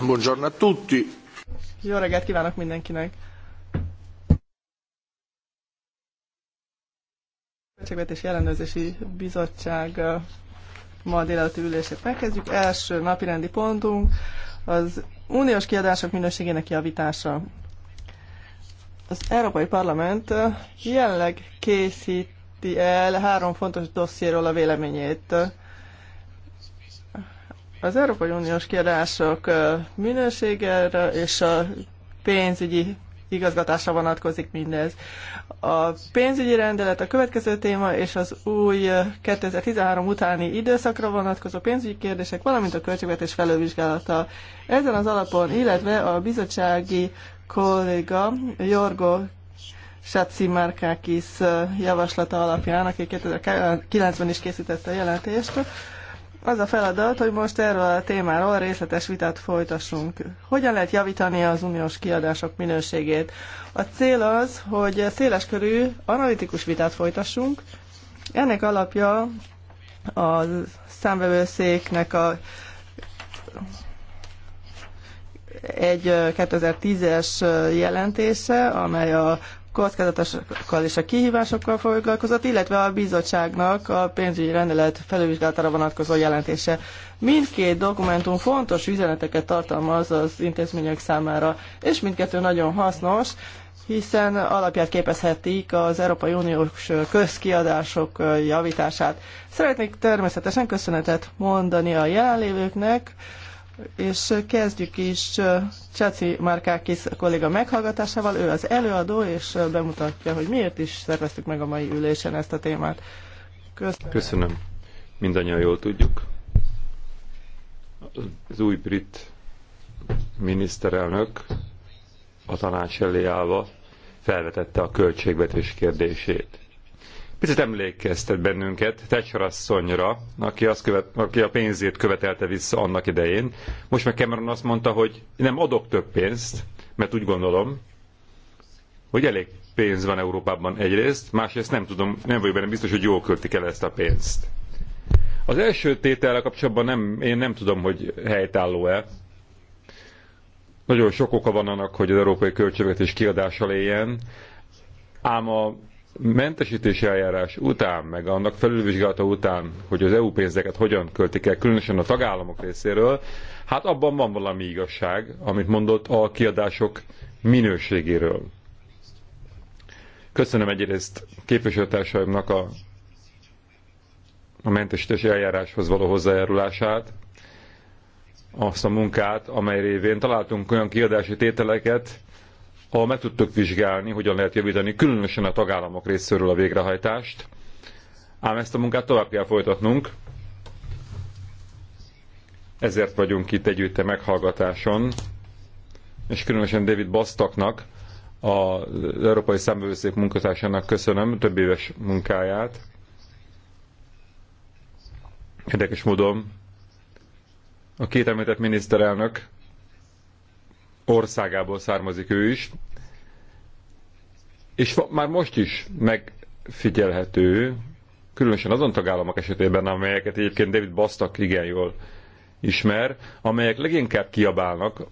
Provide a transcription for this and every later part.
Buongiorno a tutti. Jó reggelt kívánok mindenkinek. Költségvetési Ellenőrzési Bizottság ma délelőtti ülését megkezdjük. Első napirendi pontunk az uniós kiadások minőségének javítása. Az Európai Parlament jelenleg készíti el három fontos dossziéről a véleményét. Az Európai Uniós kiadások minőségére és a pénzügyi igazgatásra vonatkozik mindez. A pénzügyi rendelet a következő téma, és az új 2013 utáni időszakra vonatkozó pénzügyi kérdések, valamint a költségvetés felővizsgálata. Ezen az alapon, illetve a bizottsági kolléga Jorgo Saci Márkákis javaslata alapján, aki 2009-ben is készítette a jelentést, az a feladat, hogy most erről a témáról részletes vitát folytassunk. Hogyan lehet javítani az uniós kiadások minőségét? A cél az, hogy széleskörű analitikus vitát folytassunk. Ennek alapja a számvevőszéknek a egy 2010-es jelentése, amely a kockázatokkal és a kihívásokkal foglalkozott, illetve a bizottságnak a pénzügyi rendelet felülvizsgálatára vonatkozó jelentése. Mindkét dokumentum fontos üzeneteket tartalmaz az intézmények számára, és mindkettő nagyon hasznos, hiszen alapját képezhetik az Európai Uniós közkiadások javítását. Szeretnék természetesen köszönetet mondani a jelenlévőknek, és kezdjük is Csaci Markákis kolléga meghallgatásával. Ő az előadó, és bemutatja, hogy miért is szerveztük meg a mai ülésen ezt a témát. Köszönöm. Köszönöm. Mindannyian jól tudjuk. Az új brit miniszterelnök a tanács elé állva felvetette a költségvetés kérdését. Picit emlékeztet bennünket Thatcher asszonyra, aki, azt követ, aki a pénzét követelte vissza annak idején. Most meg Cameron azt mondta, hogy nem adok több pénzt, mert úgy gondolom, hogy elég pénz van Európában egyrészt, másrészt nem tudom, nem vagyok benne biztos, hogy jól költik el ezt a pénzt. Az első tételre kapcsolatban nem, én nem tudom, hogy helytálló-e. Nagyon sok oka van annak, hogy az európai költségvetés kiadással éljen, ám a mentesítési eljárás után, meg annak felülvizsgálata után, hogy az EU pénzeket hogyan költik el, különösen a tagállamok részéről, hát abban van valami igazság, amit mondott a kiadások minőségéről. Köszönöm egyrészt képviselőtársaimnak a, a mentesítési eljáráshoz való hozzájárulását, azt a munkát, amely révén találtunk olyan kiadási tételeket, ahol meg tudtuk vizsgálni, hogyan lehet javítani különösen a tagállamok részéről a végrehajtást, ám ezt a munkát tovább kell folytatnunk, ezért vagyunk itt együtt a meghallgatáson, és különösen David Basztaknak, az Európai Számbevőszék munkatársának köszönöm több éves munkáját. Érdekes módon a két említett miniszterelnök országából származik ő is, és már most is megfigyelhető, különösen azon tagállamok esetében, amelyeket egyébként David Bastak igen jól ismer, amelyek leginkább kiabálnak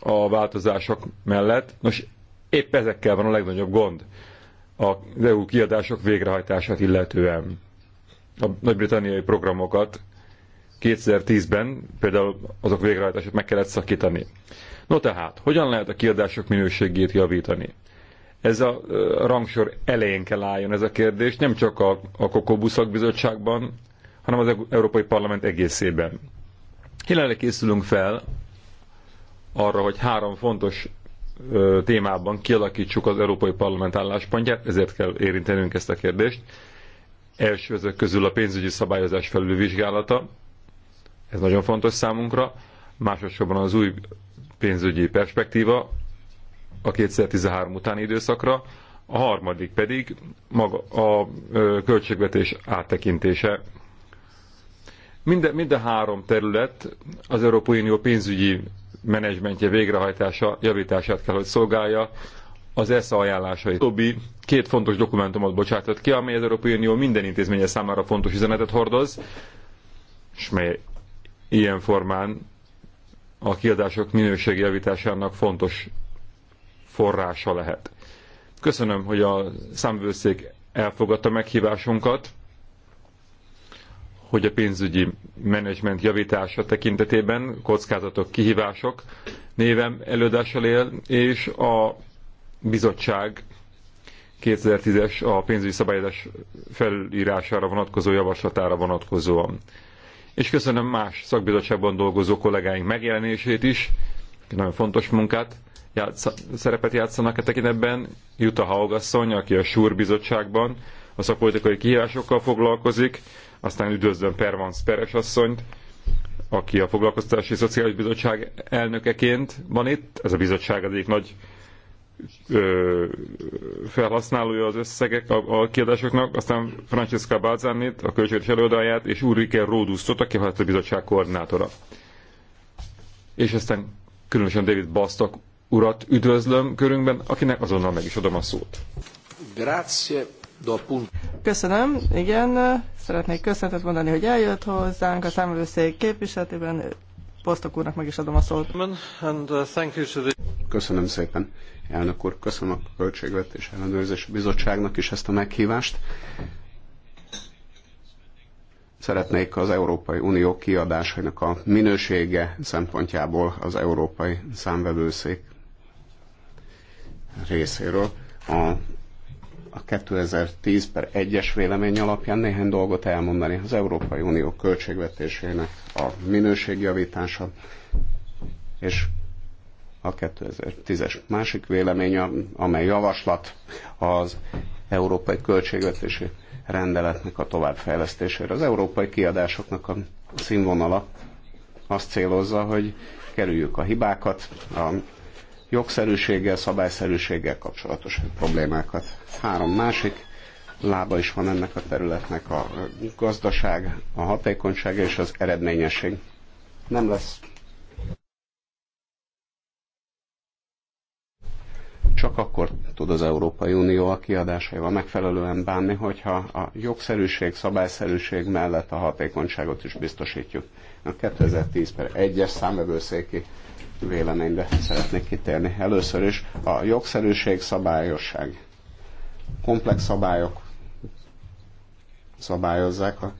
a változások mellett. Nos, épp ezekkel van a legnagyobb gond az EU kiadások végrehajtását illetően. A nagy-britanniai programokat 2010-ben például azok végrehajtását meg kellett szakítani. No tehát, hogyan lehet a kiadások minőségét javítani? Ez a rangsor elején kell álljon ez a kérdés, nem csak a, a Kokóbú bizottságban, hanem az Európai Parlament egészében. Jelenleg készülünk fel arra, hogy három fontos ö, témában kialakítsuk az Európai Parlament álláspontját, ezért kell érintenünk ezt a kérdést. Első ezek közül a pénzügyi szabályozás felülvizsgálata, ez nagyon fontos számunkra. Másodszorban az új pénzügyi perspektíva a 2013 utáni időszakra, a harmadik pedig maga a költségvetés áttekintése. Minden, minden három terület az Európai Unió pénzügyi menedzsmentje végrehajtása, javítását kell, hogy szolgálja, az ESZA ajánlásait. tobi két fontos dokumentumot bocsátott ki, amely az Európai Unió minden intézménye számára fontos üzenetet hordoz, és mely ilyen formán a kiadások minőség javításának fontos forrása lehet. Köszönöm, hogy a számvőszék elfogadta meghívásunkat, hogy a pénzügyi menedzsment javítása tekintetében kockázatok, kihívások névem előadással él, és a bizottság 2010-es a pénzügyi szabályozás felírására vonatkozó javaslatára vonatkozóan és köszönöm más szakbizottságban dolgozó kollégáink megjelenését is, nagyon fontos munkát játsz, szerepet játszanak a e tekintetben. Juta Haugasszony, aki a Súr bizottságban a szakpolitikai kihívásokkal foglalkozik, aztán üdvözlöm Pervans Peres asszonyt, aki a Foglalkoztatási Szociális Bizottság elnökeként van itt. Ez a bizottság az egyik nagy felhasználója az összegek a, a kiadásoknak, aztán Francesca Balzánit, a költségvetés előadáját, és Ulrike Ródusztot, aki a bizottság koordinátora. És aztán különösen David Bastak urat üdvözlöm körünkben, akinek azonnal meg is adom a szót. Grazie. Köszönöm, igen. Szeretnék köszönetet mondani, hogy eljött hozzánk a számolőszék képviseletében, Posztok úrnak meg is adom a szót. Uh, Köszönöm szépen, elnök úr. Köszönöm a Költségvetés Ellenőrzési Bizottságnak is ezt a meghívást. Szeretnék az Európai Unió kiadásainak a minősége szempontjából az Európai Számvevőszék részéről a a 2010 per 1-es vélemény alapján néhány dolgot elmondani. Az Európai Unió költségvetésének a minőségjavítása és a 2010-es másik vélemény, amely javaslat az európai költségvetési rendeletnek a továbbfejlesztésére. Az európai kiadásoknak a színvonala azt célozza, hogy kerüljük a hibákat, a jogszerűséggel, szabályszerűséggel kapcsolatos problémákat. Három másik lába is van ennek a területnek a gazdaság, a hatékonyság és az eredményesség. Nem lesz csak akkor tud az Európai Unió a kiadásaival megfelelően bánni, hogyha a jogszerűség, szabályszerűség mellett a hatékonyságot is biztosítjuk. A 2010 per 1-es számvevőszéki véleményre szeretnék kitérni. Először is a jogszerűség, szabályosság. Komplex szabályok szabályozzák a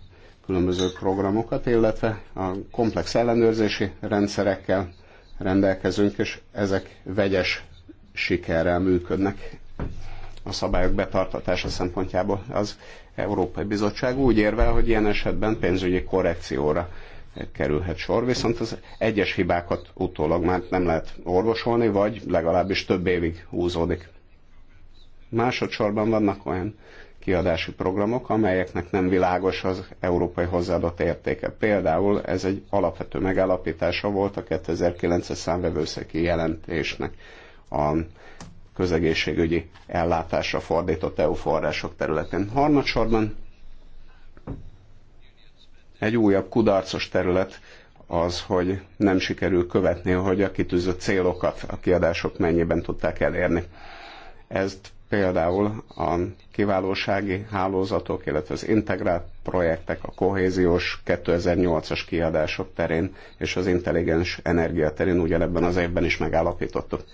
különböző programokat, illetve a komplex ellenőrzési rendszerekkel rendelkezünk, és ezek vegyes sikerrel működnek a szabályok betartatása szempontjából. Az Európai Bizottság úgy érvel, hogy ilyen esetben pénzügyi korrekcióra kerülhet sor, viszont az egyes hibákat utólag már nem lehet orvosolni, vagy legalábbis több évig húzódik. Másodszorban vannak olyan kiadási programok, amelyeknek nem világos az európai hozzáadott értéke. Például ez egy alapvető megállapítása volt a 2009-es számvevőszeki jelentésnek a közegészségügyi ellátásra fordított EU források területén. Harmadsorban egy újabb kudarcos terület az, hogy nem sikerül követni, hogy a kitűzött célokat a kiadások mennyiben tudták elérni. Ezt például a kiválósági hálózatok, illetve az integrált projektek, a kohéziós 2008-as kiadások terén és az intelligens energia terén ugyanebben az évben is megállapítottuk.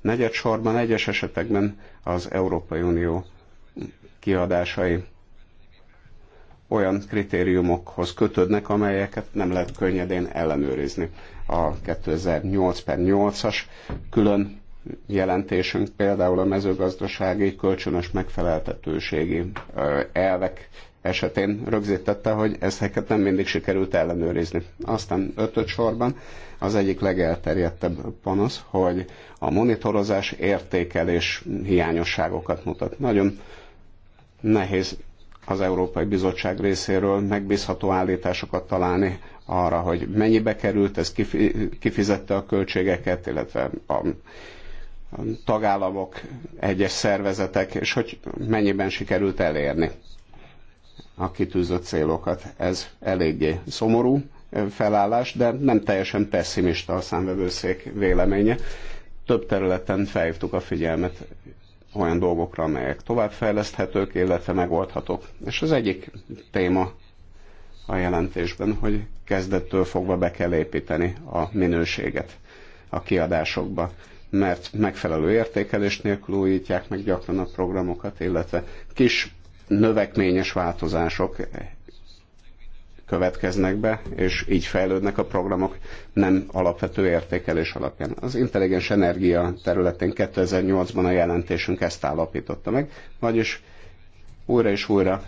Negyed sorban egyes esetekben az Európai Unió kiadásai olyan kritériumokhoz kötődnek, amelyeket nem lehet könnyedén ellenőrizni. A 2008 per 8-as külön jelentésünk például a mezőgazdasági kölcsönös megfeleltetőségi elvek esetén rögzítette, hogy ezeket nem mindig sikerült ellenőrizni. Aztán ötöd sorban az egyik legelterjedtebb panasz, hogy a monitorozás értékelés hiányosságokat mutat. Nagyon nehéz az Európai Bizottság részéről megbízható állításokat találni arra, hogy mennyibe került, ez kifizette a költségeket, illetve a tagállamok, egyes szervezetek, és hogy mennyiben sikerült elérni a kitűzött célokat. Ez eléggé szomorú felállás, de nem teljesen pessimista a számvevőszék véleménye. Több területen felhívtuk a figyelmet olyan dolgokra, amelyek továbbfejleszthetők, illetve megoldhatók. És az egyik téma a jelentésben, hogy kezdettől fogva be kell építeni a minőséget a kiadásokba, mert megfelelő értékelés nélkül újítják meg gyakran a programokat, illetve kis növekményes változások következnek be, és így fejlődnek a programok nem alapvető értékelés alapján. Az intelligens energia területén 2008-ban a jelentésünk ezt állapította meg, vagyis újra és újra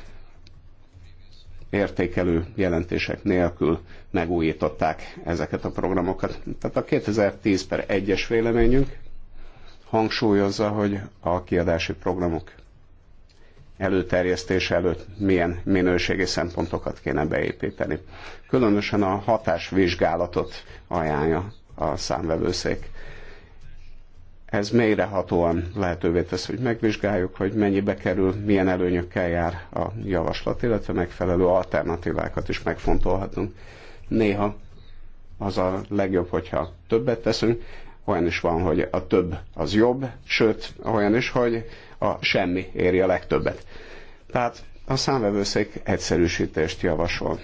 értékelő jelentések nélkül megújították ezeket a programokat. Tehát a 2010 per 1-es véleményünk hangsúlyozza, hogy a kiadási programok előterjesztés előtt milyen minőségi szempontokat kéne beépíteni. Különösen a hatásvizsgálatot ajánlja a számvevőszék. Ez mélyrehatóan lehetővé tesz, hogy megvizsgáljuk, hogy mennyibe kerül, milyen előnyökkel jár a javaslat, illetve megfelelő alternatívákat is megfontolhatunk. Néha az a legjobb, hogyha többet teszünk, olyan is van, hogy a több az jobb, sőt, olyan is, hogy a semmi éri a legtöbbet. Tehát a számvevőszék egyszerűsítést javasol.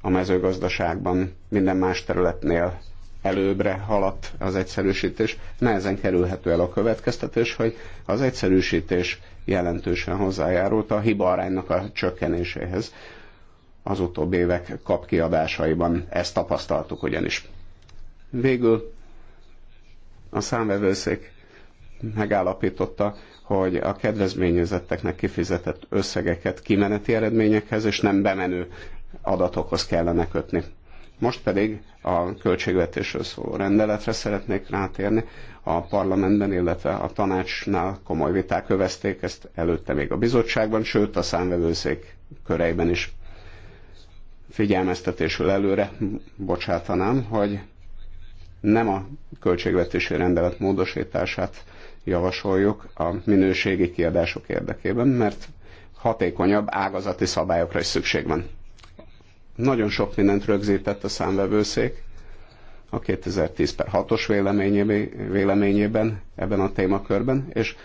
A mezőgazdaságban minden más területnél előbbre haladt az egyszerűsítés. Nehezen kerülhető el a következtetés, hogy az egyszerűsítés jelentősen hozzájárult a aránynak a csökkenéséhez. Az utóbbi évek kapkiadásaiban ezt tapasztaltuk ugyanis. Végül a számvevőszék megállapította, hogy a kedvezményezetteknek kifizetett összegeket kimeneti eredményekhez és nem bemenő adatokhoz kellene kötni. Most pedig a költségvetésről szóló rendeletre szeretnék rátérni. A parlamentben, illetve a tanácsnál komoly viták övezték, ezt előtte még a bizottságban, sőt a számvevőszék köreiben is figyelmeztetésül előre bocsátanám, hogy nem a költségvetési rendelet módosítását javasoljuk a minőségi kiadások érdekében, mert hatékonyabb ágazati szabályokra is szükség van. Nagyon sok mindent rögzített a számvevőszék a 2010 per 6-os véleményében ebben a témakörben, és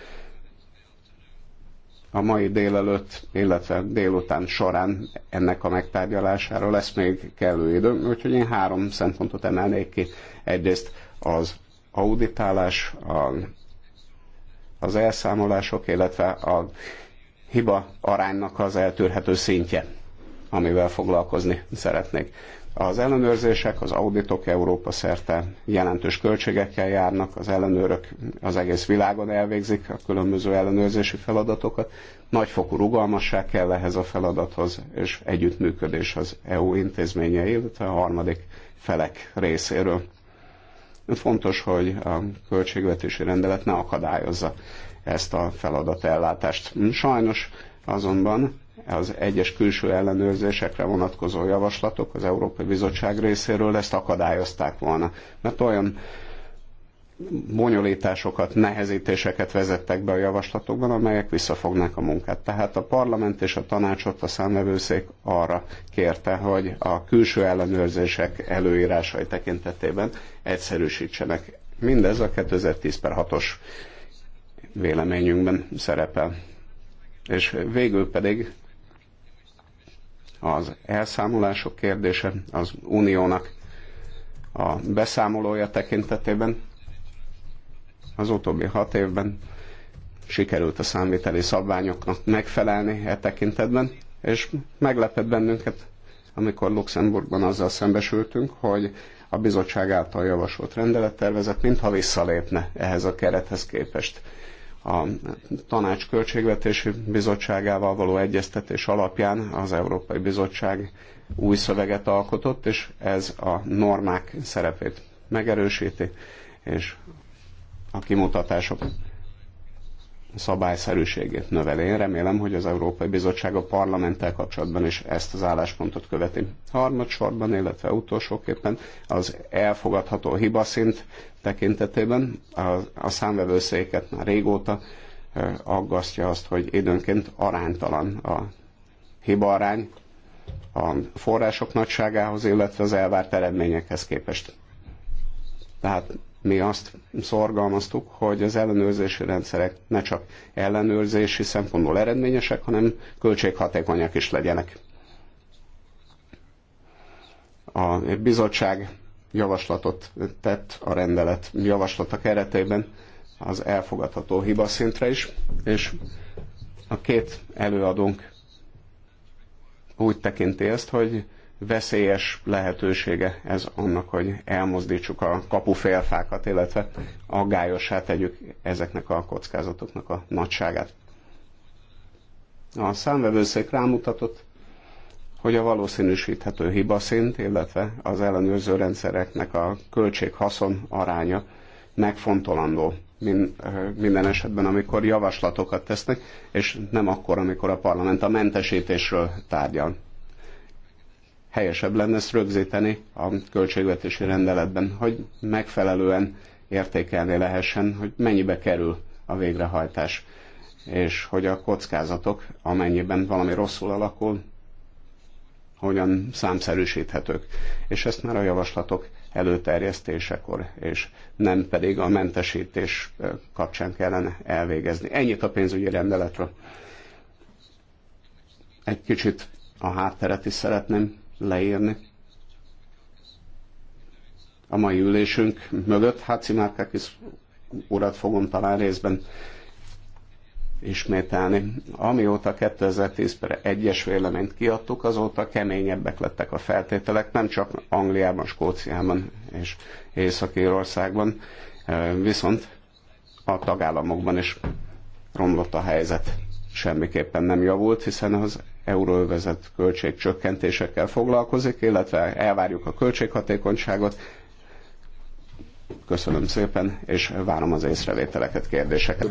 a mai délelőtt, illetve délután során ennek a megtárgyalására lesz még kellő idő, úgyhogy én három szempontot emelnék ki. Egyrészt az auditálás, a az elszámolások, illetve a hiba aránynak az eltörhető szintje, amivel foglalkozni szeretnék. Az ellenőrzések, az auditok Európa szerte jelentős költségekkel járnak, az ellenőrök az egész világon elvégzik a különböző ellenőrzési feladatokat. Nagyfokú rugalmasság kell ehhez a feladathoz, és együttműködés az EU intézményei, illetve a harmadik felek részéről. Fontos, hogy a költségvetési rendelet ne akadályozza ezt a feladatellátást. Sajnos azonban az egyes külső ellenőrzésekre vonatkozó javaslatok az Európai Bizottság részéről ezt akadályozták volna. Mert olyan bonyolításokat, nehezítéseket vezettek be a javaslatokban, amelyek visszafognák a munkát. Tehát a parlament és a tanácsot a számvevőszék arra kérte, hogy a külső ellenőrzések előírásai tekintetében egyszerűsítsenek. Mindez a 2010 per 6-os véleményünkben szerepel. És végül pedig az elszámolások kérdése az uniónak a beszámolója tekintetében az utóbbi hat évben sikerült a számviteli szabványoknak megfelelni e tekintetben, és meglepett bennünket, amikor Luxemburgban azzal szembesültünk, hogy a bizottság által javasolt rendelettervezet, mintha visszalépne ehhez a kerethez képest. A tanács költségvetési bizottságával való egyeztetés alapján az Európai Bizottság új szöveget alkotott, és ez a normák szerepét megerősíti, és a kimutatások szabályszerűségét növeli. Én remélem, hogy az Európai Bizottság a parlamenttel kapcsolatban is ezt az álláspontot követi. Harmadsorban, illetve utolsóképpen az elfogadható hibaszint tekintetében a, a számvevőszéket már régóta aggasztja azt, hogy időnként aránytalan a arány a források nagyságához, illetve az elvárt eredményekhez képest. Tehát mi azt szorgalmaztuk, hogy az ellenőrzési rendszerek ne csak ellenőrzési szempontból eredményesek, hanem költséghatékonyak is legyenek. A bizottság javaslatot tett a rendelet javaslata keretében az elfogadható hibaszintre is, és a két előadónk úgy tekinti ezt, hogy veszélyes lehetősége ez annak, hogy elmozdítsuk a kapufélfákat, illetve aggályosá tegyük ezeknek a kockázatoknak a nagyságát. A számvevőszék rámutatott, hogy a valószínűsíthető hibaszint, illetve az ellenőrző rendszereknek a költség-haszon aránya megfontolandó minden esetben, amikor javaslatokat tesznek, és nem akkor, amikor a parlament a mentesítésről tárgyal helyesebb lenne ezt rögzíteni a költségvetési rendeletben, hogy megfelelően értékelni lehessen, hogy mennyibe kerül a végrehajtás, és hogy a kockázatok, amennyiben valami rosszul alakul, hogyan számszerűsíthetők. És ezt már a javaslatok előterjesztésekor, és nem pedig a mentesítés kapcsán kellene elvégezni. Ennyit a pénzügyi rendeletről. Egy kicsit a hátteret is szeretném leírni. A mai ülésünk mögött is urat fogom talán részben ismételni. Amióta 2010 per egyes véleményt kiadtuk, azóta keményebbek lettek a feltételek, nem csak Angliában, Skóciában és Észak-Írországban, viszont a tagállamokban is romlott a helyzet. Semmiképpen nem javult, hiszen az euróövezet költségcsökkentésekkel foglalkozik, illetve elvárjuk a költséghatékonyságot. Köszönöm szépen, és várom az észrevételeket, kérdéseket.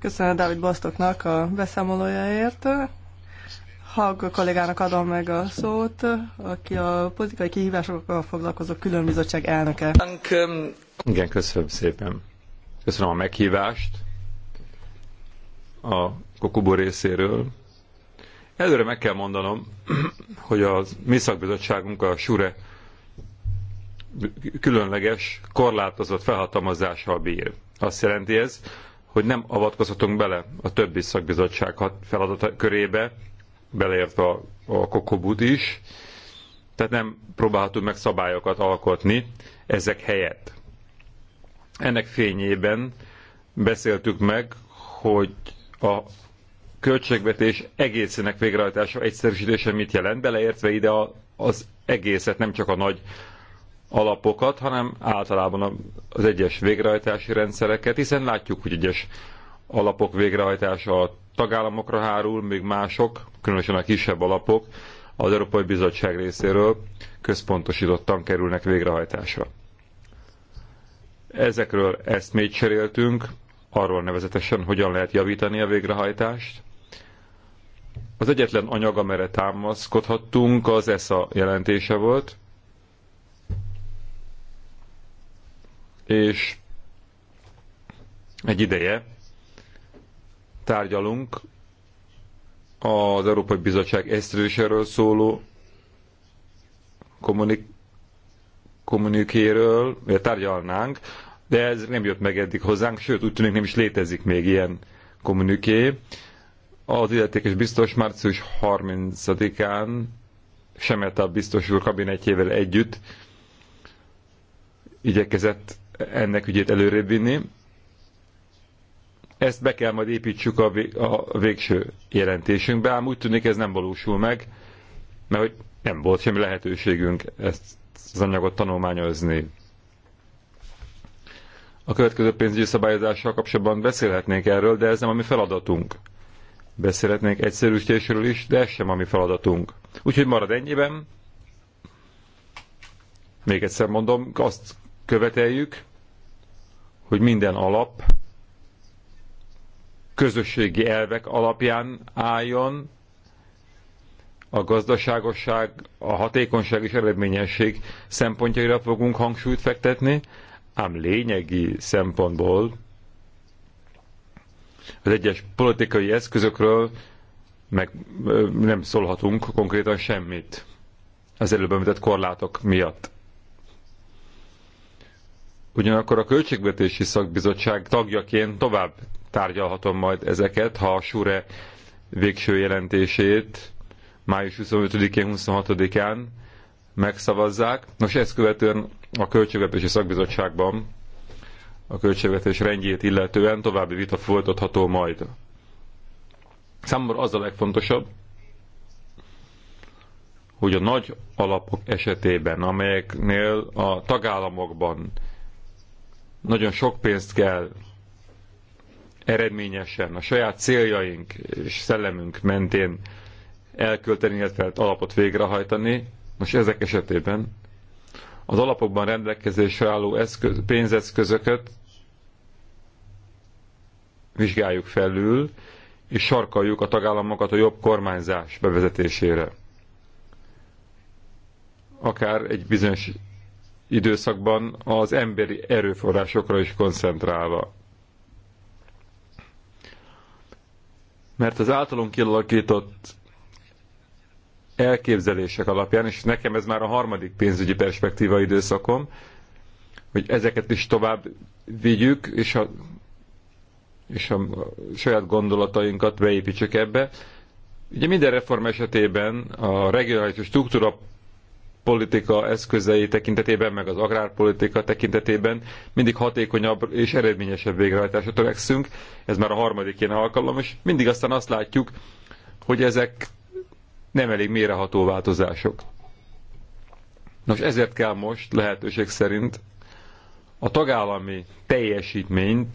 Köszönöm Dávid Bostoknak a beszámolójáért. Hag kollégának adom meg a szót, aki a politikai kihívásokkal foglalkozó különbizottság elnöke. Igen, köszönöm szépen. Köszönöm a meghívást a Kokubó részéről Előre meg kell mondanom, hogy a mi a SURE különleges, korlátozott felhatalmazással bír. Azt jelenti ez, hogy nem avatkozhatunk bele a többi szakbizottság feladat körébe, beleértve a, a kokobut is, tehát nem próbálhatunk meg szabályokat alkotni ezek helyett. Ennek fényében beszéltük meg, hogy a költségvetés egészének végrehajtása, egyszerűsítése mit jelent, beleértve ide az egészet, nem csak a nagy alapokat, hanem általában az egyes végrehajtási rendszereket, hiszen látjuk, hogy egyes alapok végrehajtása a tagállamokra hárul, még mások, különösen a kisebb alapok az Európai Bizottság részéről központosítottan kerülnek végrehajtásra. Ezekről ezt még cseréltünk, arról nevezetesen, hogyan lehet javítani a végrehajtást, az egyetlen anyag, amire támaszkodhattunk, az ESA jelentése volt, és egy ideje tárgyalunk az Európai Bizottság esztrőséről szóló kommunik kommunikéről, tárgyalnánk, de ez nem jött meg eddig hozzánk, sőt úgy tűnik nem is létezik még ilyen kommuniké. Az illetékes biztos március 30-án Semeta biztos úr kabinetjével együtt igyekezett ennek ügyét előrébb vinni. Ezt be kell majd építsük a, vé a végső jelentésünkbe, ám úgy tűnik ez nem valósul meg, mert hogy nem volt semmi lehetőségünk ezt az anyagot tanulmányozni. A következő pénzügyi szabályozással kapcsolatban beszélhetnénk erről, de ez nem a mi feladatunk. Beszélhetnénk egyszerűsítésről is, de ez sem a mi feladatunk. Úgyhogy marad ennyiben. Még egyszer mondom, azt követeljük, hogy minden alap közösségi elvek alapján álljon, a gazdaságosság, a hatékonyság és eredményesség szempontjaira fogunk hangsúlyt fektetni, ám lényegi szempontból az egyes politikai eszközökről meg nem szólhatunk konkrétan semmit az előbb említett korlátok miatt. Ugyanakkor a Költségvetési Szakbizottság tagjaként tovább tárgyalhatom majd ezeket, ha a SURE végső jelentését május 25-én, 26-án megszavazzák. Nos, ezt követően a Költségvetési Szakbizottságban a költségvetés rendjét illetően további vita folytatható majd. Számomra az a legfontosabb, hogy a nagy alapok esetében, amelyeknél a tagállamokban nagyon sok pénzt kell eredményesen, a saját céljaink és szellemünk mentén elkölteni, illetve alapot végrehajtani, most ezek esetében az alapokban rendelkezésre álló eszköz, pénzeszközöket vizsgáljuk felül, és sarkaljuk a tagállamokat a jobb kormányzás bevezetésére. Akár egy bizonyos időszakban az emberi erőforrásokra is koncentrálva. Mert az általunk kialakított elképzelések alapján, és nekem ez már a harmadik pénzügyi perspektíva időszakom, hogy ezeket is tovább vigyük, és a, és a saját gondolatainkat beépítsük ebbe. Ugye minden reform esetében a regionális struktúra politika eszközei tekintetében, meg az agrárpolitika tekintetében mindig hatékonyabb és eredményesebb végrehajtásra törekszünk. Ez már a harmadik ilyen alkalom, és mindig aztán azt látjuk, hogy ezek nem elég méreható változások. Nos, ezért kell most lehetőség szerint a tagállami teljesítményt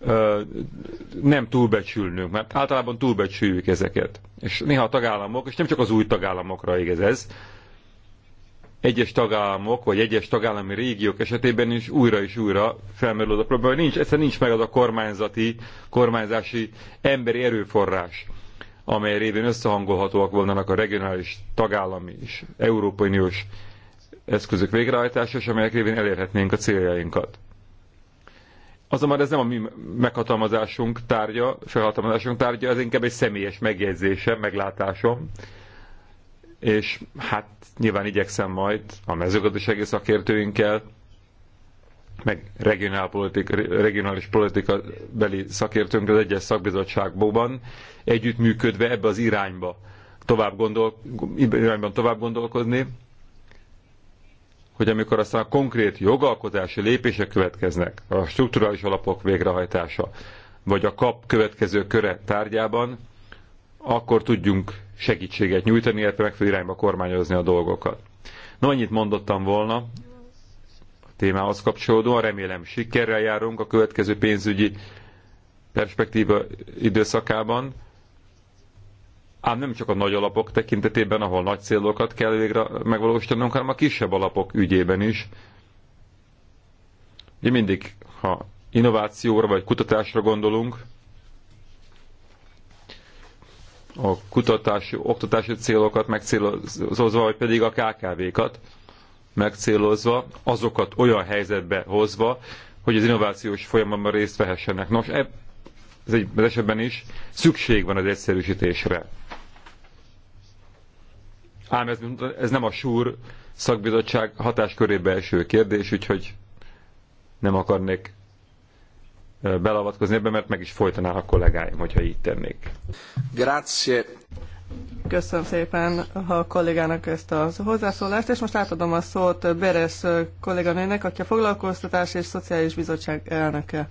ö, nem túlbecsülnünk, mert általában túlbecsüljük ezeket. És néha a tagállamok, és nem csak az új tagállamokra igaz ez, egyes tagállamok, vagy egyes tagállami régiók esetében is újra és újra felmerül az a probléma, hogy nincs, egyszerűen nincs meg az a kormányzati, kormányzási emberi erőforrás, amely révén összehangolhatóak volnának a regionális, tagállami és Európai Uniós eszközök végrehajtása, és amelyek révén elérhetnénk a céljainkat. Azonban ez nem a mi meghatalmazásunk tárgya, felhatalmazásunk tárgya, ez inkább egy személyes megjegyzésem, meglátásom. És hát nyilván igyekszem majd a mezőgazdasági szakértőinkkel, meg regionál politika, regionális politika beli szakértőnkkel az egyes szakbizottságban együttműködve ebbe az irányba tovább, gondol, irányban tovább gondolkodni, hogy amikor aztán a konkrét jogalkotási lépések következnek, a strukturális alapok végrehajtása, vagy a kap következő köre tárgyában, akkor tudjunk segítséget nyújtani, illetve megfelelő irányba kormányozni a dolgokat. Na, annyit mondottam volna a témához kapcsolódóan, remélem sikerrel járunk a következő pénzügyi perspektíva időszakában ám nem csak a nagy alapok tekintetében, ahol nagy célokat kell végre megvalósítanunk, hanem a kisebb alapok ügyében is. Ugye mindig, ha innovációra vagy kutatásra gondolunk, a kutatási, oktatási célokat megcélozva, vagy pedig a KKV-kat megcélozva, azokat olyan helyzetbe hozva, hogy az innovációs folyamatban részt vehessenek. Nos, e- ez egy esetben is szükség van az egyszerűsítésre. Ám ez, ez nem a súr szakbizottság hatáskörébe eső kérdés, úgyhogy nem akarnék belavatkozni ebbe, mert meg is a kollégáim, hogyha így tennék. Grazie. Köszönöm szépen a kollégának ezt a hozzászólást, és most átadom a szót Beres kolléganőnek, aki a Foglalkoztatás és Szociális Bizottság elnöke.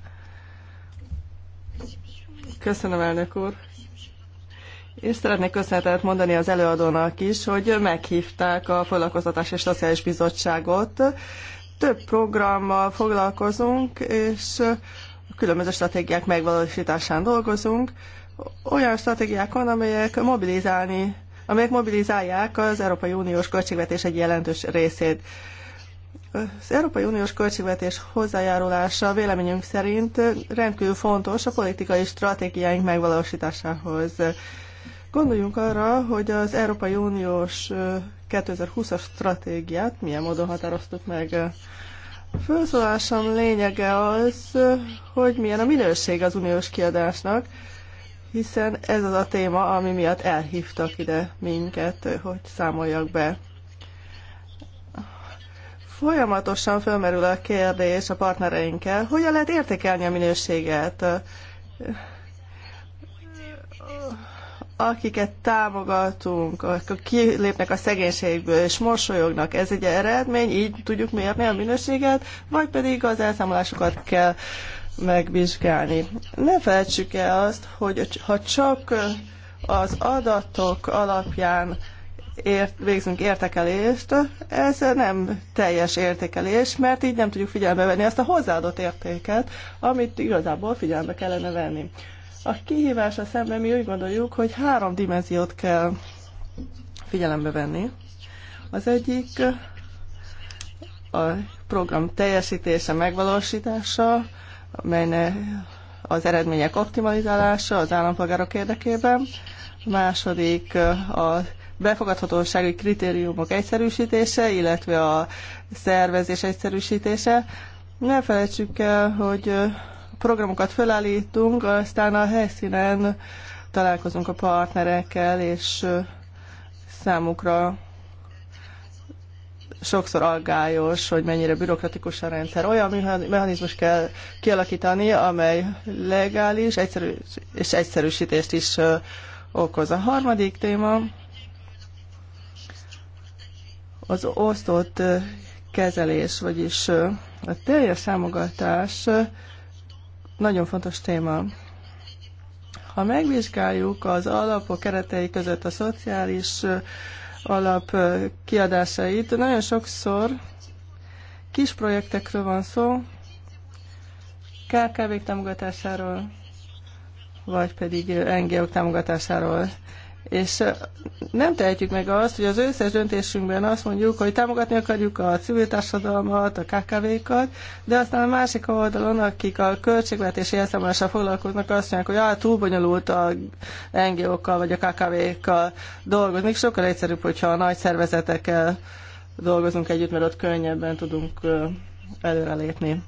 Köszönöm, elnök úr. És szeretnék köszönetet mondani az előadónak is, hogy meghívták a Foglalkoztatás és Szociális Bizottságot. Több programmal foglalkozunk, és különböző stratégiák megvalósításán dolgozunk. Olyan stratégiákon, amelyek mobilizálni, amelyek mobilizálják az Európai Uniós költségvetés egy jelentős részét. Az Európai Uniós költségvetés hozzájárulása véleményünk szerint rendkívül fontos a politikai stratégiáink megvalósításához. Gondoljunk arra, hogy az Európai Uniós 2020-as stratégiát milyen módon határoztuk meg. Főszólásom lényege az, hogy milyen a minőség az uniós kiadásnak, hiszen ez az a téma, ami miatt elhívtak ide minket, hogy számoljak be. Folyamatosan felmerül a kérdés a partnereinkkel, hogyan lehet értékelni a minőséget akiket támogatunk, akik kilépnek a szegénységből és mosolyognak, ez egy eredmény, így tudjuk mérni a minőséget, vagy pedig az elszámolásokat kell megvizsgálni. Ne felejtsük el azt, hogy ha csak az adatok alapján ért, végzünk értékelést, ez nem teljes értékelés, mert így nem tudjuk figyelme venni azt a hozzáadott értéket, amit igazából figyelme kellene venni. A kihívása szemben mi úgy gondoljuk, hogy három dimenziót kell figyelembe venni. Az egyik a program teljesítése, megvalósítása, melynek az eredmények optimalizálása az állampolgárok érdekében. A második a befogadhatósági kritériumok egyszerűsítése, illetve a szervezés egyszerűsítése. Ne felejtsük el, hogy programokat felállítunk, aztán a helyszínen találkozunk a partnerekkel, és számukra sokszor aggályos, hogy mennyire bürokratikus a rendszer. Olyan mechanizmus kell kialakítani, amely legális egyszerű, és egyszerűsítést is okoz. A harmadik téma az osztott kezelés, vagyis a teljes támogatás nagyon fontos téma. Ha megvizsgáljuk az alapok keretei között a szociális alap kiadásait, nagyon sokszor kis projektekről van szó, KKV-k támogatásáról, vagy pedig NGO-k támogatásáról és nem tehetjük meg azt, hogy az összes döntésünkben azt mondjuk, hogy támogatni akarjuk a civil társadalmat, a KKV-kat, de aztán a másik oldalon, akik a költségvetési elszámolással foglalkoznak, azt mondják, hogy túl bonyolult a NGO-kkal vagy a KKV-kkal dolgozni. Sokkal egyszerűbb, hogyha a nagy szervezetekkel dolgozunk együtt, mert ott könnyebben tudunk előrelépni.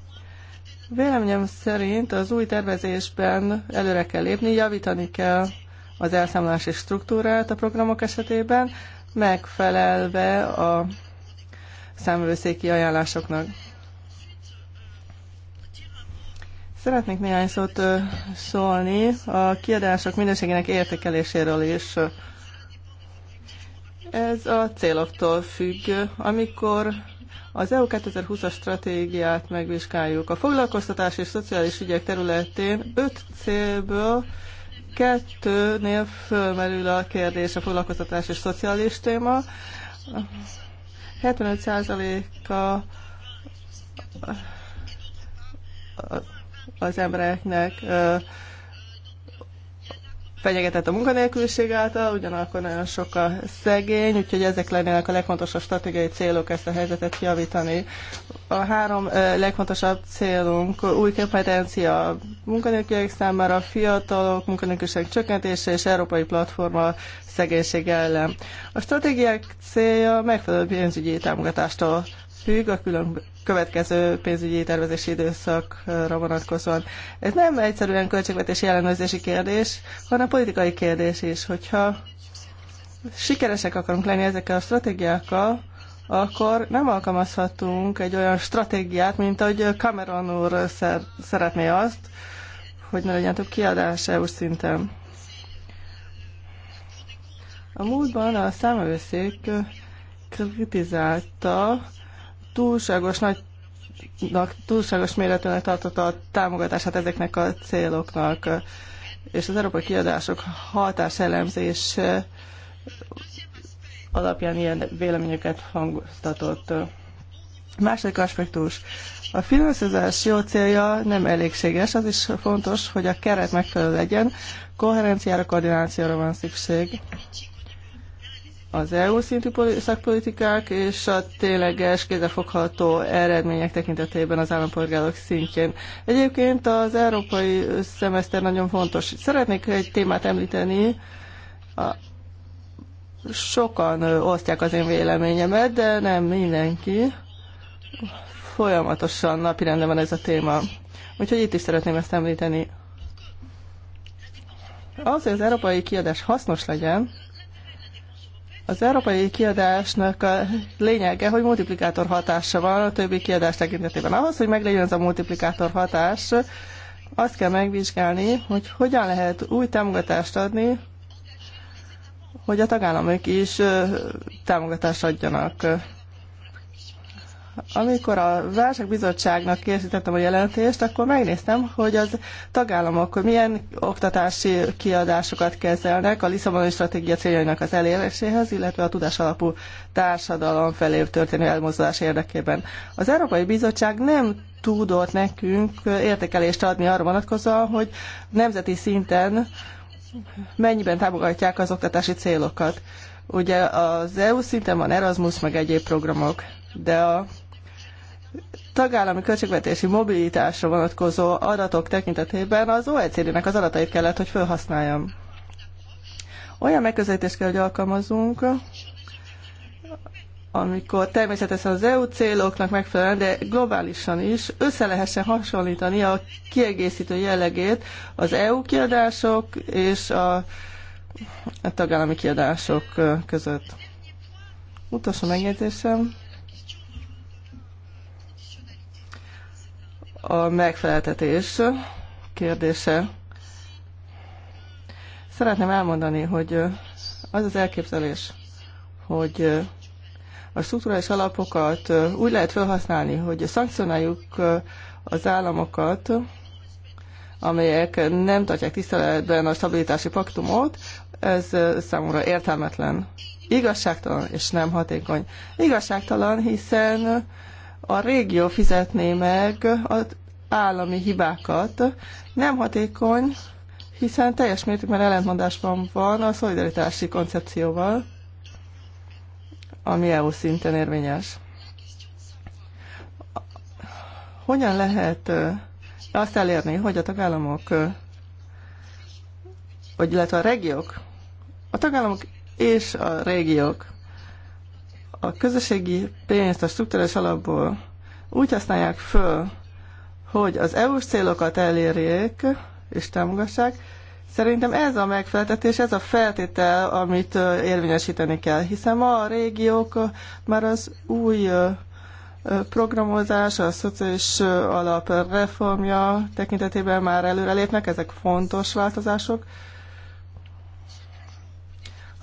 Véleményem szerint az új tervezésben előre kell lépni, javítani kell az elszámolási struktúrát a programok esetében, megfelelve a számvőszéki ajánlásoknak. Szeretnék néhány szót szólni a kiadások minőségének értékeléséről is. Ez a céloktól függ. Amikor az EU 2020-as stratégiát megvizsgáljuk, a foglalkoztatás és szociális ügyek területén öt célből kettőnél fölmerül a kérdés a foglalkoztatás és szociális téma. 75%-a az embereknek fenyegetett a munkanélküliség által, ugyanakkor nagyon sok a szegény, úgyhogy ezek lennének a legfontosabb stratégiai célok ezt a helyzetet javítani. A három legfontosabb célunk új kompetencia munkanélküliség számára, fiatalok, munkanélküliség csökkentése és európai platforma szegénység ellen. A stratégiák célja megfelelő pénzügyi támogatástól függ a külön következő pénzügyi tervezési időszakra vonatkozóan. Ez nem egyszerűen költségvetési ellenőrzési kérdés, hanem politikai kérdés is. Hogyha sikeresek akarunk lenni ezekkel a stratégiákkal, akkor nem alkalmazhatunk egy olyan stratégiát, mint ahogy Cameron úr szer- szeretné azt, hogy ne legyen több kiadás EU szinten. A múltban a számövőszék kritizálta túlságos nagynak, túlságos méretűnek tartotta a támogatását ezeknek a céloknak, és az európai kiadások hatáselemzés alapján ilyen véleményeket hangoztatott. Második aspektus. A finanszírozás jó célja nem elégséges, az is fontos, hogy a keret megfelelő legyen, koherenciára, koordinációra van szükség az EU szintű szakpolitikák és a tényleges kézefogható eredmények tekintetében az állampolgárok szintjén. Egyébként az európai szemeszter nagyon fontos. Szeretnék egy témát említeni. A sokan osztják az én véleményemet, de nem mindenki. Folyamatosan napirenden van ez a téma. Úgyhogy itt is szeretném ezt említeni. Az, hogy az európai kiadás hasznos legyen, az európai kiadásnak a lényege, hogy multiplikátor hatása van a többi kiadás tekintetében. Ahhoz, hogy meglegyen ez a multiplikátor hatás, azt kell megvizsgálni, hogy hogyan lehet új támogatást adni, hogy a tagállamok is támogatást adjanak amikor a válságbizottságnak készítettem a jelentést, akkor megnéztem, hogy az tagállamok milyen oktatási kiadásokat kezelnek a Lisszaboni stratégia céljainak az eléréséhez, illetve a tudásalapú társadalom felé történő elmozdulás érdekében. Az Európai Bizottság nem tudott nekünk értékelést adni arra vonatkozóan, hogy nemzeti szinten mennyiben támogatják az oktatási célokat. Ugye az EU szinten van Erasmus, meg egyéb programok de a tagállami költségvetési mobilitásra vonatkozó adatok tekintetében az OECD-nek az adatait kellett, hogy felhasználjam. Olyan megközelítést kell, hogy alkalmazunk, amikor természetesen az EU céloknak megfelelően, de globálisan is össze lehessen hasonlítani a kiegészítő jellegét az EU kiadások és a, a tagállami kiadások között. Utolsó megjegyzésem. a megfeleltetés kérdése. Szeretném elmondani, hogy az az elképzelés, hogy a struktúrális alapokat úgy lehet felhasználni, hogy szankcionáljuk az államokat, amelyek nem tartják tiszteletben a stabilitási paktumot, ez számomra értelmetlen. Igazságtalan és nem hatékony. Igazságtalan, hiszen a régió fizetné meg a állami hibákat, nem hatékony, hiszen teljes mértékben ellentmondásban van a szolidaritási koncepcióval, ami EU szinten érvényes. Hogyan lehet azt elérni, hogy a tagállamok, vagy illetve a regiók, a tagállamok és a régiók a közösségi pénzt a struktúrás alapból úgy használják föl, hogy az EU-s célokat elérjék és támogassák, Szerintem ez a megfeltetés, ez a feltétel, amit érvényesíteni kell, hiszen ma a régiók már az új programozás, a szociális alap reformja tekintetében már előrelépnek, ezek fontos változások.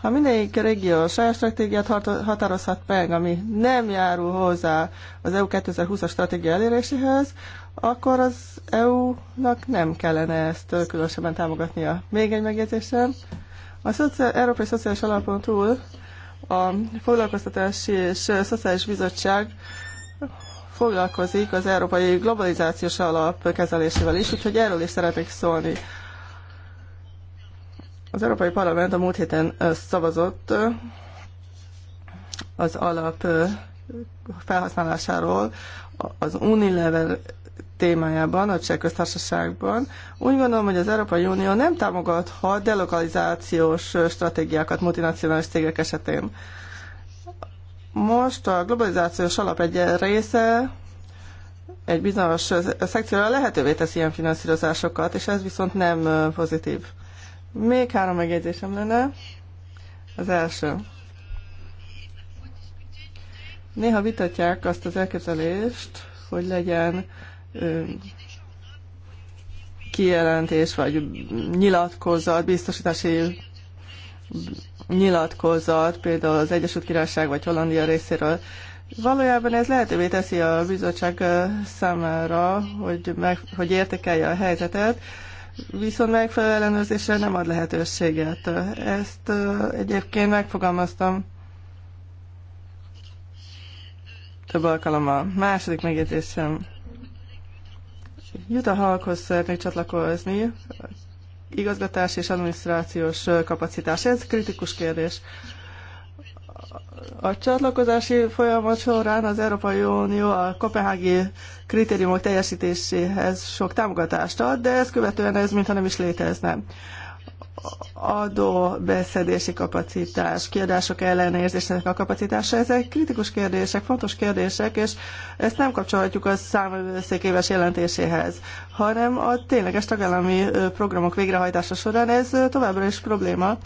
Ha mindenik régió saját stratégiát határozhat meg, ami nem járul hozzá az EU 2020-as stratégia eléréséhez, akkor az EU-nak nem kellene ezt különösebben támogatnia. Még egy megjegyzésem. A Szociál, Európai Szociális Alapon túl a Foglalkoztatási és Szociális Bizottság foglalkozik az Európai Globalizációs Alap kezelésével is, úgyhogy erről is szeretnék szólni. Az Európai Parlament a múlt héten szavazott az alap felhasználásáról az Unilever témájában, a cseh köztársaságban. Úgy gondolom, hogy az Európai Unió nem támogathat delokalizációs stratégiákat multinacionális cégek esetén. Most a globalizációs alap egy része egy bizonyos szekcióra lehetővé teszi ilyen finanszírozásokat, és ez viszont nem pozitív. Még három megjegyzésem lenne. Az első. Néha vitatják azt az elképzelést, hogy legyen kijelentés vagy nyilatkozat, biztosítási nyilatkozat, például az Egyesült Királyság vagy Hollandia részéről. Valójában ez lehetővé teszi a bizottság számára, hogy, meg, hogy értékelje a helyzetet, viszont megfelelő ellenőrzésre nem ad lehetőséget. Ezt egyébként megfogalmaztam több alkalommal. Második megjegyzésem a Halkhoz szeretnék csatlakozni. Igazgatás és adminisztrációs kapacitás, ez kritikus kérdés. A csatlakozási folyamat során az Európai Unió a kopenhági kritériumok teljesítéséhez sok támogatást ad, de ezt követően ez mintha nem is létezne adóbeszedési kapacitás, kiadások ellenérzésének a kapacitása, ezek kritikus kérdések, fontos kérdések, és ezt nem kapcsolhatjuk a számövőszék éves jelentéséhez, hanem a tényleges tagállami programok végrehajtása során ez továbbra is probléma.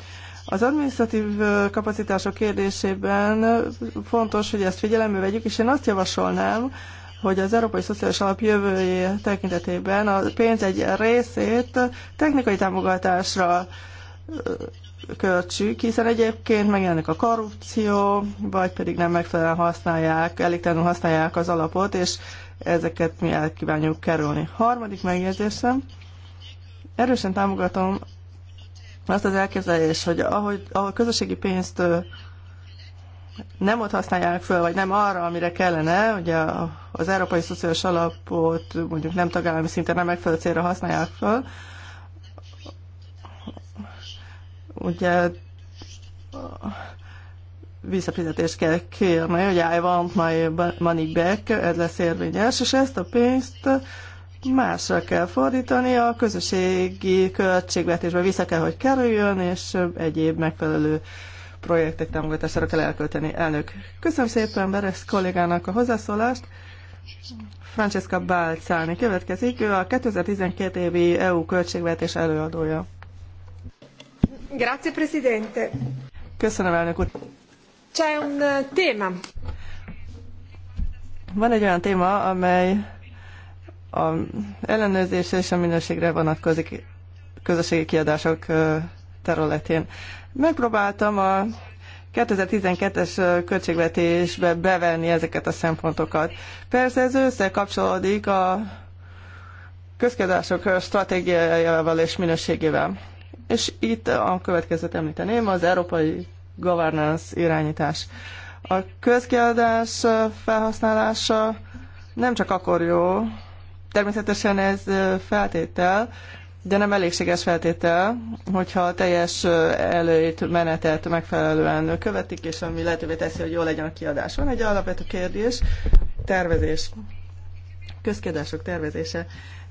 Az adminisztratív kapacitások kérdésében fontos, hogy ezt figyelembe vegyük, és én azt javasolnám, hogy az Európai Szociális Alap jövője tekintetében a pénz egy részét technikai támogatásra költsük, hiszen egyébként megjelenik a korrupció, vagy pedig nem megfelelően használják, elégtelenül használják az alapot, és ezeket mi el kívánjuk kerülni. Harmadik megjegyzésem, erősen támogatom azt az elképzelés, hogy ahogy, a közösségi pénzt nem ott használják föl, vagy nem arra, amire kellene, ugye az Európai Szociális Alapot mondjuk nem tagállami szinten nem megfelelő célra használják föl, ugye visszafizetést kell kérni, hogy I want my money back, ez lesz érvényes, és ezt a pénzt másra kell fordítani, a közösségi költségvetésbe vissza kell, hogy kerüljön, és egyéb megfelelő projektek támogatására kell elkölteni. Elnök, köszönöm szépen Beres kollégának a hozzászólást. Francesca Balcani következik, ő a 2012 évi EU költségvetés előadója. Grazie, Presidente. Köszönöm, elnök úr. C'è un eh, téma. Van egy olyan téma, amely a ellenőrzésre és a minőségre vonatkozik közösségi kiadások eh, területén. Megpróbáltam a 2012-es költségvetésbe bevenni ezeket a szempontokat. Persze ez összekapcsolódik a közkedások stratégiájával és minőségével. És itt a következőt említeném, az európai governance irányítás. A közkiadás felhasználása nem csak akkor jó, természetesen ez feltétel, de nem elégséges feltétel, hogyha a teljes előét, menetet megfelelően követik, és ami lehetővé teszi, hogy jó legyen a kiadás. Van egy alapvető kérdés, tervezés, közkiadások tervezése,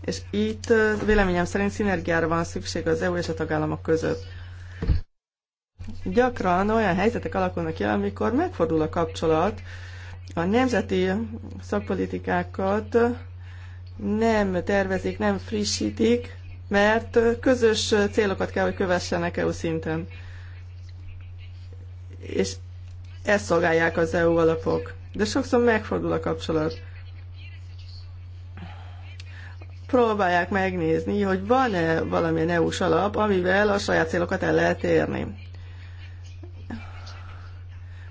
és itt véleményem szerint szinergiára van szükség az EU és a tagállamok között. Gyakran olyan helyzetek alakulnak ki, amikor megfordul a kapcsolat, a nemzeti szakpolitikákat nem tervezik, nem frissítik, mert közös célokat kell, hogy kövessenek EU szinten. És ezt szolgálják az EU alapok. De sokszor megfordul a kapcsolat. Próbálják megnézni, hogy van-e valamilyen EU-s alap, amivel a saját célokat el lehet érni.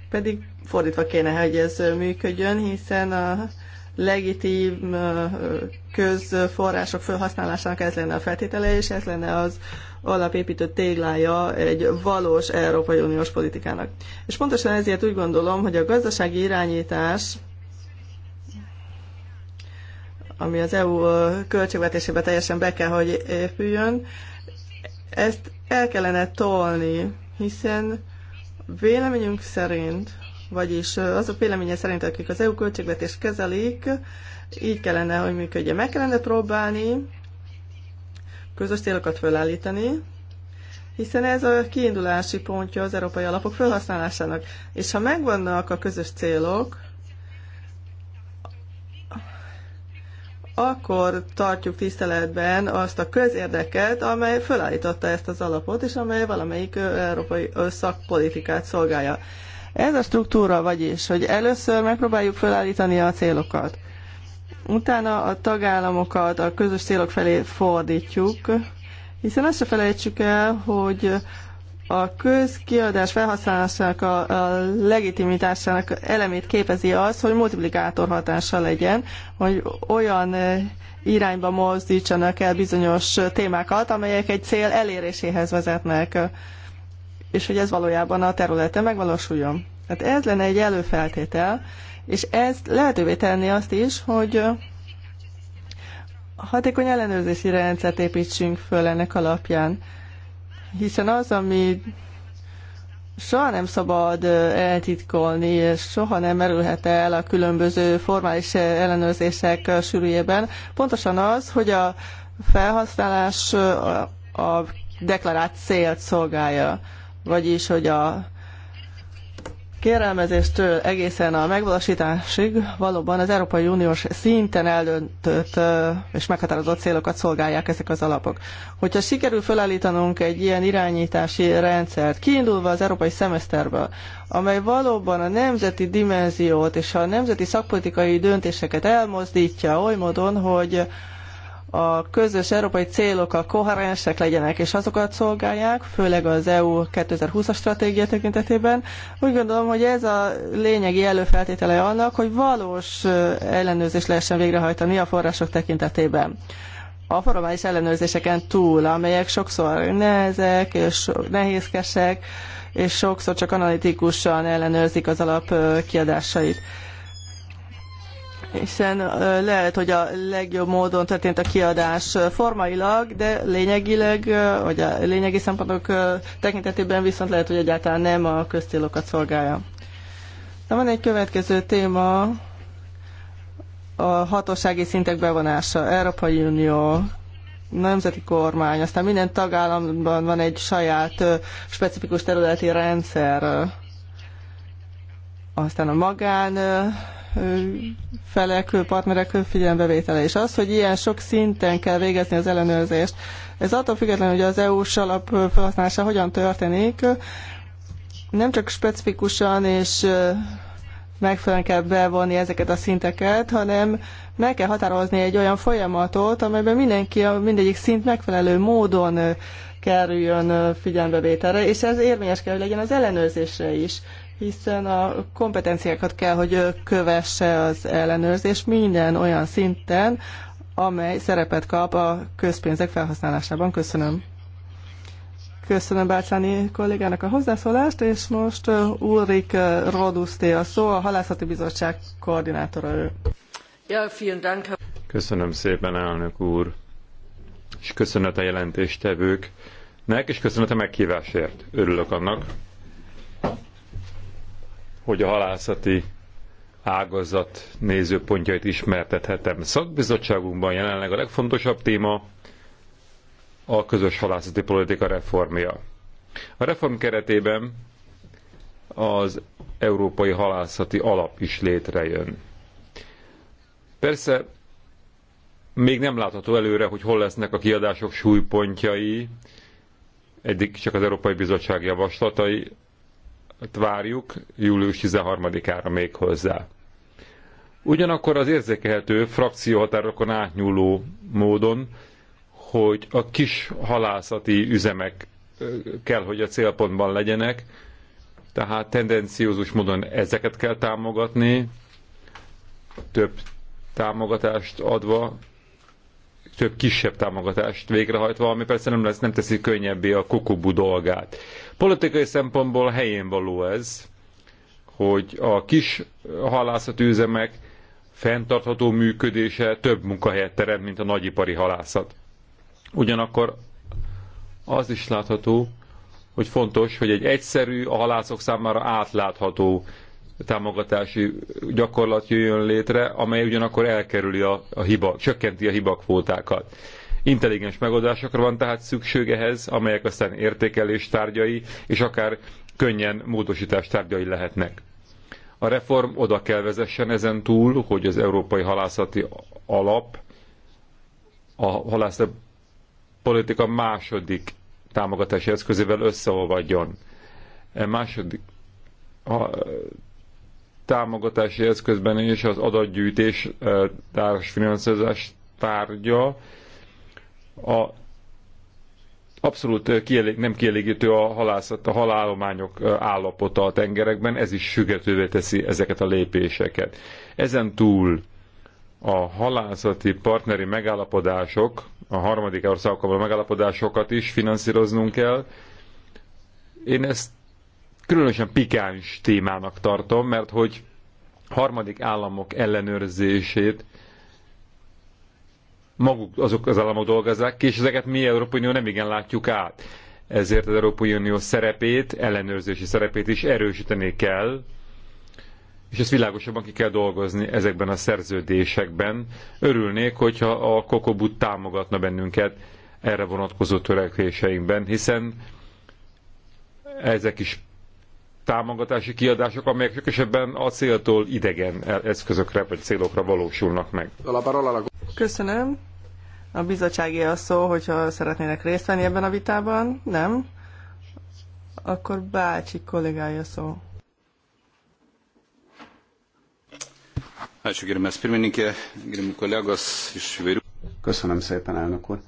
Pedig fordítva kéne, hogy ez működjön, hiszen a legitim közforrások felhasználásának ez lenne a feltétele, és ez lenne az alapépítő téglája egy valós Európai Uniós politikának. És pontosan ezért úgy gondolom, hogy a gazdasági irányítás ami az EU költségvetésébe teljesen be kell, hogy épüljön, ezt el kellene tolni, hiszen véleményünk szerint vagyis azok véleménye szerint, akik az EU költségvetést kezelik, így kellene, hogy működje. Meg kellene próbálni közös célokat fölállítani, hiszen ez a kiindulási pontja az európai alapok felhasználásának. És ha megvannak a közös célok, akkor tartjuk tiszteletben azt a közérdeket, amely felállította ezt az alapot, és amely valamelyik európai szakpolitikát szolgálja. Ez a struktúra vagyis, hogy először megpróbáljuk felállítani a célokat. Utána a tagállamokat a közös célok felé fordítjuk, hiszen azt se felejtsük el, hogy a közkiadás felhasználásának a, a legitimitásának elemét képezi az, hogy multiplikátor hatása legyen, hogy olyan eh, irányba mozdítsanak el bizonyos témákat, amelyek egy cél eléréséhez vezetnek és hogy ez valójában a területen megvalósuljon. Tehát ez lenne egy előfeltétel, és ez lehetővé tenni azt is, hogy hatékony ellenőrzési rendszert építsünk föl ennek alapján. Hiszen az, ami soha nem szabad eltitkolni, és soha nem merülhet el a különböző formális ellenőrzések sűrűjében, pontosan az, hogy a felhasználás a deklarált célt szolgálja. Vagyis, hogy a kérelmezéstől egészen a megvalósításig valóban az Európai Uniós szinten eldöntött és meghatározott célokat szolgálják ezek az alapok. Hogyha sikerül felállítanunk egy ilyen irányítási rendszert, kiindulva az európai szemeszterből, amely valóban a nemzeti dimenziót és a nemzeti szakpolitikai döntéseket elmozdítja oly módon, hogy a közös európai célok a koherensek legyenek, és azokat szolgálják, főleg az EU 2020-as stratégia tekintetében. Úgy gondolom, hogy ez a lényegi előfeltétele annak, hogy valós ellenőrzést lehessen végrehajtani a források tekintetében. A formális ellenőrzéseken túl, amelyek sokszor nehezek és nehézkesek, és sokszor csak analitikusan ellenőrzik az alap kiadásait hiszen lehet, hogy a legjobb módon történt a kiadás formailag, de lényegileg, vagy a lényegi szempontok tekintetében viszont lehet, hogy egyáltalán nem a köztélokat szolgálja. Na van egy következő téma, a hatósági szintek bevonása, Európai Unió, nemzeti kormány, aztán minden tagállamban van egy saját specifikus területi rendszer, aztán a magán felek, partnerek figyelembevétele. És az, hogy ilyen sok szinten kell végezni az ellenőrzést, ez attól függetlenül, hogy az EU-s alap felhasználása hogyan történik, nem csak specifikusan és megfelelően kell bevonni ezeket a szinteket, hanem meg kell határozni egy olyan folyamatot, amelyben mindenki a mindegyik szint megfelelő módon kerüljön figyelmevételre, és ez érvényes kell, hogy legyen az ellenőrzésre is hiszen a kompetenciákat kell, hogy kövesse az ellenőrzés minden olyan szinten, amely szerepet kap a közpénzek felhasználásában. Köszönöm. Köszönöm Bácsáni kollégának a hozzászólást, és most Ulrik Roduszté a szó, a Halászati Bizottság koordinátora ő. Köszönöm szépen, elnök úr, és köszönet a jelentéstevőknek, és köszönet a meghívásért. Örülök annak, hogy a halászati ágazat nézőpontjait ismertethetem. Szakbizottságunkban jelenleg a legfontosabb téma a közös halászati politika reformja. A reform keretében az Európai Halászati Alap is létrejön. Persze még nem látható előre, hogy hol lesznek a kiadások súlypontjai, eddig csak az Európai Bizottság javaslatai Hát várjuk július 13-ára még hozzá. Ugyanakkor az érzékelhető frakcióhatárokon átnyúló módon, hogy a kis halászati üzemek kell, hogy a célpontban legyenek, tehát tendenciózus módon ezeket kell támogatni, több támogatást adva, több kisebb támogatást végrehajtva, ami persze nem, lesz, nem teszi könnyebbé a kukubu dolgát. Politikai szempontból helyén való ez, hogy a kis halászati üzemek fenntartható működése több munkahelyet teremt, mint a nagyipari halászat. Ugyanakkor az is látható, hogy fontos, hogy egy egyszerű, a halászok számára átlátható támogatási gyakorlat jöjjön létre, amely ugyanakkor elkerüli a, a hiba, csökkenti a hibakvótákat. Intelligens megoldásokra van tehát szükség ehhez, amelyek aztán értékelés tárgyai és akár könnyen módosítás tárgyai lehetnek. A reform oda kell vezessen ezen túl, hogy az európai halászati alap a halászati politika második támogatási eszközével összeolvadjon. E második a támogatási eszközben is az adatgyűjtés e, társfinanszírozás tárgya, a abszolút kielég, nem kielégítő a halászat, a halállományok állapota a tengerekben, ez is sügetővé teszi ezeket a lépéseket. Ezen túl a halászati partneri megállapodások, a harmadik országokkal megállapodásokat is finanszíroznunk kell. Én ezt különösen pikáns témának tartom, mert hogy harmadik államok ellenőrzését maguk azok az államok dolgozzák ki, és ezeket mi Európai Unió nem igen látjuk át. Ezért az Európai Unió szerepét, ellenőrzési szerepét is erősíteni kell, és ezt világosabban ki kell dolgozni ezekben a szerződésekben. Örülnék, hogyha a Kokobut támogatna bennünket erre vonatkozó törekvéseinkben, hiszen ezek is támogatási kiadások, amelyek sok esetben a céltól idegen eszközökre vagy célokra valósulnak meg. Köszönöm. A bizottságé a szó, hogyha szeretnének részt venni ebben a vitában, nem? Akkor bácsi kollégája szó. Köszönöm szépen, elnök úr.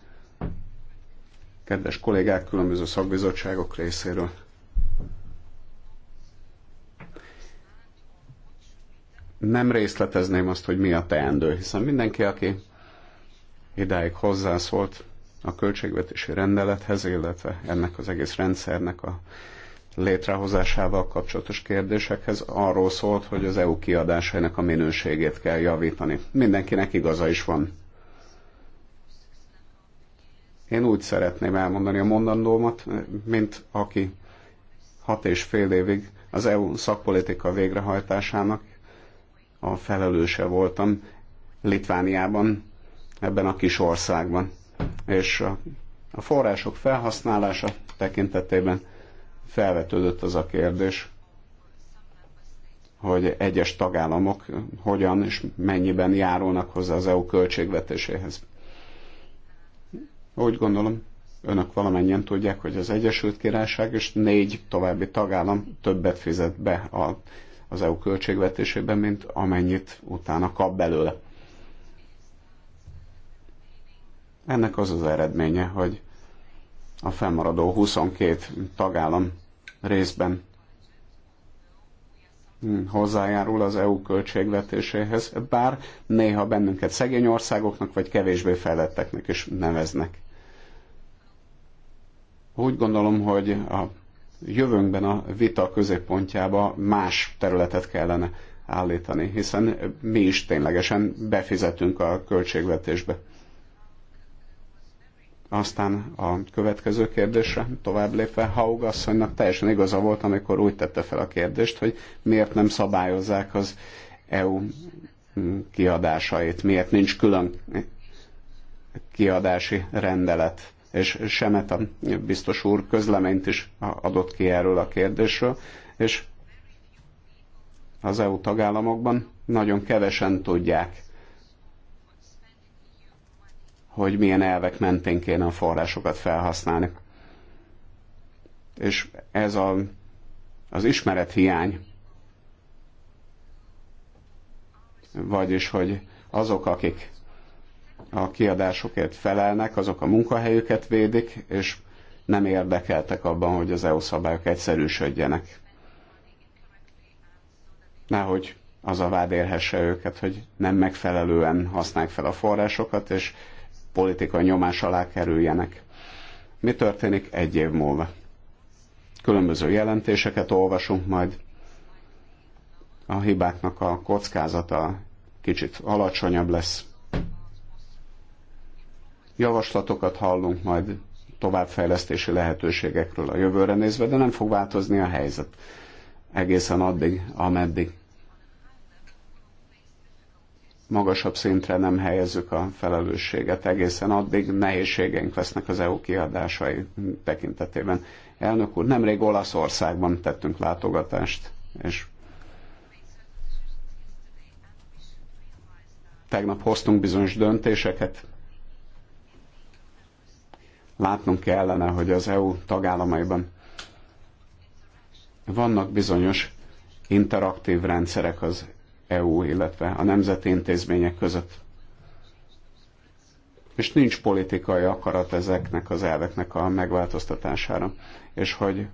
Kedves kollégák, különböző szakbizottságok részéről. Nem részletezném azt, hogy mi a teendő, hiszen mindenki, aki idáig hozzászólt a költségvetési rendelethez, illetve ennek az egész rendszernek a létrehozásával kapcsolatos kérdésekhez arról szólt, hogy az EU kiadásainak a minőségét kell javítani. Mindenkinek igaza is van. Én úgy szeretném elmondani a mondandómat, mint aki hat és fél évig az EU szakpolitika végrehajtásának a felelőse voltam Litvániában ebben a kis országban. És a, a források felhasználása tekintetében felvetődött az a kérdés, hogy egyes tagállamok hogyan és mennyiben járulnak hozzá az EU költségvetéséhez. Úgy gondolom, önök valamennyien tudják, hogy az Egyesült Királyság és négy további tagállam többet fizet be a, az EU költségvetésében, mint amennyit utána kap belőle. Ennek az az eredménye, hogy a fennmaradó 22 tagállam részben hozzájárul az EU költségvetéséhez, bár néha bennünket szegény országoknak vagy kevésbé fejletteknek is neveznek. Úgy gondolom, hogy a jövőnkben a vita középpontjába más területet kellene állítani, hiszen mi is ténylegesen befizetünk a költségvetésbe. Aztán a következő kérdésre tovább lépve, Haug asszonynak teljesen igaza volt, amikor úgy tette fel a kérdést, hogy miért nem szabályozzák az EU kiadásait, miért nincs külön kiadási rendelet és Semet a biztos úr közleményt is adott ki erről a kérdésről, és az EU tagállamokban nagyon kevesen tudják hogy milyen elvek mentén kéne a forrásokat felhasználni. És ez a, az ismeret hiány, vagyis hogy azok, akik a kiadásokért felelnek, azok a munkahelyüket védik, és nem érdekeltek abban, hogy az EU szabályok egyszerűsödjenek. Nehogy az a vád érhesse őket, hogy nem megfelelően használják fel a forrásokat, és politikai nyomás alá kerüljenek. Mi történik egy év múlva? Különböző jelentéseket olvasunk majd. A hibáknak a kockázata kicsit alacsonyabb lesz. Javaslatokat hallunk majd továbbfejlesztési lehetőségekről a jövőre nézve, de nem fog változni a helyzet egészen addig, ameddig magasabb szintre nem helyezzük a felelősséget egészen addig, nehézségeink lesznek az EU kiadásai tekintetében. Elnök úr, nemrég Olaszországban tettünk látogatást, és tegnap hoztunk bizonyos döntéseket. Látnunk kellene, hogy az EU tagállamaiban vannak bizonyos interaktív rendszerek az EU, illetve a nemzeti intézmények között. És nincs politikai akarat ezeknek az elveknek a megváltoztatására. És hogy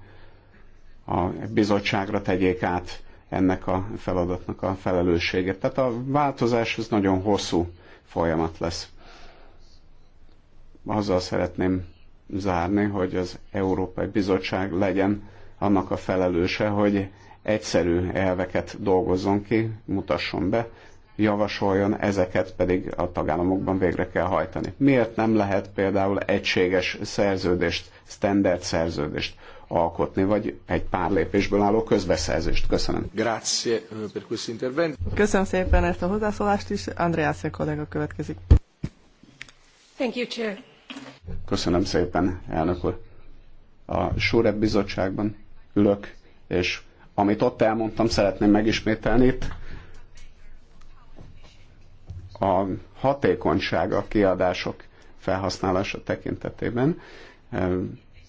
a bizottságra tegyék át ennek a feladatnak a felelősséget. Tehát a változás ez nagyon hosszú folyamat lesz. Azzal szeretném zárni, hogy az Európai Bizottság legyen annak a felelőse, hogy egyszerű elveket dolgozzon ki, mutasson be, javasoljon, ezeket pedig a tagállamokban végre kell hajtani. Miért nem lehet például egységes szerződést, standard szerződést alkotni, vagy egy pár lépésből álló közbeszerzést? Köszönöm. Grazie eh, per questo intervento. Köszönöm szépen ezt a hozzászólást is. Andreas kollega következik. Thank you, Chair. Köszönöm szépen, elnök úr. A Sure Bizottságban ülök, és amit ott elmondtam, szeretném megismételni itt. A hatékonysága a kiadások felhasználása tekintetében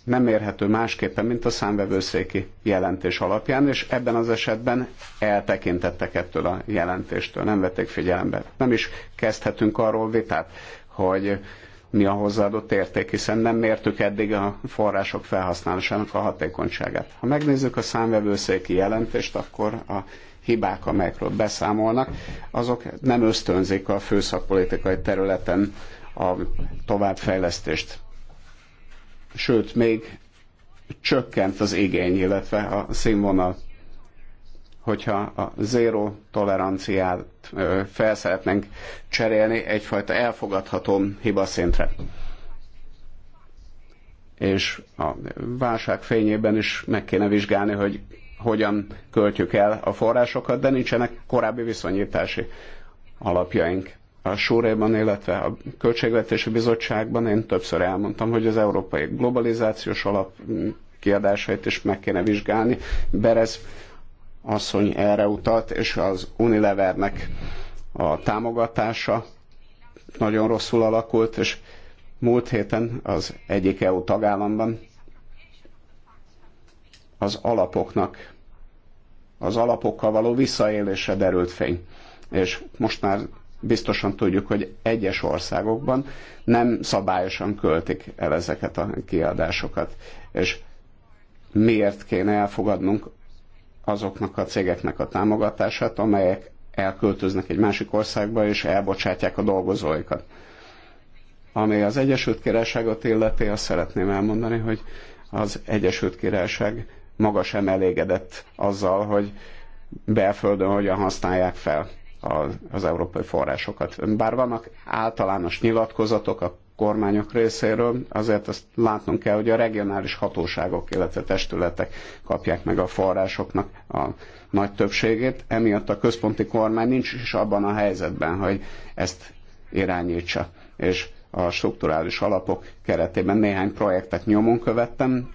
nem érhető másképpen, mint a számvevőszéki jelentés alapján, és ebben az esetben eltekintettek ettől a jelentéstől, nem vették figyelembe. Nem is kezdhetünk arról vitát, hogy mi a hozzáadott érték, hiszen nem mértük eddig a források felhasználásának a hatékonyságát. Ha megnézzük a számvevőszéki jelentést, akkor a hibák, amelyekről beszámolnak, azok nem ösztönzik a főszakpolitikai területen a továbbfejlesztést. Sőt, még csökkent az igény, illetve a színvonal hogyha a zéró toleranciát fel szeretnénk cserélni egyfajta elfogadható hibaszintre. És a válság fényében is meg kéne vizsgálni, hogy hogyan költjük el a forrásokat, de nincsenek korábbi viszonyítási alapjaink. A Súréban, illetve a Költségvetési Bizottságban én többször elmondtam, hogy az európai globalizációs alap kiadásait is meg kéne vizsgálni. Berez asszony erre utalt, és az Unilevernek a támogatása nagyon rosszul alakult, és múlt héten az egyik EU tagállamban az alapoknak, az alapokkal való visszaélése derült fény. És most már biztosan tudjuk, hogy egyes országokban nem szabályosan költik el ezeket a kiadásokat. És miért kéne elfogadnunk azoknak a cégeknek a támogatását, amelyek elköltöznek egy másik országba és elbocsátják a dolgozóikat. Ami az Egyesült Királyságot illeti, azt szeretném elmondani, hogy az Egyesült Királyság maga sem elégedett azzal, hogy belföldön hogyan használják fel az, az európai forrásokat. Bár vannak általános nyilatkozatok a kormányok részéről, azért azt látnunk kell, hogy a regionális hatóságok, illetve testületek kapják meg a forrásoknak a nagy többségét, emiatt a központi kormány nincs is abban a helyzetben, hogy ezt irányítsa. És a strukturális alapok keretében néhány projektet nyomon követtem,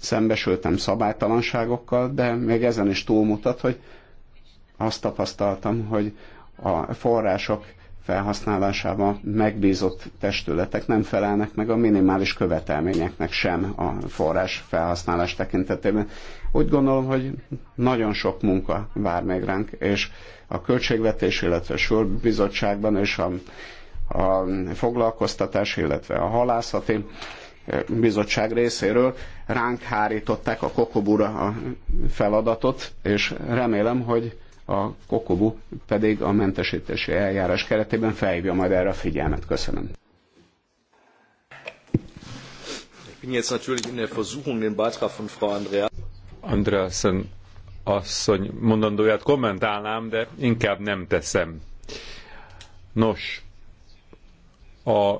szembesültem szabálytalanságokkal, de még ezen is túlmutat, hogy azt tapasztaltam, hogy a források felhasználásával megbízott testületek nem felelnek meg a minimális követelményeknek sem a forrás felhasználás tekintetében. Úgy gondolom, hogy nagyon sok munka vár még ránk, és a költségvetés, illetve a sorbizottságban és a, a foglalkoztatás, illetve a halászati eh, bizottság részéről ránk hárították a kokobura a feladatot, és remélem, hogy a Kokobu pedig a mentesítési eljárás keretében felhívja majd erre a figyelmet. Köszönöm. Andreasen asszony mondandóját kommentálnám, de inkább nem teszem. Nos, a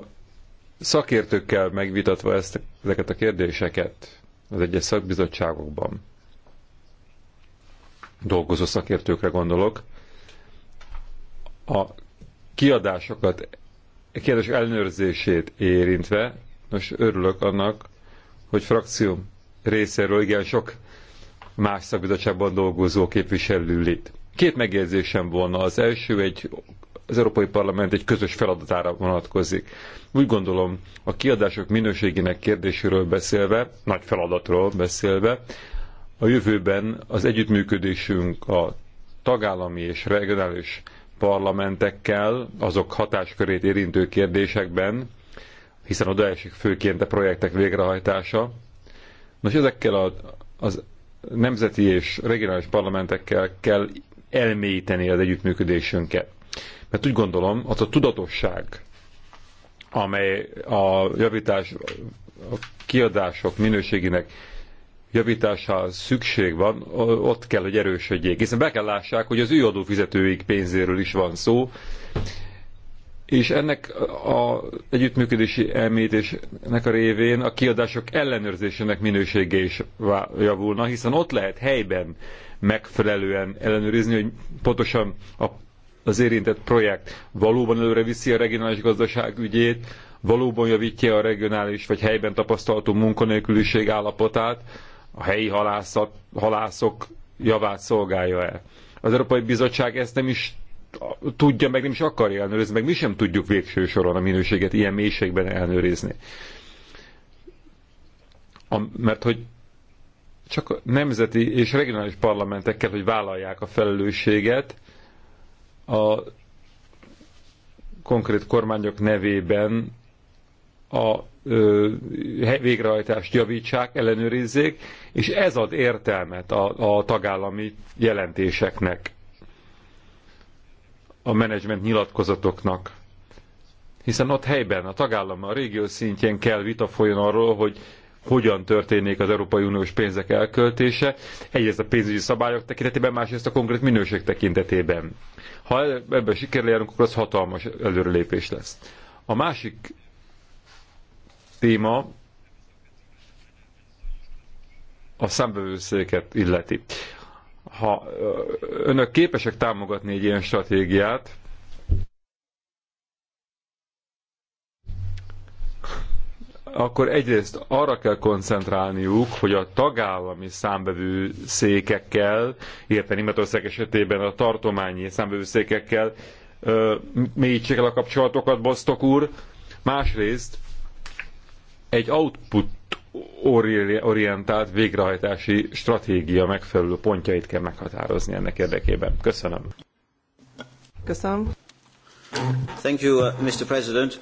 szakértőkkel megvitatva ezt, ezeket a kérdéseket az egyes szakbizottságokban, dolgozó szakértőkre gondolok, a kiadásokat, a kiadás ellenőrzését érintve, most örülök annak, hogy frakcióm részéről igen sok más szakbizottságban dolgozó képviselő lét. Két megjegyzésem volna. Az első egy az Európai Parlament egy közös feladatára vonatkozik. Úgy gondolom, a kiadások minőségének kérdéséről beszélve, nagy feladatról beszélve, a jövőben az együttműködésünk a tagállami és regionális parlamentekkel, azok hatáskörét érintő kérdésekben, hiszen oda esik főként a projektek végrehajtása. Nos, ezekkel a, az nemzeti és regionális parlamentekkel kell elmélyíteni az együttműködésünket. Mert úgy gondolom, az a tudatosság, amely a javítás a kiadások minőségének javításához szükség van, ott kell, hogy erősödjék. Hiszen be kell lássák, hogy az ő adófizetőik pénzéről is van szó, és ennek az együttműködési elmélyítésnek a révén a kiadások ellenőrzésének minősége is javulna, hiszen ott lehet helyben megfelelően ellenőrizni, hogy pontosan a, az érintett projekt valóban előre viszi a regionális gazdaság ügyét, valóban javítja a regionális vagy helyben tapasztalható munkanélküliség állapotát, a helyi halászat, halászok javát szolgálja el. Az Európai Bizottság ezt nem is tudja, meg nem is akarja elnőrizni, meg mi sem tudjuk végső soron a minőséget ilyen mélységben elnőrizni. A, mert hogy csak a nemzeti és regionális parlamentekkel, hogy vállalják a felelősséget a konkrét kormányok nevében a végrehajtást javítsák, ellenőrizzék, és ez ad értelmet a, a tagállami jelentéseknek, a menedzsment nyilatkozatoknak. Hiszen ott helyben, a tagállam, a régió szintjén kell vita folyjon arról, hogy hogyan történik az Európai Uniós pénzek elköltése, egyrészt a pénzügyi szabályok tekintetében, másrészt a konkrét minőség tekintetében. Ha ebben sikerül akkor az hatalmas előrelépés lesz. A másik téma a szembevőszéket illeti. Ha önök képesek támogatni egy ilyen stratégiát, akkor egyrészt arra kell koncentrálniuk, hogy a tagállami számbevő székekkel, illetve Németország esetében a tartományi számbevő székekkel mélyítsék el a kapcsolatokat, Bosztok úr. Másrészt egy output orientált végrehajtási stratégia megfelelő pontjait kell meghatározni ennek érdekében. Köszönöm. Köszönöm. Thank you, uh, Mr. President.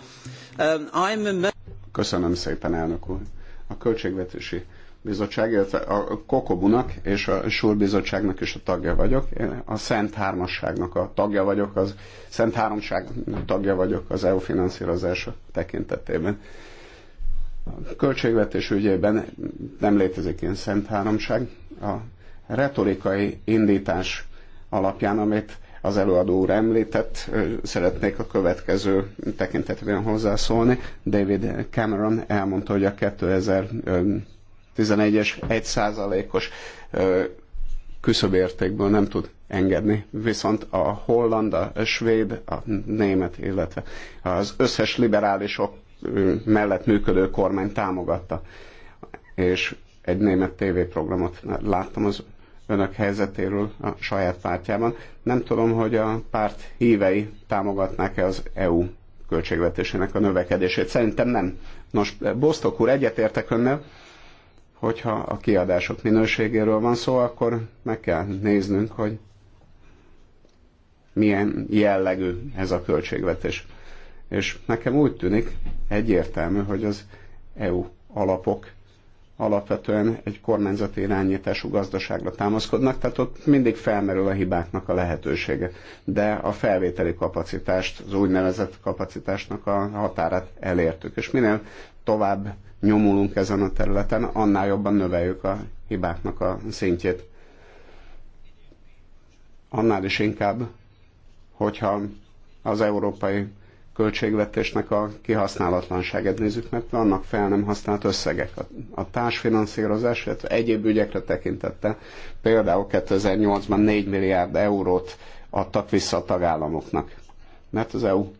Um, I'm a... Köszönöm szépen, elnök úr. A Költségvetési Bizottság, illetve a Kokobunak és a Súr Bizottságnak is a tagja vagyok. Én a Szent Hármasságnak a tagja vagyok, az Szent Háromság tagja vagyok az EU finanszírozása tekintetében. A költségvetés ügyében nem létezik ilyen szent háromság. A retorikai indítás alapján, amit az előadó úr említett, szeretnék a következő tekintetben hozzászólni. David Cameron elmondta, hogy a 2011-es 1%-os küszöbértékből nem tud engedni. Viszont a holland, a svéd, a német, illetve az összes liberálisok mellett működő kormány támogatta. És egy német tévéprogramot láttam az önök helyzetéről a saját pártjában. Nem tudom, hogy a párt hívei támogatnák-e az EU költségvetésének a növekedését. Szerintem nem. Nos, Bosztok úr, egyetértek önnel, hogyha a kiadások minőségéről van szó, akkor meg kell néznünk, hogy milyen jellegű ez a költségvetés. És nekem úgy tűnik egyértelmű, hogy az EU alapok alapvetően egy kormányzati irányítású gazdaságra támaszkodnak, tehát ott mindig felmerül a hibáknak a lehetősége. De a felvételi kapacitást, az úgynevezett kapacitásnak a határát elértük, és minél tovább nyomulunk ezen a területen, annál jobban növeljük a hibáknak a szintjét. Annál is inkább, hogyha az európai költségvetésnek a kihasználatlanságát nézzük, mert vannak fel nem használt összegek. A társfinanszírozás, illetve egyéb ügyekre tekintette, például 2008-ban 4 milliárd eurót adtak vissza a tagállamoknak, mert az EU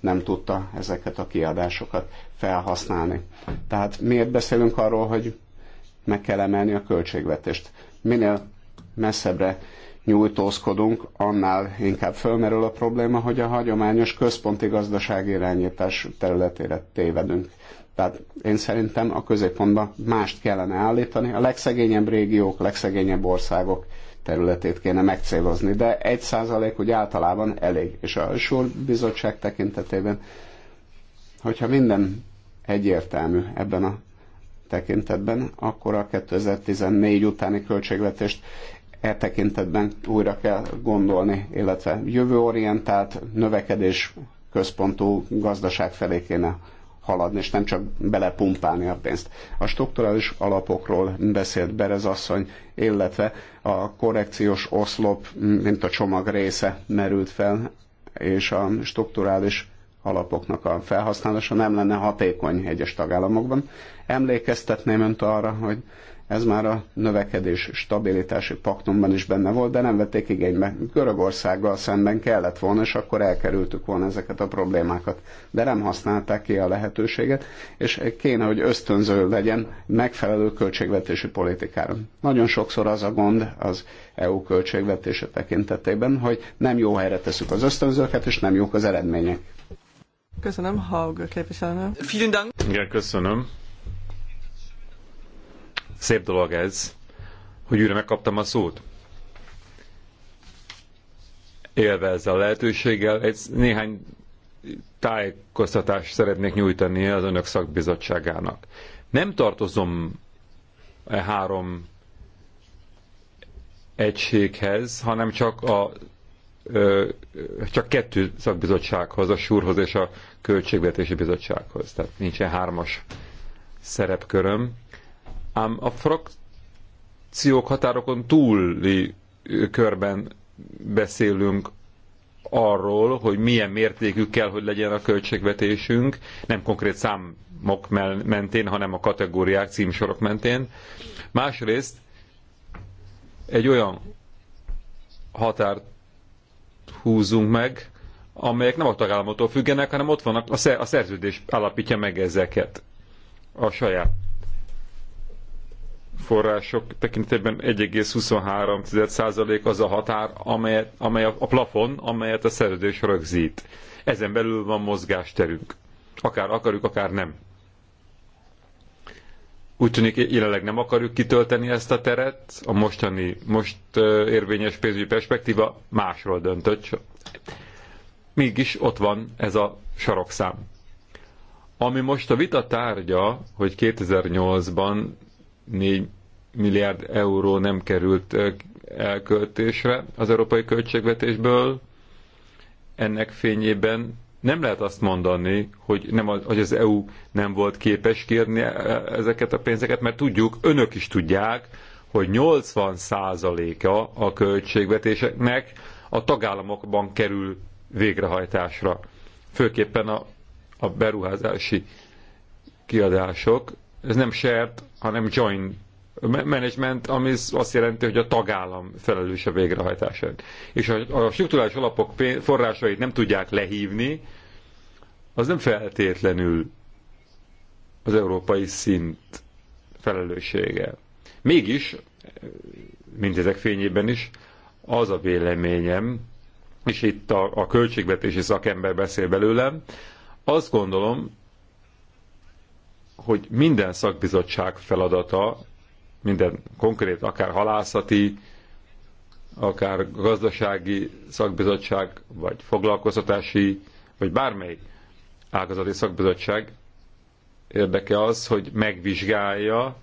nem tudta ezeket a kiadásokat felhasználni. Tehát miért beszélünk arról, hogy meg kell emelni a költségvetést? Minél messzebbre nyújtózkodunk, annál inkább fölmerül a probléma, hogy a hagyományos központi gazdaság irányítás területére tévedünk. Tehát én szerintem a középpontban mást kellene állítani, a legszegényebb régiók, legszegényebb országok területét kéne megcélozni, de egy százalék úgy általában elég. És a Sur Bizottság tekintetében, hogyha minden egyértelmű ebben a tekintetben, akkor a 2014 utáni költségvetést e tekintetben újra kell gondolni, illetve jövőorientált, növekedés központú gazdaság felé kéne haladni, és nem csak belepumpálni a pénzt. A strukturális alapokról beszélt Berez asszony, illetve a korrekciós oszlop, mint a csomag része merült fel, és a strukturális alapoknak a felhasználása nem lenne hatékony egyes tagállamokban. Emlékeztetném önt arra, hogy ez már a növekedés stabilitási paktumban is benne volt, de nem vették igénybe. Görögországgal szemben kellett volna, és akkor elkerültük volna ezeket a problémákat. De nem használták ki a lehetőséget, és kéne, hogy ösztönző legyen megfelelő költségvetési politikára. Nagyon sokszor az a gond az EU költségvetése tekintetében, hogy nem jó helyre teszük az ösztönzőket, és nem jók az eredmények. Köszönöm, Haug képviselő. Vielen Dank. köszönöm Szép dolog ez, hogy újra megkaptam a szót. Élve ezzel a lehetőséggel, egy néhány tájékoztatást szeretnék nyújtani az önök szakbizottságának. Nem tartozom e három egységhez, hanem csak a csak kettő szakbizottsághoz, a súrhoz és a költségvetési bizottsághoz. Tehát nincsen hármas szerepköröm. Ám a frakciók határokon túli körben beszélünk arról, hogy milyen mértékű kell, hogy legyen a költségvetésünk, nem konkrét számok mentén, hanem a kategóriák, címsorok mentén. Másrészt egy olyan határt húzunk meg, amelyek nem a tagállamoktól függenek, hanem ott vannak, a szerződés alapítja meg ezeket a saját források tekintetében 1,23% az a határ, amely, amely a, a plafon, amelyet a szerződés rögzít. Ezen belül van mozgásterünk. Akár akarjuk, akár nem. Úgy tűnik, jelenleg nem akarjuk kitölteni ezt a teret. A mostani, most érvényes pénzügyi perspektíva másról döntött. Mégis ott van ez a sarokszám. Ami most a vita tárgya, hogy 2008-ban 4 milliárd euró nem került elköltésre az európai költségvetésből. Ennek fényében nem lehet azt mondani, hogy, nem, hogy az EU nem volt képes kérni e- e- ezeket a pénzeket, mert tudjuk, önök is tudják, hogy 80%-a a költségvetéseknek a tagállamokban kerül végrehajtásra. Főképpen a, a beruházási kiadások. Ez nem sert hanem joint management, ami azt jelenti, hogy a tagállam felelős a végrehajtásért. És a, a struktúrális alapok forrásait nem tudják lehívni, az nem feltétlenül az európai szint felelőssége. Mégis, mindezek fényében is, az a véleményem, és itt a, a költségvetési szakember beszél belőlem, azt gondolom, hogy minden szakbizottság feladata, minden konkrét, akár halászati, akár gazdasági szakbizottság, vagy foglalkoztatási, vagy bármely ágazati szakbizottság érdeke az, hogy megvizsgálja,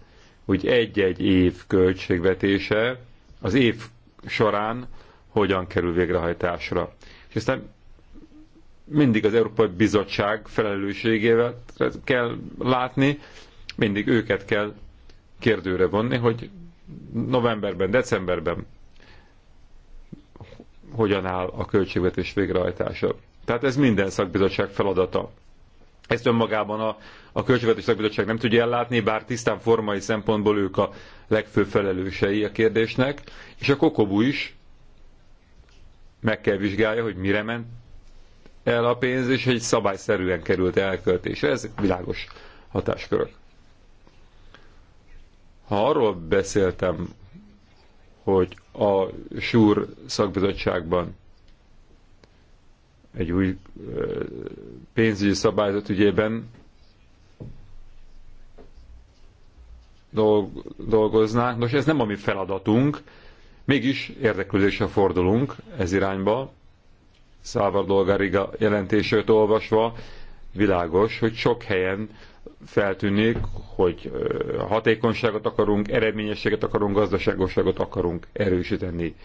hogy egy-egy év költségvetése az év során hogyan kerül végrehajtásra. És aztán mindig az Európai Bizottság felelősségével kell látni, mindig őket kell kérdőre vonni, hogy novemberben, decemberben hogyan áll a költségvetés végrehajtása. Tehát ez minden szakbizottság feladata. Ezt önmagában a, a Költségvetés Szakbizottság nem tudja ellátni, bár tisztán formai szempontból ők a legfőbb felelősei a kérdésnek, és a Kokobú is meg kell vizsgálja, hogy mire ment el a pénz, és hogy szabályszerűen került elköltésre. Ez világos hatáskörök. Ha arról beszéltem, hogy a SUR szakbizottságban egy új pénzügyi szabályzat ügyében dolgoznánk. Nos, ez nem a mi feladatunk, mégis érdeklődésre fordulunk ez irányba, Salvador Garriga jelentését olvasva világos, hogy sok helyen feltűnik, hogy hatékonyságot akarunk, eredményességet akarunk, gazdaságosságot akarunk erősíteni.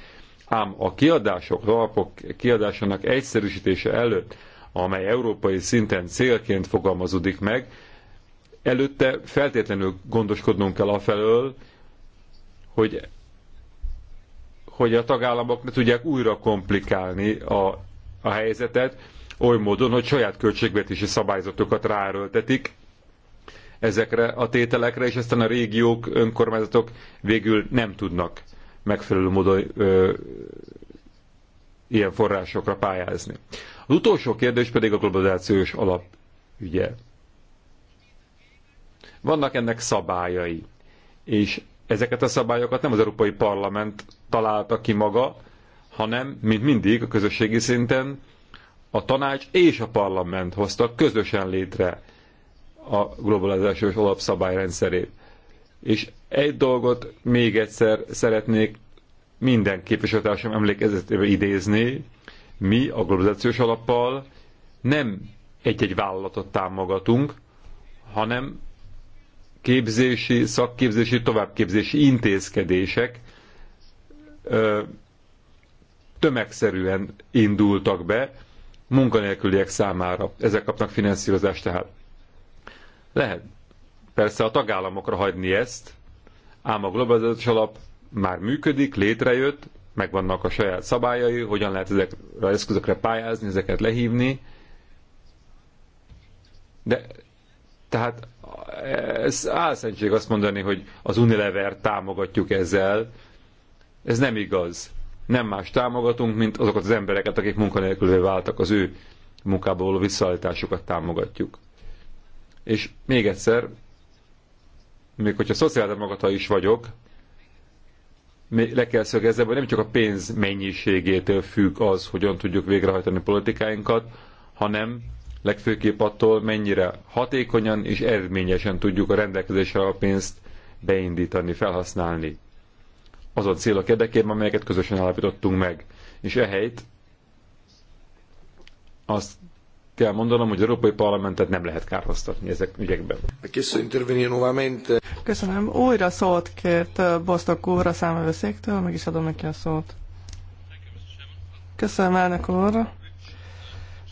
Ám a kiadások, az alapok kiadásának egyszerűsítése előtt, amely európai szinten célként fogalmazódik meg, előtte feltétlenül gondoskodnunk kell afelől, hogy, hogy a tagállamok ne tudják újra komplikálni a a helyzetet, oly módon, hogy saját költségvetési szabályzatokat ráerőltetik ezekre a tételekre, és aztán a régiók, önkormányzatok végül nem tudnak megfelelő módon ö, ilyen forrásokra pályázni. Az utolsó kérdés pedig a globalizációs alap Vannak ennek szabályai, és ezeket a szabályokat nem az Európai Parlament találta ki maga, hanem, mint mindig a közösségi szinten, a tanács és a parlament hoztak közösen létre a globalizációs alapszabályrendszerét. És egy dolgot még egyszer szeretnék minden képviselőtársam emlékezetében idézni, mi a globalizációs alappal nem egy-egy vállalatot támogatunk, hanem képzési, szakképzési, továbbképzési intézkedések tömegszerűen indultak be munkanélküliek számára. Ezek kapnak finanszírozást tehát. Lehet persze a tagállamokra hagyni ezt, ám a globalizációs alap már működik, létrejött, megvannak a saját szabályai, hogyan lehet ezekre az eszközökre pályázni, ezeket lehívni. De tehát ez álszentség azt mondani, hogy az Unilever támogatjuk ezzel. Ez nem igaz nem más támogatunk, mint azokat az embereket, akik munkanélkülővé váltak, az ő munkából való visszaállításukat támogatjuk. És még egyszer, még hogyha szociáldemokrata is vagyok, le kell szögezzem, hogy nem csak a pénz mennyiségétől függ az, hogyan tudjuk végrehajtani politikáinkat, hanem legfőképp attól, mennyire hatékonyan és eredményesen tudjuk a rendelkezésre a pénzt beindítani, felhasználni az cél célok érdekében, amelyeket közösen állapítottunk meg. És ehelyt azt kell mondanom, hogy az Európai Parlamentet nem lehet kárhoztatni ezek ügyekben. Köszönöm. Újra szót kért eh, Bosztok úr a számövőszéktől, meg is adom neki a szót. Köszönöm, elnök úr.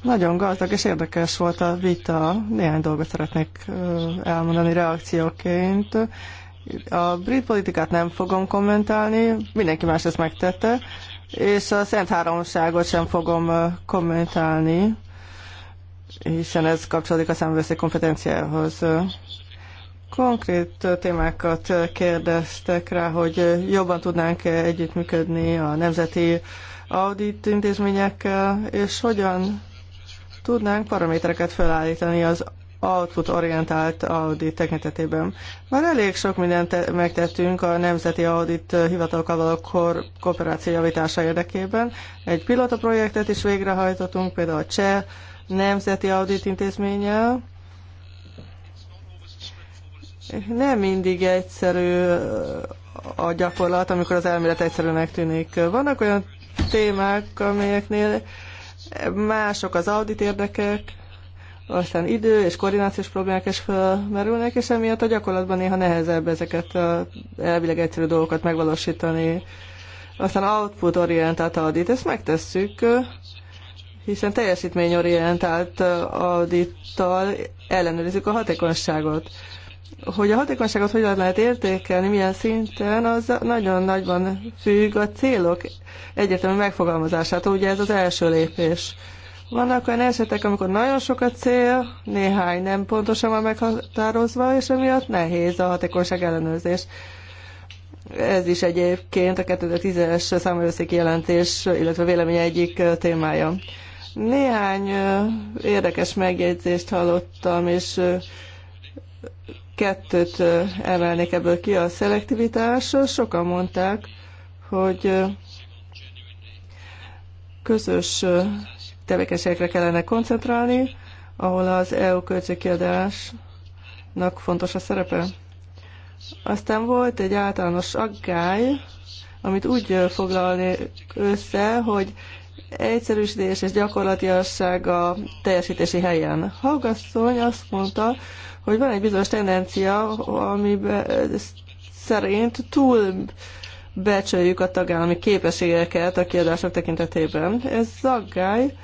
Nagyon gazdag és érdekes volt a vita. Néhány dolgot szeretnék eh, elmondani reakcióként. A brit politikát nem fogom kommentálni, mindenki más ezt megtette, és a Szent Háromságot sem fogom kommentálni, hiszen ez kapcsolódik a számvőszék kompetenciához. Konkrét témákat kérdeztek rá, hogy jobban tudnánk együttműködni a nemzeti audit intézményekkel, és hogyan tudnánk paramétereket felállítani az output-orientált audit tekintetében. Már elég sok mindent megtettünk a Nemzeti Audit Hivatalokkal való kor- kooperáció javítása érdekében. Egy pilota projektet is végrehajtottunk, például a Cseh Nemzeti Audit Intézménnyel. Nem mindig egyszerű a gyakorlat, amikor az elmélet egyszerűnek tűnik. Vannak olyan témák, amelyeknél mások az audit érdekek, aztán idő és koordinációs problémák is felmerülnek, és emiatt a gyakorlatban néha nehezebb ezeket a elvileg egyszerű dolgokat megvalósítani. Aztán output-orientált audit, ezt megtesszük, hiszen teljesítményorientált audittal ellenőrizzük a hatékonyságot. Hogy a hatékonyságot hogyan lehet értékelni, milyen szinten, az nagyon nagyban függ a célok egyértelmű megfogalmazásától, ugye ez az első lépés vannak olyan esetek, amikor nagyon sok a cél, néhány nem pontosan van meghatározva, és emiatt nehéz a hatékonyság ellenőrzés. Ez is egyébként a 2010-es számolőszéki jelentés, illetve vélemény egyik témája. Néhány érdekes megjegyzést hallottam, és kettőt emelnék ebből ki. A szelektivitás, sokan mondták, hogy közös tevékenységekre kellene koncentrálni, ahol az EU költségkiadásnak fontos a szerepe. Aztán volt egy általános aggály, amit úgy foglalni össze, hogy egyszerűsítés és gyakorlatiasság a teljesítési helyen. Haugasszony azt mondta, hogy van egy bizonyos tendencia, amiben szerint túl becsöljük a tagállami képességeket a kiadások tekintetében. Ez aggály,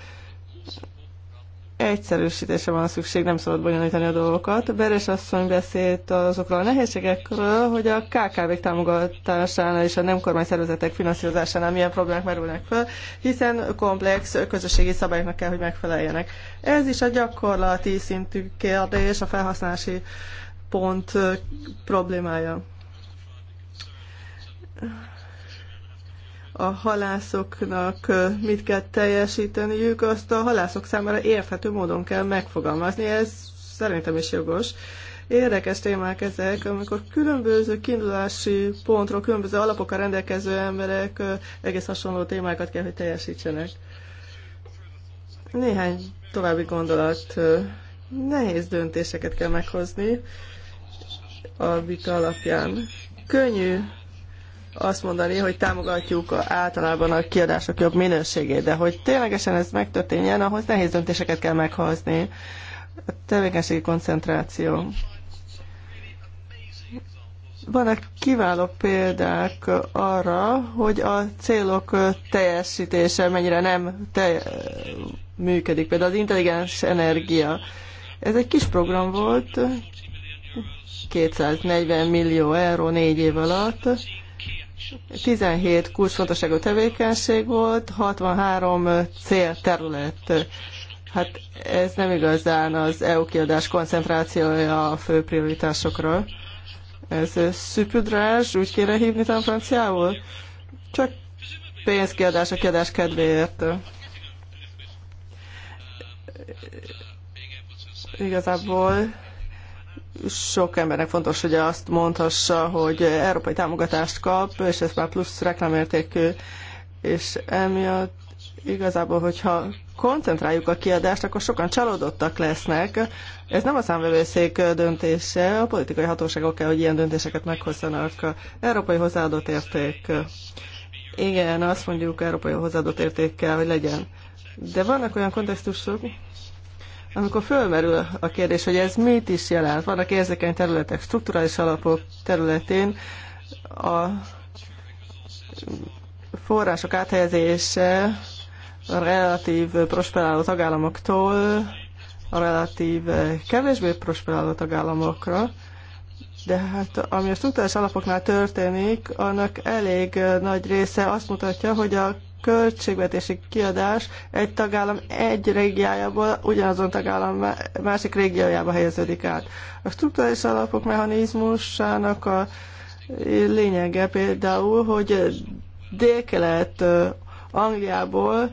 egyszerűsítése van szükség, nem szabad bonyolítani a dolgokat. Beres asszony beszélt azokról a nehézségekről, hogy a KKV-k támogatásánál és a nem szervezetek finanszírozásánál milyen problémák merülnek fel, hiszen komplex közösségi szabályoknak kell, hogy megfeleljenek. Ez is a gyakorlati szintű kérdés, a felhasználási pont problémája a halászoknak mit kell teljesíteniük, azt a halászok számára érthető módon kell megfogalmazni. Ez szerintem is jogos. Érdekes témák ezek, amikor különböző kiindulási pontról, különböző alapokkal rendelkező emberek egész hasonló témákat kell, hogy teljesítsenek. Néhány további gondolat. Nehéz döntéseket kell meghozni a vita alapján. Könnyű azt mondani, hogy támogatjuk általában a kiadások jobb minőségét, de hogy ténylegesen ez megtörténjen, ahhoz nehéz döntéseket kell meghozni. A tevékenységi koncentráció. Vannak kiváló példák arra, hogy a célok teljesítése mennyire nem te- működik. Például az intelligens energia. Ez egy kis program volt, 240 millió euró négy év alatt 17 kulcsfontosságú tevékenység volt, 63 célterület. Hát ez nem igazán az EU kiadás koncentrációja a fő prioritásokra. Ez szüpüdrás, úgy kéne hívni a franciául? Csak pénzkiadás a kiadás kedvéért. Igazából sok embernek fontos, hogy azt mondhassa, hogy európai támogatást kap, és ez már plusz reklámértékű, és emiatt igazából, hogyha koncentráljuk a kiadást, akkor sokan csalódottak lesznek. Ez nem a számvevőszék döntése, a politikai hatóságok kell, hogy ilyen döntéseket meghozzanak. Európai hozzáadott érték. Igen, azt mondjuk európai hozzáadott értékkel, hogy legyen. De vannak olyan kontextusok, amikor fölmerül a kérdés, hogy ez mit is jelent, vannak érzékeny területek, strukturális alapok területén a források áthelyezése a relatív prosperáló tagállamoktól a relatív kevésbé prosperáló tagállamokra, de hát ami a struktúrás alapoknál történik, annak elég nagy része azt mutatja, hogy a költségvetési kiadás egy tagállam egy régiájából ugyanazon tagállam másik régiójába helyeződik át. A struktúrális alapok mechanizmusának a lényege például, hogy délkelet Angliából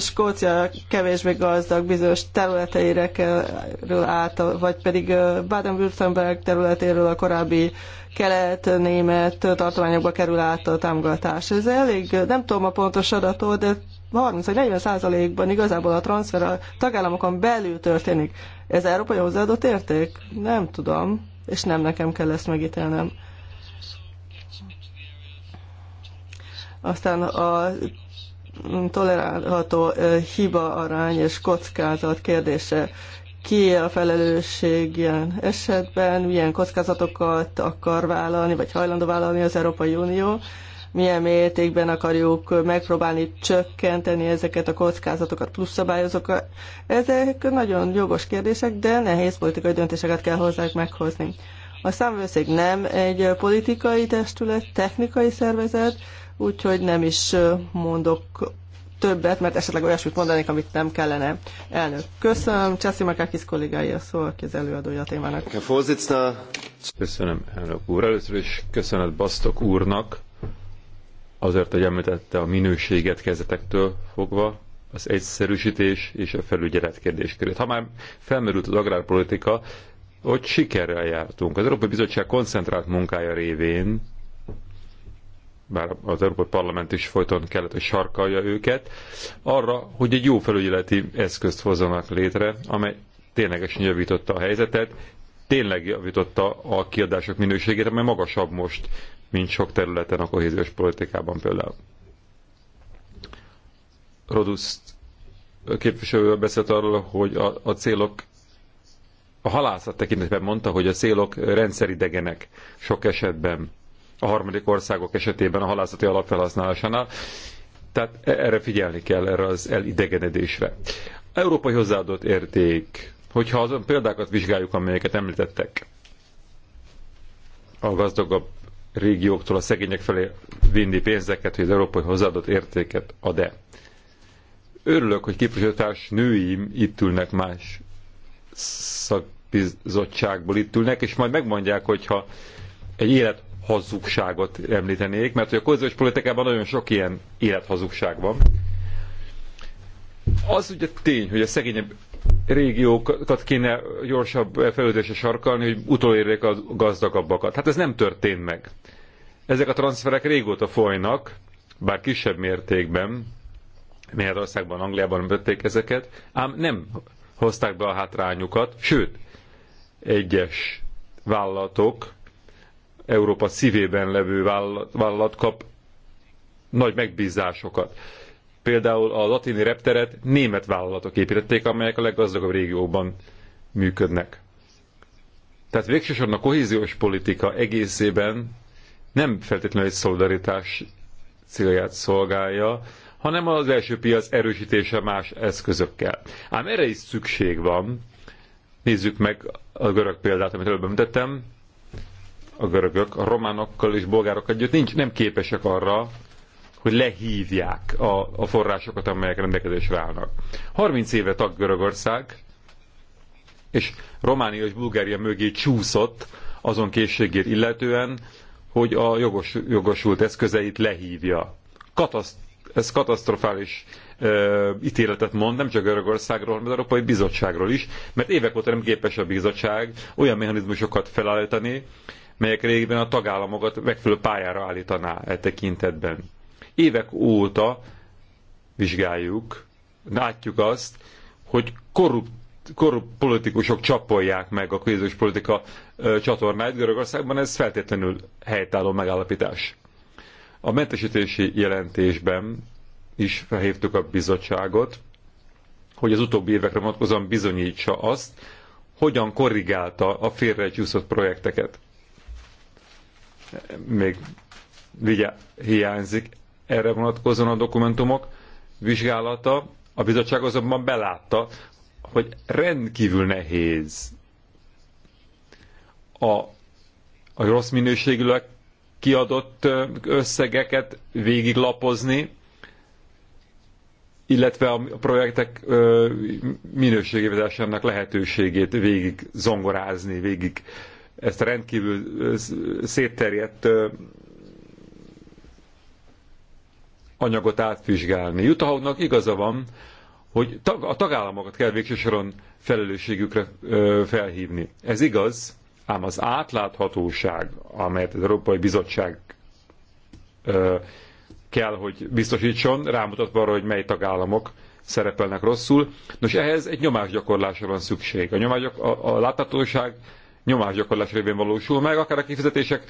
Skócia kevésbé gazdag bizonyos területeire kerül át, vagy pedig Baden-Württemberg területéről a korábbi kelet-német tartományokba kerül át a támogatás. Ez elég, nem tudom a pontos adatot, de 30 40 százalékban igazából a transfer a tagállamokon belül történik. Ez európai hozzáadott érték? Nem tudom, és nem nekem kell ezt megítélnem. Aztán a tolerálható hiba arány és kockázat kérdése. Ki a felelősség ilyen esetben, milyen kockázatokat akar vállalni, vagy hajlandó vállalni az Európai Unió, milyen mértékben akarjuk megpróbálni csökkenteni ezeket a kockázatokat, plusz szabályozókat. Ezek nagyon jogos kérdések, de nehéz politikai döntéseket kell hozzák meghozni. A számvőszék nem egy politikai testület, technikai szervezet, úgyhogy nem is mondok többet, mert esetleg olyasmit mondanék, amit nem kellene. Elnök, köszönöm. Császi Makákis kollégája szó, aki az előadója a témának. Köszönöm, elnök úr. Először is köszönet Basztok úrnak, azért, hogy említette a minőséget kezdetektől fogva, az egyszerűsítés és a felügyelet kérdéskörét. Ha már felmerült az agrárpolitika, hogy sikerrel jártunk. Az Európai Bizottság koncentrált munkája révén bár az Európai Parlament is folyton kellett, hogy sarkalja őket, arra, hogy egy jó felügyeleti eszközt hozzanak létre, amely ténylegesen javította a helyzetet, tényleg javította a kiadások minőségét, amely magasabb most, mint sok területen a kohéziós politikában például. Rodusz képviselő beszélt arról, hogy a, a célok a halászat tekintetben mondta, hogy a célok rendszeridegenek sok esetben a harmadik országok esetében a halászati alapfelhasználásánál. Tehát e- erre figyelni kell, erre az elidegenedésre. Európai hozzáadott érték, hogyha azon példákat vizsgáljuk, amelyeket említettek, a gazdagabb régióktól a szegények felé vinni pénzeket, hogy az európai hozzáadott értéket ad-e. Örülök, hogy képviselőtárs nőim itt ülnek más szakbizottságból itt ülnek, és majd megmondják, hogyha egy élet hazugságot említenék, mert hogy a kohéziós politikában nagyon sok ilyen élethazugság van. Az ugye tény, hogy a szegényebb régiókat kéne gyorsabb fejlődésre sarkalni, hogy utolérjék a gazdagabbakat. Hát ez nem történt meg. Ezek a transferek régóta folynak, bár kisebb mértékben, mert országban, Angliában vették ezeket, ám nem hozták be a hátrányukat, sőt, egyes vállalatok Európa szívében levő vállalat, kap nagy megbízásokat. Például a latini repteret német vállalatok építették, amelyek a leggazdagabb régióban működnek. Tehát végsősorban a kohéziós politika egészében nem feltétlenül egy szolidaritás célját szolgálja, hanem az első piac erősítése más eszközökkel. Ám erre is szükség van. Nézzük meg a görög példát, amit előbb említettem a görögök, a románokkal és bolgárokkal együtt nincs, nem képesek arra, hogy lehívják a, a forrásokat, amelyek rendelkezésre állnak. 30 éve tag Görögország, és Románia és Bulgária mögé csúszott azon készségét illetően, hogy a jogos, jogosult eszközeit lehívja. Kataszt, ez katasztrofális ö, ítéletet mond, nem csak Görögországról, hanem az Európai Bizottságról is, mert évek óta nem képes a bizottság olyan mechanizmusokat felállítani, melyek régben a tagállamokat megfelelő pályára állítaná e tekintetben. Évek óta vizsgáljuk, látjuk azt, hogy korrupt korrupt politikusok csapolják meg a közös politika csatornáit. Görögországban ez feltétlenül helytálló megállapítás. A mentesítési jelentésben is felhívtuk a bizottságot, hogy az utóbbi évekre vonatkozóan bizonyítsa azt, hogyan korrigálta a félrecsúszott projekteket még vigye, hiányzik erre vonatkozóan a dokumentumok vizsgálata. A bizottság azonban belátta, hogy rendkívül nehéz a, a rossz minőségűleg kiadott összegeket végiglapozni, illetve a projektek minőségévezásának lehetőségét végig zongorázni, végig ezt a rendkívül szétterjedt anyagot átvizsgálni. Jutahognak igaza van, hogy a tagállamokat kell végső soron felelősségükre felhívni. Ez igaz, ám az átláthatóság, amelyet az Európai Bizottság kell, hogy biztosítson, rámutatva arra, hogy mely tagállamok szerepelnek rosszul. Nos, ehhez egy nyomásgyakorlásra van szükség. A, nyomás a, a láthatóság nyomásgyakorlás révén valósul meg, akár a kifizetések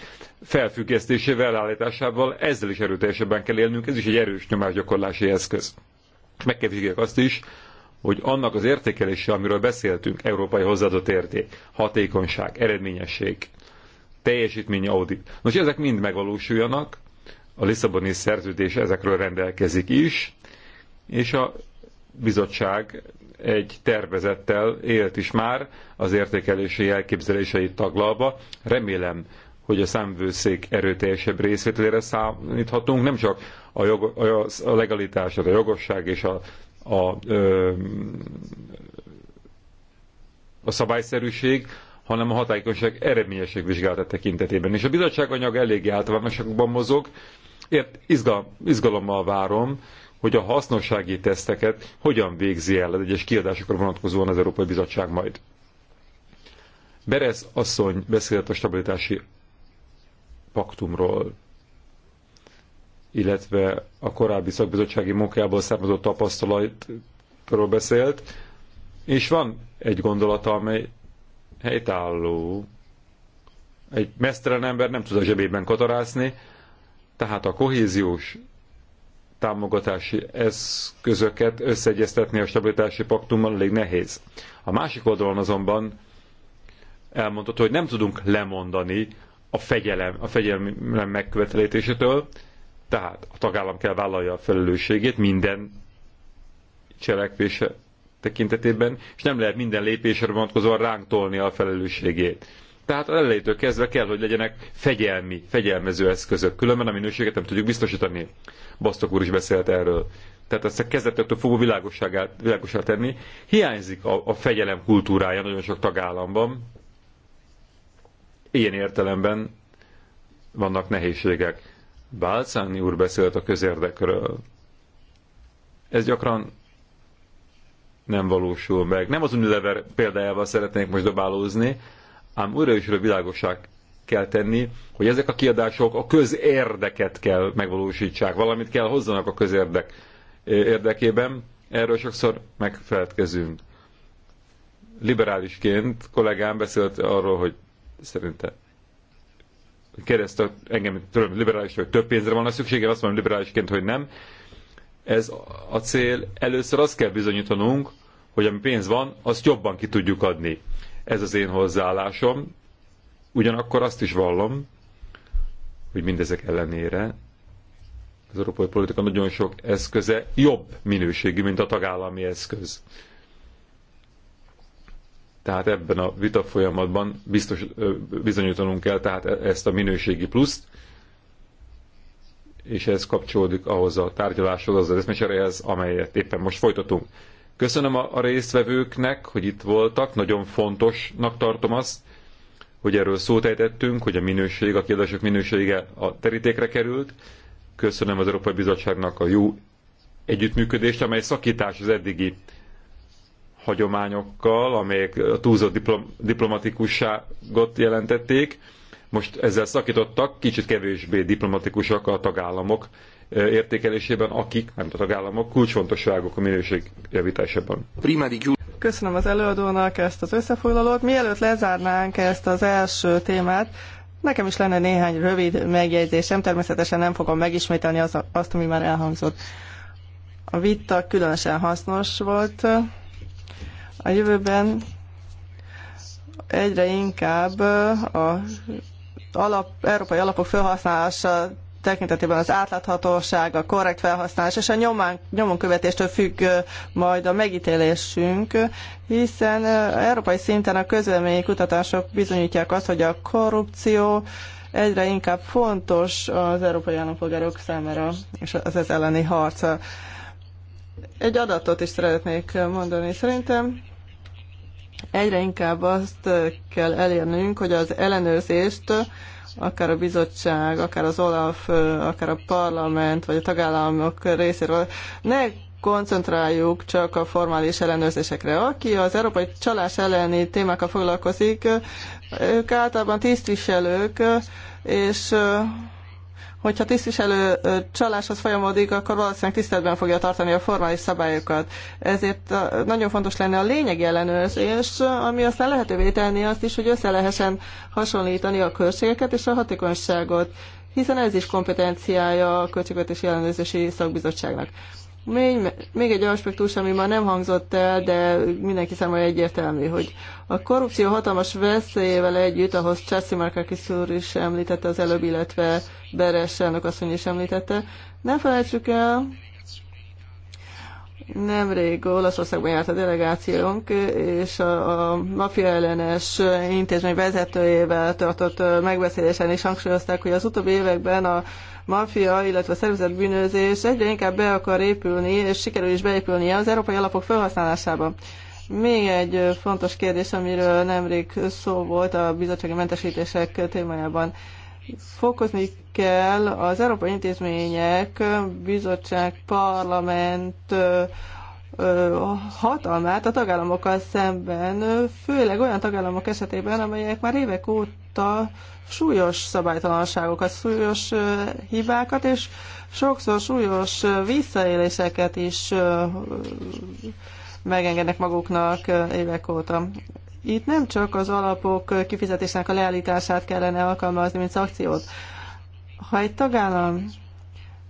felfüggesztésével, állításával, ezzel is erőteljesebben kell élnünk, ez is egy erős nyomásgyakorlási eszköz. meg kell azt is, hogy annak az értékelése, amiről beszéltünk, európai hozzáadott érték, hatékonyság, eredményesség, teljesítmény audit. Nos, ezek mind megvalósuljanak, a Lisszaboni szerződés ezekről rendelkezik is, és a bizottság egy tervezettel élt is már az értékelési elképzeléseit taglalva. Remélem, hogy a számvőszék erőteljesebb részvételére számíthatunk, nem csak a, jog, a legalitás, a jogosság és a, a, a szabályszerűség, hanem a hatályosság eredményesség vizsgálata tekintetében. És a bizottság anyag eléggé általánosakban mozog, ért izgal, izgalommal várom, hogy a hasznossági teszteket hogyan végzi el az egyes kiadásokra vonatkozóan az Európai Bizottság majd. Berez asszony beszélt a stabilitási paktumról, illetve a korábbi szakbizottsági munkából származó tapasztalatról beszélt, és van egy gondolata, amely helytálló. Egy mesztelen ember nem tud a zsebében katarászni, tehát a kohéziós támogatási eszközöket összeegyeztetni a stabilitási paktummal elég nehéz. A másik oldalon azonban elmondható, hogy nem tudunk lemondani a fegyelem, a fegyelem megkövetelésétől, tehát a tagállam kell vállalja a felelősségét minden cselekvése tekintetében, és nem lehet minden lépésre vonatkozóan ránk tolni a felelősségét. Tehát az elejétől kezdve kell, hogy legyenek fegyelmi, fegyelmező eszközök, különben a minőséget nem tudjuk biztosítani. Basztok úr is beszélt erről. Tehát ezt a kezdetektől fogó világosá tenni. Hiányzik a, a fegyelem kultúrája nagyon sok tagállamban. Ilyen értelemben vannak nehézségek. Bálcáni úr beszélt a közérdekről. Ez gyakran nem valósul meg. Nem az Unilever példájával szeretnék most dobálózni, ám újra is világosság kell tenni, hogy ezek a kiadások a közérdeket kell megvalósítsák, valamit kell hozzanak a közérdek eh, érdekében. Erről sokszor megfeledkezünk. Liberálisként kollégám beszélt arról, hogy szerinte kérdezte engem tőlem liberális, hogy több pénzre van a szüksége, azt mondom liberálisként, hogy nem. Ez a cél. Először azt kell bizonyítanunk, hogy ami pénz van, azt jobban ki tudjuk adni. Ez az én hozzáállásom, Ugyanakkor azt is vallom, hogy mindezek ellenére az európai politika nagyon sok eszköze jobb minőségű, mint a tagállami eszköz. Tehát ebben a vita folyamatban biztos, bizonyítanunk kell tehát e- ezt a minőségi pluszt, és ez kapcsolódik ahhoz a tárgyaláshoz, az eszmecseréhez, amelyet éppen most folytatunk. Köszönöm a résztvevőknek, hogy itt voltak, nagyon fontosnak tartom azt, hogy erről szót ejtettünk, hogy a minőség, a kiadások minősége a terítékre került. Köszönöm az Európai Bizottságnak a jó együttműködést, amely szakítás az eddigi hagyományokkal, amelyek a túlzott diplom, diplomatikusságot jelentették. Most ezzel szakítottak, kicsit kevésbé diplomatikusak a tagállamok eh, értékelésében, akik, nem a tagállamok, kulcsfontosságok a minőség javításában. Köszönöm az előadónak ezt az összefoglalót. Mielőtt lezárnánk ezt az első témát, nekem is lenne néhány rövid megjegyzésem, természetesen nem fogom megismételni az, azt, ami már elhangzott. A vita különösen hasznos volt. A jövőben egyre inkább a alap, európai alapok felhasználása tekintetében az átláthatóság, a korrekt felhasználás és a nyomán, nyomon követéstől függ majd a megítélésünk, hiszen európai szinten a közvélemény kutatások bizonyítják azt, hogy a korrupció egyre inkább fontos az európai állampolgárok számára, és az ez elleni harc. Egy adatot is szeretnék mondani. Szerintem egyre inkább azt kell elérnünk, hogy az ellenőrzést akár a bizottság, akár az OLAF, akár a parlament, vagy a tagállamok részéről, ne koncentráljuk csak a formális ellenőrzésekre. Aki az európai csalás elleni témákkal foglalkozik, ők általában tisztviselők, és Hogyha tisztviselő csaláshoz folyamodik, akkor valószínűleg tiszteletben fogja tartani a formális szabályokat. Ezért nagyon fontos lenne a lényegi ellenőrzés, ami aztán lehetővé tenni azt is, hogy össze lehessen hasonlítani a költségeket és a hatékonyságot hiszen ez is kompetenciája a Költségvetési Ellenőrzési Szakbizottságnak. Még, még egy aspektus, ami már nem hangzott el, de mindenki számára egyértelmű, hogy a korrupció hatalmas veszélyével együtt, ahhoz Császi Markakis úr is említette az előbb, illetve Beres elnök asszony is említette. Ne felejtsük el, nemrég Olaszországban járt a delegációnk, és a, a mafia ellenes intézmény vezetőjével tartott megbeszélésen is hangsúlyozták, hogy az utóbbi években a mafia, illetve a szervezett bűnözés egyre inkább be akar épülni, és sikerül is beépülnie az európai alapok felhasználásába. Még egy fontos kérdés, amiről nemrég szó volt a bizottsági mentesítések témájában. Fokozni kell az európai intézmények, bizottság, parlament, hatalmát a tagállamokkal szemben, főleg olyan tagállamok esetében, amelyek már évek óta súlyos szabálytalanságokat, súlyos hibákat és sokszor súlyos visszaéléseket is megengednek maguknak évek óta. Itt nem csak az alapok kifizetésének a leállítását kellene alkalmazni, mint szakciót. Ha egy tagállam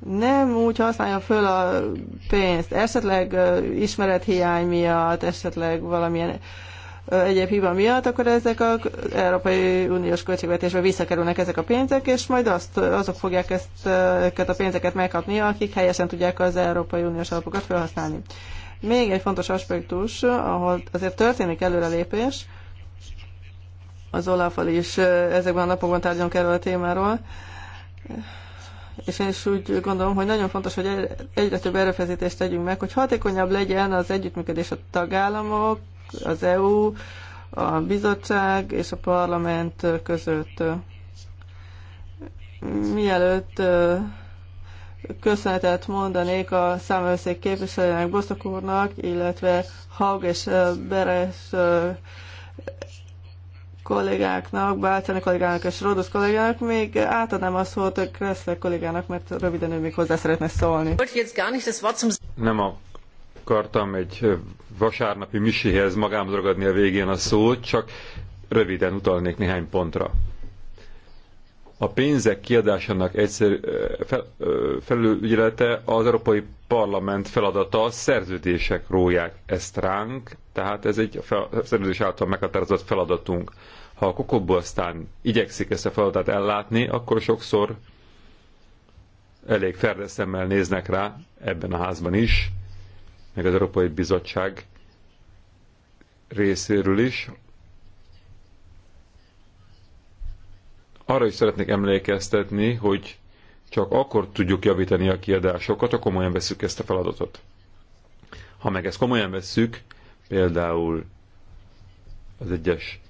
nem úgy használja föl a pénzt, esetleg ismerethiány miatt, esetleg valamilyen egyéb hiba miatt, akkor ezek az Európai Uniós költségvetésbe visszakerülnek ezek a pénzek, és majd azt, azok fogják ezt, ezeket a pénzeket megkapni, akik helyesen tudják az Európai Uniós alapokat felhasználni. Még egy fontos aspektus, ahol azért történik előrelépés, az olaf is ezekben a napokban tárgyalunk erről a témáról, és én is úgy gondolom, hogy nagyon fontos, hogy e- egyre több erőfeszítést tegyünk meg, hogy hatékonyabb legyen az együttműködés a tagállamok, az EU, a bizottság és a parlament között. Mielőtt köszönetet mondanék a számőszék képviselőnek, Bosztok úrnak, illetve Haug és Beres kollégáknak, Bálcáni kollégának és Ródusz kollégának. Még átadnám a szót a Kressler kollégának, mert röviden ő még hozzá szeretne szólni. Nem akartam egy vasárnapi miséhez magám ragadni a végén a szót, csak röviden utalnék néhány pontra a pénzek kiadásának egyszerű fel, felügyelete az Európai Parlament feladata, a szerződések róják ezt ránk, tehát ez egy fel, a szerződés által meghatározott feladatunk. Ha a kokobból aztán igyekszik ezt a feladatát ellátni, akkor sokszor elég ferdeszemmel néznek rá ebben a házban is, meg az Európai Bizottság részéről is, Arra is szeretnék emlékeztetni, hogy csak akkor tudjuk javítani a kiadásokat, ha komolyan veszük ezt a feladatot. Ha meg ezt komolyan veszük, például az egyes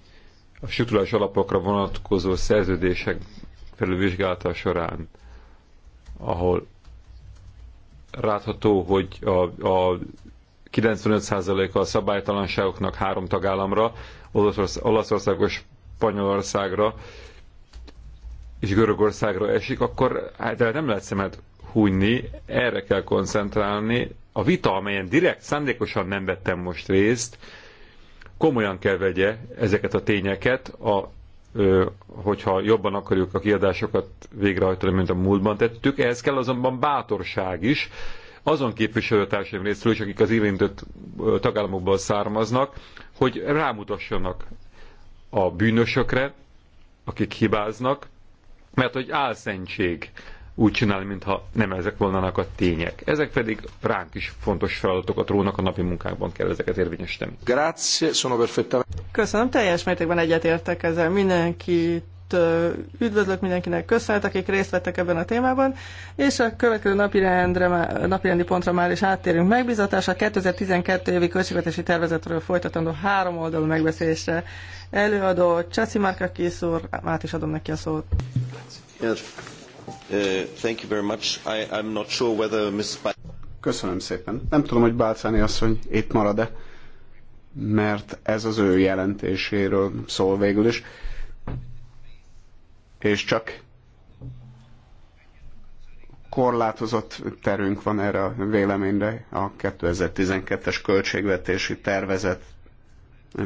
a struktúrális alapokra vonatkozó szerződések felülvizsgálata során, ahol látható, hogy a, a 95%-a a szabálytalanságoknak három tagállamra, Olaszországos Spanyolországra és Görögországra esik, akkor hát nem lehet szemet hunyni, erre kell koncentrálni. A vita, amelyen direkt szándékosan nem vettem most részt, komolyan kell vegye ezeket a tényeket, a, ö, hogyha jobban akarjuk a kiadásokat végrehajtani, mint a múltban tettük. Ehhez kell azonban bátorság is, azon képviselőtársaim részről is, akik az érintett tagállamokból származnak, hogy rámutassanak a bűnösökre, akik hibáznak, mert hogy álszentség úgy csinálni, mintha nem ezek volnának a tények. Ezek pedig ránk is fontos feladatokat rónak a napi munkákban kell ezeket érvényesíteni. Grazie, sono Köszönöm, teljes mértékben egyetértek ezzel. Mindenkit üdvözlök mindenkinek, köszönet, akik részt vettek ebben a témában, és a következő napirendre, napirendi pontra már is áttérünk a 2012 évi költségvetési tervezetről folytatandó három oldalú megbeszélésre. Előadó Csaci Márka Kiszúr, át is adom neki a szót. Köszönöm szépen. Nem tudom, hogy Bálcáni asszony itt marad-e, mert ez az ő jelentéséről szól végül is. És csak korlátozott terünk van erre a véleményre a 2012-es költségvetési tervezet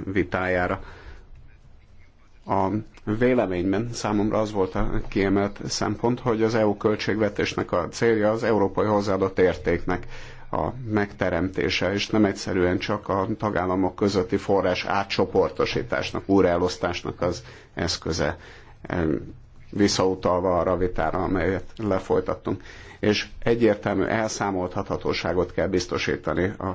vitájára. A véleményben számomra az volt a kiemelt szempont, hogy az EU költségvetésnek a célja az európai hozzáadott értéknek a megteremtése, és nem egyszerűen csak a tagállamok közötti forrás átcsoportosításnak, újraelosztásnak az eszköze, e, visszautalva arra a vitára, amelyet lefolytattunk. És egyértelmű elszámolthatóságot kell biztosítani a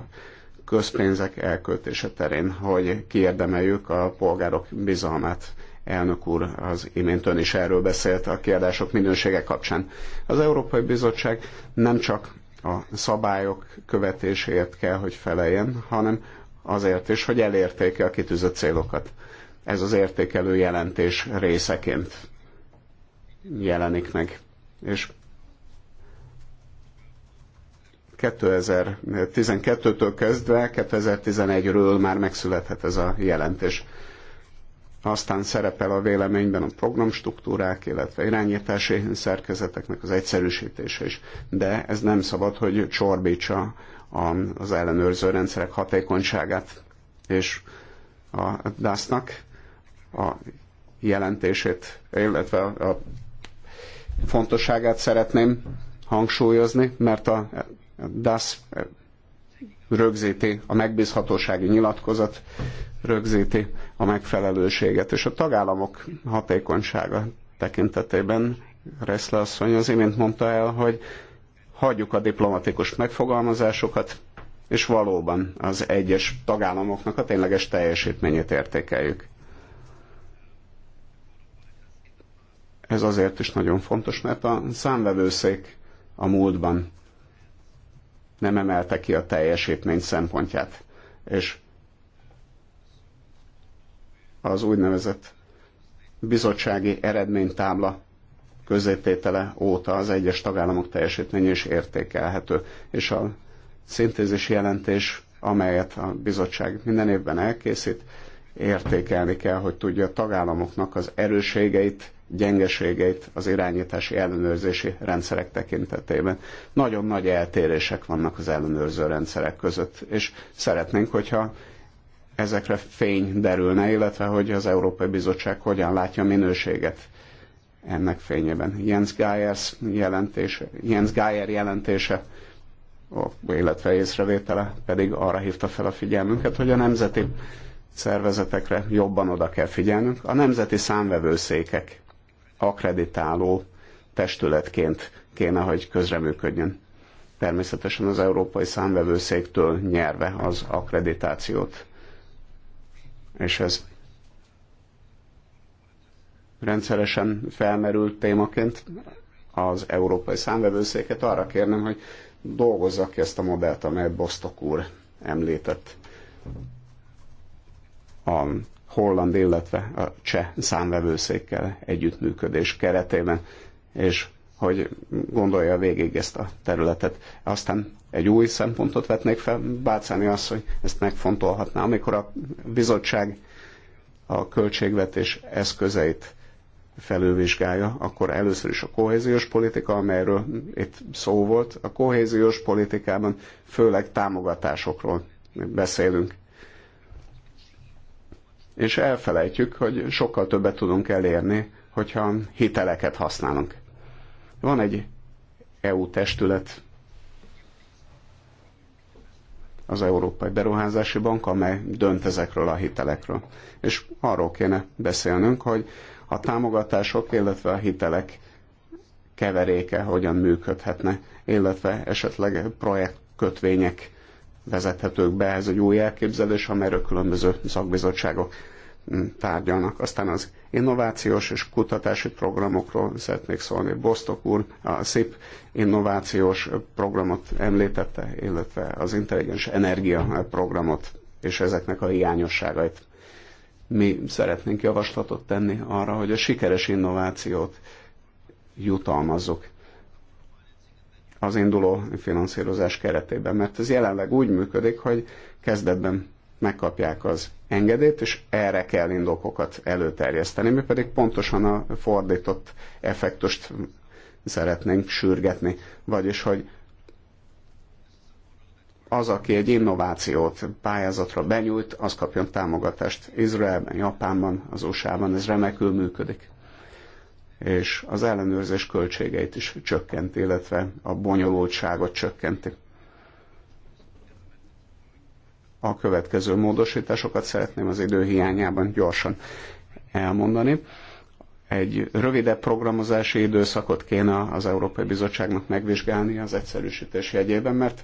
közpénzek elköltése terén, hogy kiérdemeljük a polgárok bizalmát. Elnök úr, az imént ön is erről beszélt a kiadások minősége kapcsán. Az Európai Bizottság nem csak a szabályok követéséért kell, hogy feleljen, hanem azért is, hogy elértéke a kitűzött célokat. Ez az értékelő jelentés részeként jelenik meg. És 2012-től kezdve 2011-ről már megszülethet ez a jelentés. Aztán szerepel a véleményben a programstruktúrák, illetve irányítási szerkezeteknek az egyszerűsítése is. De ez nem szabad, hogy csorbítsa az ellenőrző rendszerek hatékonyságát. És a DASZ-nak a jelentését, illetve a fontosságát szeretném hangsúlyozni, mert a DASZ eh, rögzíti, a megbízhatósági nyilatkozat rögzíti a megfelelőséget, és a tagállamok hatékonysága tekintetében Reszle asszony az imént mondta el, hogy hagyjuk a diplomatikus megfogalmazásokat, és valóban az egyes tagállamoknak a tényleges teljesítményét értékeljük. Ez azért is nagyon fontos, mert a számvevőszék a múltban nem emelte ki a teljesítmény szempontját. És az úgynevezett bizottsági eredménytábla közététele óta az egyes tagállamok teljesítménye is értékelhető, és a szintézis jelentés, amelyet a bizottság minden évben elkészít, értékelni kell, hogy tudja a tagállamoknak az erőségeit, gyengeségeit az irányítási ellenőrzési rendszerek tekintetében. Nagyon nagy eltérések vannak az ellenőrző rendszerek között, és szeretnénk, hogyha ezekre fény derülne, illetve hogy az Európai Bizottság hogyan látja a minőséget ennek fényében. Jens, Geyers jelentése, Jens Geyer jelentése, illetve észrevétele pedig arra hívta fel a figyelmünket, hogy a nemzeti szervezetekre jobban oda kell figyelnünk. A nemzeti számvevőszékek akreditáló testületként kéne, hogy közreműködjön. Természetesen az Európai Számvevőszéktől nyerve az akkreditációt. És ez rendszeresen felmerült témaként az Európai Számvevőszéket arra kérném hogy dolgozzak ki ezt a modellt, amelyet Bostok úr említett. A holland, illetve a cseh számvevőszékkel együttműködés keretében, és hogy gondolja végig ezt a területet. Aztán egy új szempontot vetnék fel, Bácáni az, hogy ezt megfontolhatná, amikor a bizottság a költségvetés eszközeit felülvizsgálja, akkor először is a kohéziós politika, amelyről itt szó volt. A kohéziós politikában főleg támogatásokról beszélünk és elfelejtjük, hogy sokkal többet tudunk elérni, hogyha hiteleket használunk. Van egy EU testület, az Európai Beruházási Bank, amely dönt ezekről a hitelekről. És arról kéne beszélnünk, hogy a támogatások, illetve a hitelek keveréke hogyan működhetne, illetve esetleg projektkötvények vezethetők be, ez egy új elképzelés, amelyről különböző szakbizottságok mm, tárgyalnak. Aztán az innovációs és kutatási programokról szeretnék szólni. Bostok úr a szép innovációs programot említette, illetve az intelligens energia programot és ezeknek a hiányosságait. Mi szeretnénk javaslatot tenni arra, hogy a sikeres innovációt jutalmazzuk az induló finanszírozás keretében, mert ez jelenleg úgy működik, hogy kezdetben megkapják az engedélyt, és erre kell indokokat előterjeszteni. Mi pedig pontosan a fordított effektust szeretnénk sürgetni, vagyis hogy az, aki egy innovációt pályázatra benyújt, az kapjon támogatást. Izraelben, Japánban, az USA-ban ez remekül működik és az ellenőrzés költségeit is csökkent, illetve a bonyolultságot csökkenti. A következő módosításokat szeretném az idő hiányában gyorsan elmondani. Egy rövidebb programozási időszakot kéne az Európai Bizottságnak megvizsgálni az egyszerűsítés jegyében, mert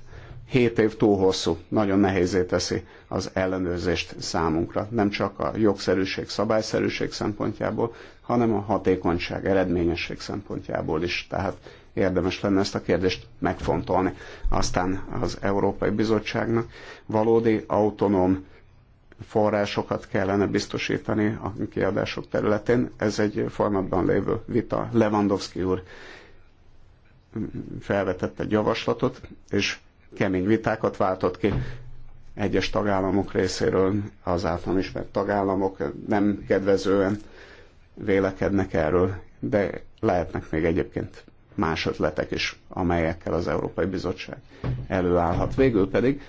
7 év túl hosszú, nagyon nehézé teszi az ellenőrzést számunkra. Nem csak a jogszerűség, szabályszerűség szempontjából, hanem a hatékonyság, eredményesség szempontjából is. Tehát érdemes lenne ezt a kérdést megfontolni. Aztán az Európai Bizottságnak valódi autonóm forrásokat kellene biztosítani a kiadások területén. Ez egy folyamatban lévő vita. Lewandowski úr felvetett egy javaslatot, és kemény vitákat váltott ki egyes tagállamok részéről, az általam ismert tagállamok nem kedvezően vélekednek erről, de lehetnek még egyébként más ötletek is, amelyekkel az Európai Bizottság előállhat. Végül pedig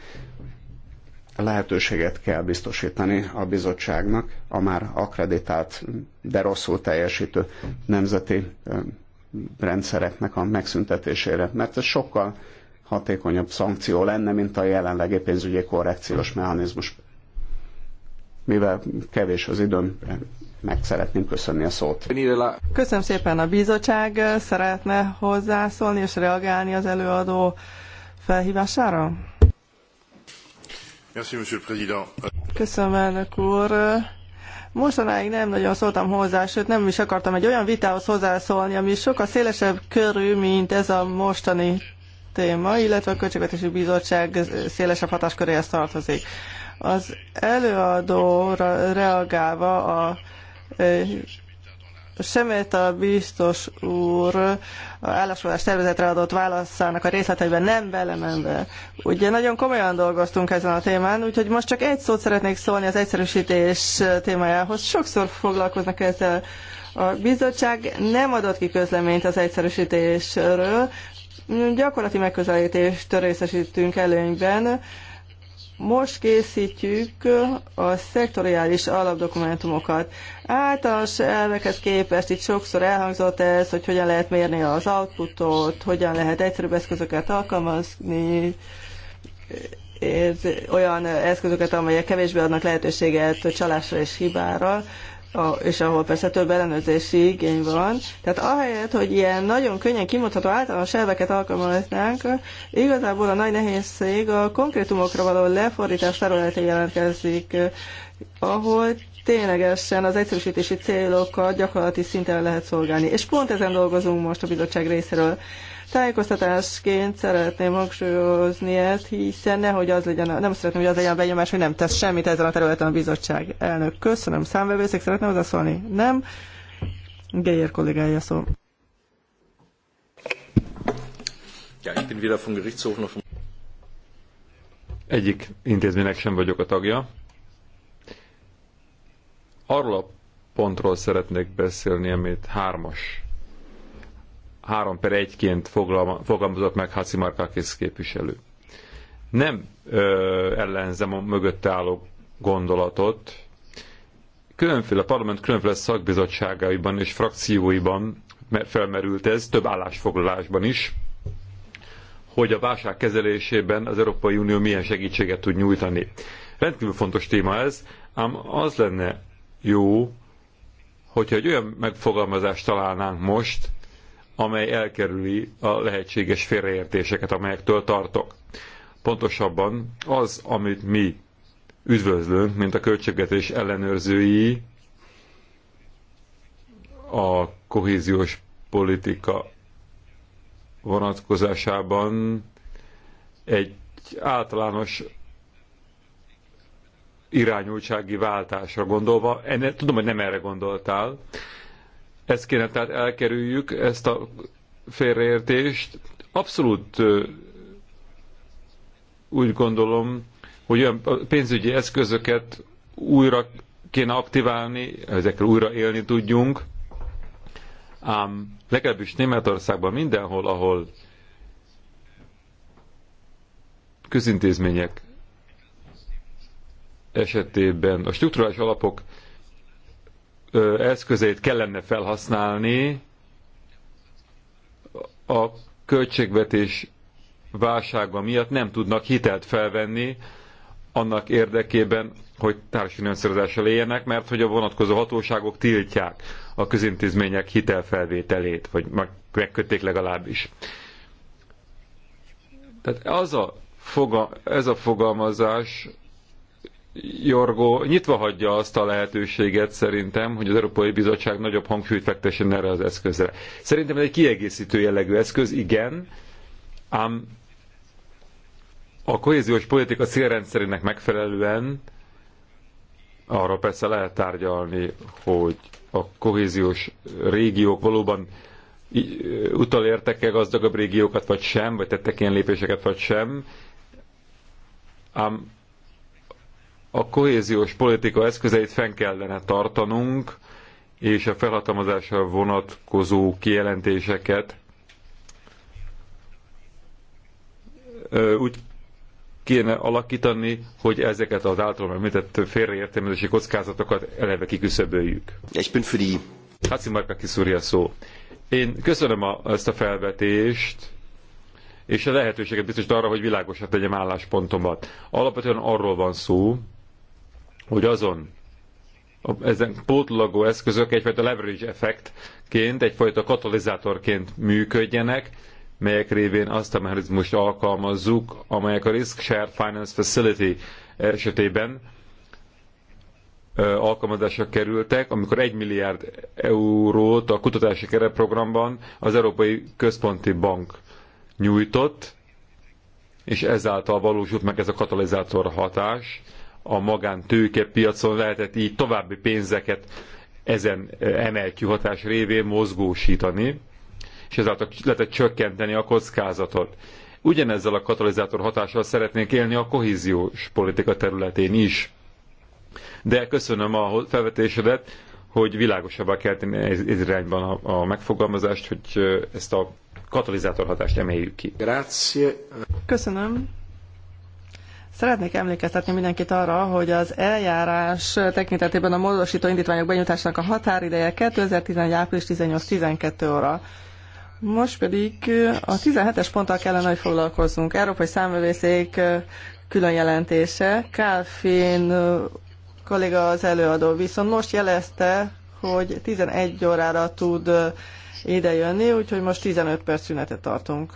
lehetőséget kell biztosítani a bizottságnak a már akreditált, de rosszul teljesítő nemzeti rendszereknek a megszüntetésére, mert ez sokkal hatékonyabb szankció lenne, mint a jelenlegi pénzügyi korrekciós mechanizmus. Mivel kevés az időm, meg szeretném köszönni a szót. Köszönöm szépen a bizottság, szeretne hozzászólni és reagálni az előadó felhívására? Köszönöm, elnök úr. Mostanáig nem nagyon szóltam hozzá, sőt nem is akartam egy olyan vitához hozzászólni, ami sokkal szélesebb körű, mint ez a mostani téma, illetve a Költségvetési Bizottság szélesebb hatásköréhez tartozik. Az előadóra reagálva a a biztos úr a állásolás tervezetre adott válaszának a részleteiben nem belemenve. Ugye nagyon komolyan dolgoztunk ezen a témán, úgyhogy most csak egy szót szeretnék szólni az egyszerűsítés témájához. Sokszor foglalkoznak ezzel a bizottság nem adott ki közleményt az egyszerűsítésről, Gyakorlati megközelítést részesítünk előnyben. Most készítjük a szektoriális alapdokumentumokat. Általános elvekhez képest itt sokszor elhangzott ez, hogy hogyan lehet mérni az outputot, hogyan lehet egyszerűbb eszközöket alkalmazni, olyan eszközöket, amelyek kevésbé adnak lehetőséget csalásra és hibára a, és ahol persze több ellenőrzési igény van. Tehát ahelyett, hogy ilyen nagyon könnyen kimondható általános elveket alkalmaznánk, igazából a nagy nehézség a konkrétumokra való lefordítás területén jelentkezik, ahol ténylegesen az egyszerűsítési célokat gyakorlati szinten lehet szolgálni. És pont ezen dolgozunk most a bizottság részéről. Tájékoztatásként szeretném hangsúlyozni ezt, hiszen nehogy az legyen, nem szeretném, hogy az legyen a benyomás, hogy nem tesz semmit ezen a területen a bizottság elnök. Köszönöm, számvevőszék, szeretne hozzászólni? Nem. Geyer kollégája szó. Ja, Egyik intézménynek sem vagyok a tagja. Arról a pontról szeretnék beszélni, amit hármas 3 per 1-ként fogalmazott meg Haci Markakis képviselő. Nem ö, ellenzem a mögötte álló gondolatot. Különféle a parlament különféle szakbizottságaiban és frakcióiban felmerült ez, több állásfoglalásban is, hogy a válság kezelésében az Európai Unió milyen segítséget tud nyújtani. Rendkívül fontos téma ez, ám az lenne jó, hogyha egy olyan megfogalmazást találnánk most, amely elkerüli a lehetséges félreértéseket, amelyektől tartok. Pontosabban az, amit mi üdvözlünk, mint a költségvetés ellenőrzői, a kohéziós politika vonatkozásában egy általános irányultsági váltásra gondolva, tudom, hogy nem erre gondoltál, ezt kéne tehát elkerüljük, ezt a félreértést. Abszolút úgy gondolom, hogy olyan pénzügyi eszközöket újra kéne aktiválni, ezekkel újra élni tudjunk, ám legalábbis Németországban mindenhol, ahol közintézmények esetében a struktúrális alapok eszközeit kellene felhasználni a költségvetés válsága miatt nem tudnak hitelt felvenni annak érdekében, hogy társfinanszírozással éljenek, mert hogy a vonatkozó hatóságok tiltják a közintézmények hitelfelvételét, vagy megkötték legalábbis. Tehát az a foga, ez a fogalmazás Jorgó nyitva hagyja azt a lehetőséget szerintem, hogy az Európai Bizottság nagyobb hangsúlyt fektessen erre az eszközre. Szerintem ez egy kiegészítő jellegű eszköz, igen, ám a kohéziós politika célrendszerének megfelelően arra persze lehet tárgyalni, hogy a kohéziós régiók valóban utalértek-e gazdagabb régiókat, vagy sem, vagy tettek ilyen lépéseket, vagy sem. Ám a kohéziós politika eszközeit fenn kellene tartanunk, és a felhatalmazásra vonatkozó kijelentéseket úgy kéne alakítani, hogy ezeket az általam említett félreértelmezési kockázatokat eleve kiküszöböljük. Ich bin für die... Hacimarka kiszúrja szó. Én köszönöm a, ezt a felvetést, és a lehetőséget biztos arra, hogy világosat tegyem álláspontomat. Alapvetően arról van szó, hogy azon a, ezen pótlagó eszközök egyfajta leverage effektként, egyfajta katalizátorként működjenek, melyek révén azt a mechanizmust alkalmazzuk, amelyek a Risk Shared Finance Facility esetében alkalmazásra kerültek, amikor 1 milliárd eurót a kutatási keretprogramban az Európai Központi Bank nyújtott, és ezáltal valósult meg ez a katalizátor hatás, a magántőkepiacon lehetett így további pénzeket ezen eh, MLQ hatás révén mozgósítani, és ezáltal lehetett csökkenteni a kockázatot. Ugyanezzel a katalizátor hatással szeretnénk élni a kohéziós politika területén is. De köszönöm a felvetésedet, hogy világosabbá kell tenni ez irányban a, a megfogalmazást, hogy eh, ezt a katalizátor hatást emeljük ki. Grazie. Köszönöm. Szeretnék emlékeztetni mindenkit arra, hogy az eljárás tekintetében a módosító indítványok benyújtásának a határideje 2011. április 18-12 óra. Most pedig a 17-es ponttal kellene, hogy foglalkozzunk. Európai Számövészék külön jelentése. Kálfin kolléga az előadó, viszont most jelezte, hogy 11 órára tud idejönni, úgyhogy most 15 perc szünetet tartunk.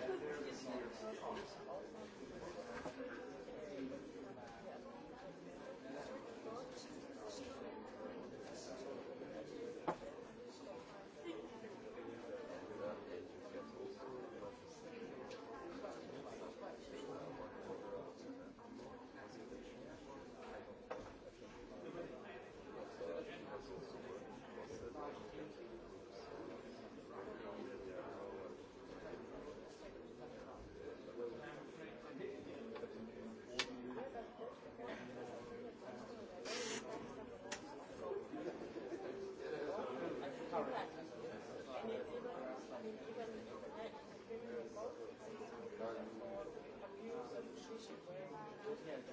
Yeah. Thank you.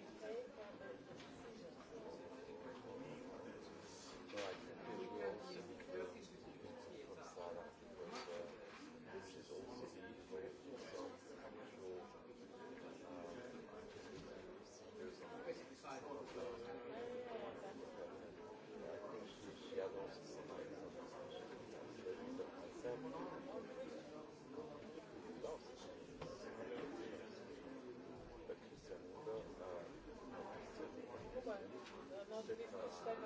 Köszönöm,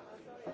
hogy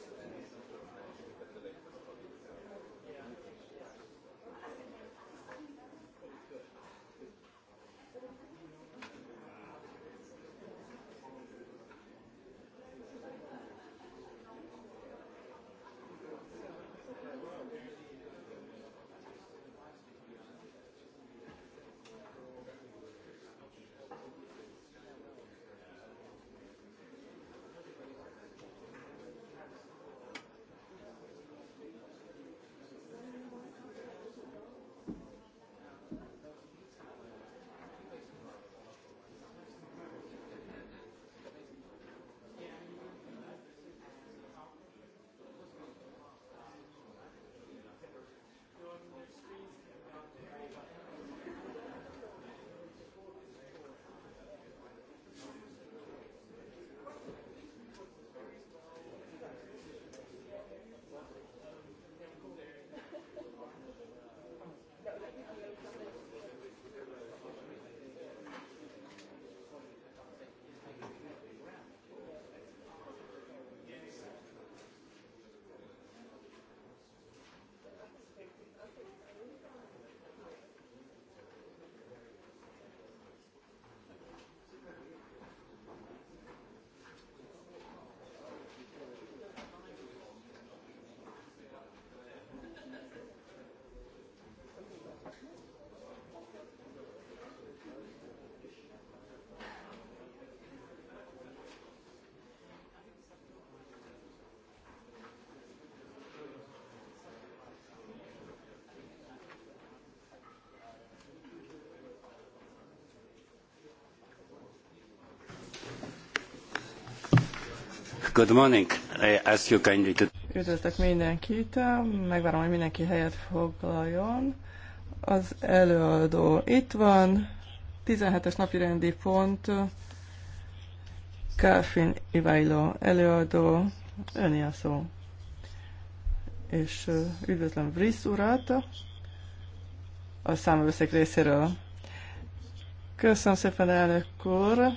Good morning. I ask you kindly to... Üdvözlök mindenkit, megvárom, hogy mindenki helyet foglaljon. Az előadó itt van, 17-es napi rendi pont, Káfin Ivailo előadó, öné a szó. És üdvözlöm Vrisz urat a számövőszék részéről. Köszönöm szépen, elnök úr!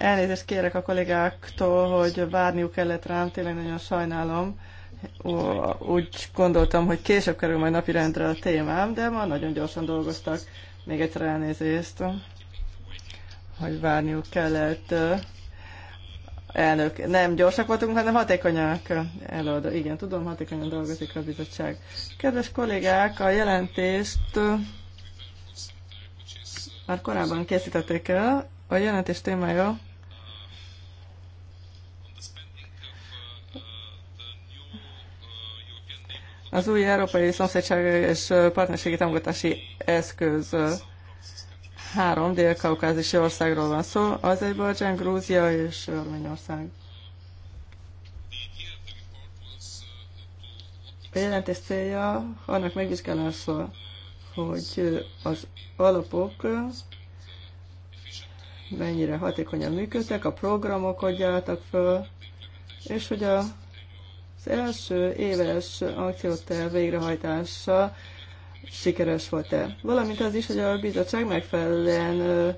Elnézést kérek a kollégáktól, hogy várniuk kellett rám, tényleg nagyon sajnálom. Úgy gondoltam, hogy később kerül majd napirendre a témám, de ma nagyon gyorsan dolgoztak. Még egyszer elnézést, hogy várniuk kellett. Elnök, nem gyorsak voltunk, hanem hatékonyak. Előadó, igen, tudom, hatékonyan dolgozik a bizottság. Kedves kollégák, a jelentést már korábban készítették el. A jelentés témája Az új európai szomszédság és partnerségi támogatási eszköz három dél-kaukázisi országról van szó, Azerbajdzsán, Grúzia és Örményország. A jelentés célja annak megvizsgálása, hogy az alapok mennyire hatékonyan működtek, a programok hogy álltak föl, és hogy a az első éves akcióterv végrehajtása sikeres volt-e. Valamint az is, hogy a bizottság megfelelően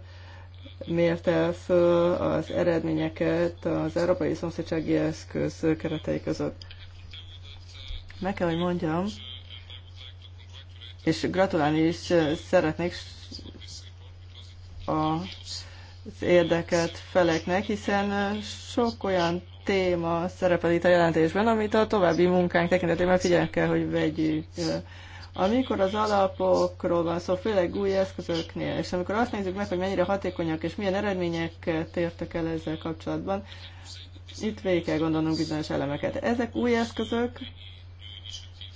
mérte föl az eredményeket az Európai Szomszédsági Eszköz keretei között. Meg kell, hogy mondjam, és gratulálni is szeretnék a, az érdeket feleknek, hiszen sok olyan téma szerepel itt a jelentésben, amit a további munkánk tekintetében figyelme kell, hogy vegyük. Amikor az alapokról van szó, főleg új eszközöknél, és amikor azt nézzük meg, hogy mennyire hatékonyak és milyen eredmények tértek el ezzel kapcsolatban, itt végig kell gondolnunk bizonyos elemeket. Ezek új eszközök,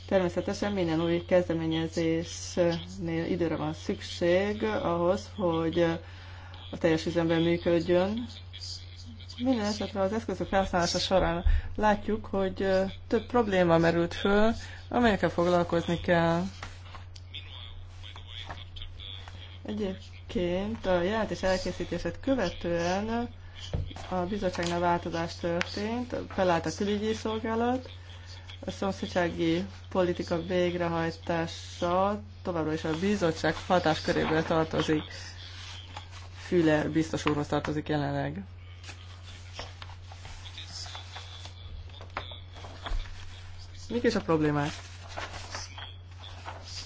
természetesen minden új kezdeményezésnél időre van szükség ahhoz, hogy a teljes üzemben működjön, minden esetre az eszközök felszállása során látjuk, hogy több probléma merült föl, amelyekkel foglalkozni kell. Egyébként a jelentés elkészítését követően a bizottságnál változás történt, felállt a külügyi szolgálat, a szomszédsági politika végrehajtása továbbra is a bizottság hatáskörébe tartozik. Füller biztos úrhoz tartozik jelenleg. Mik is a problémák?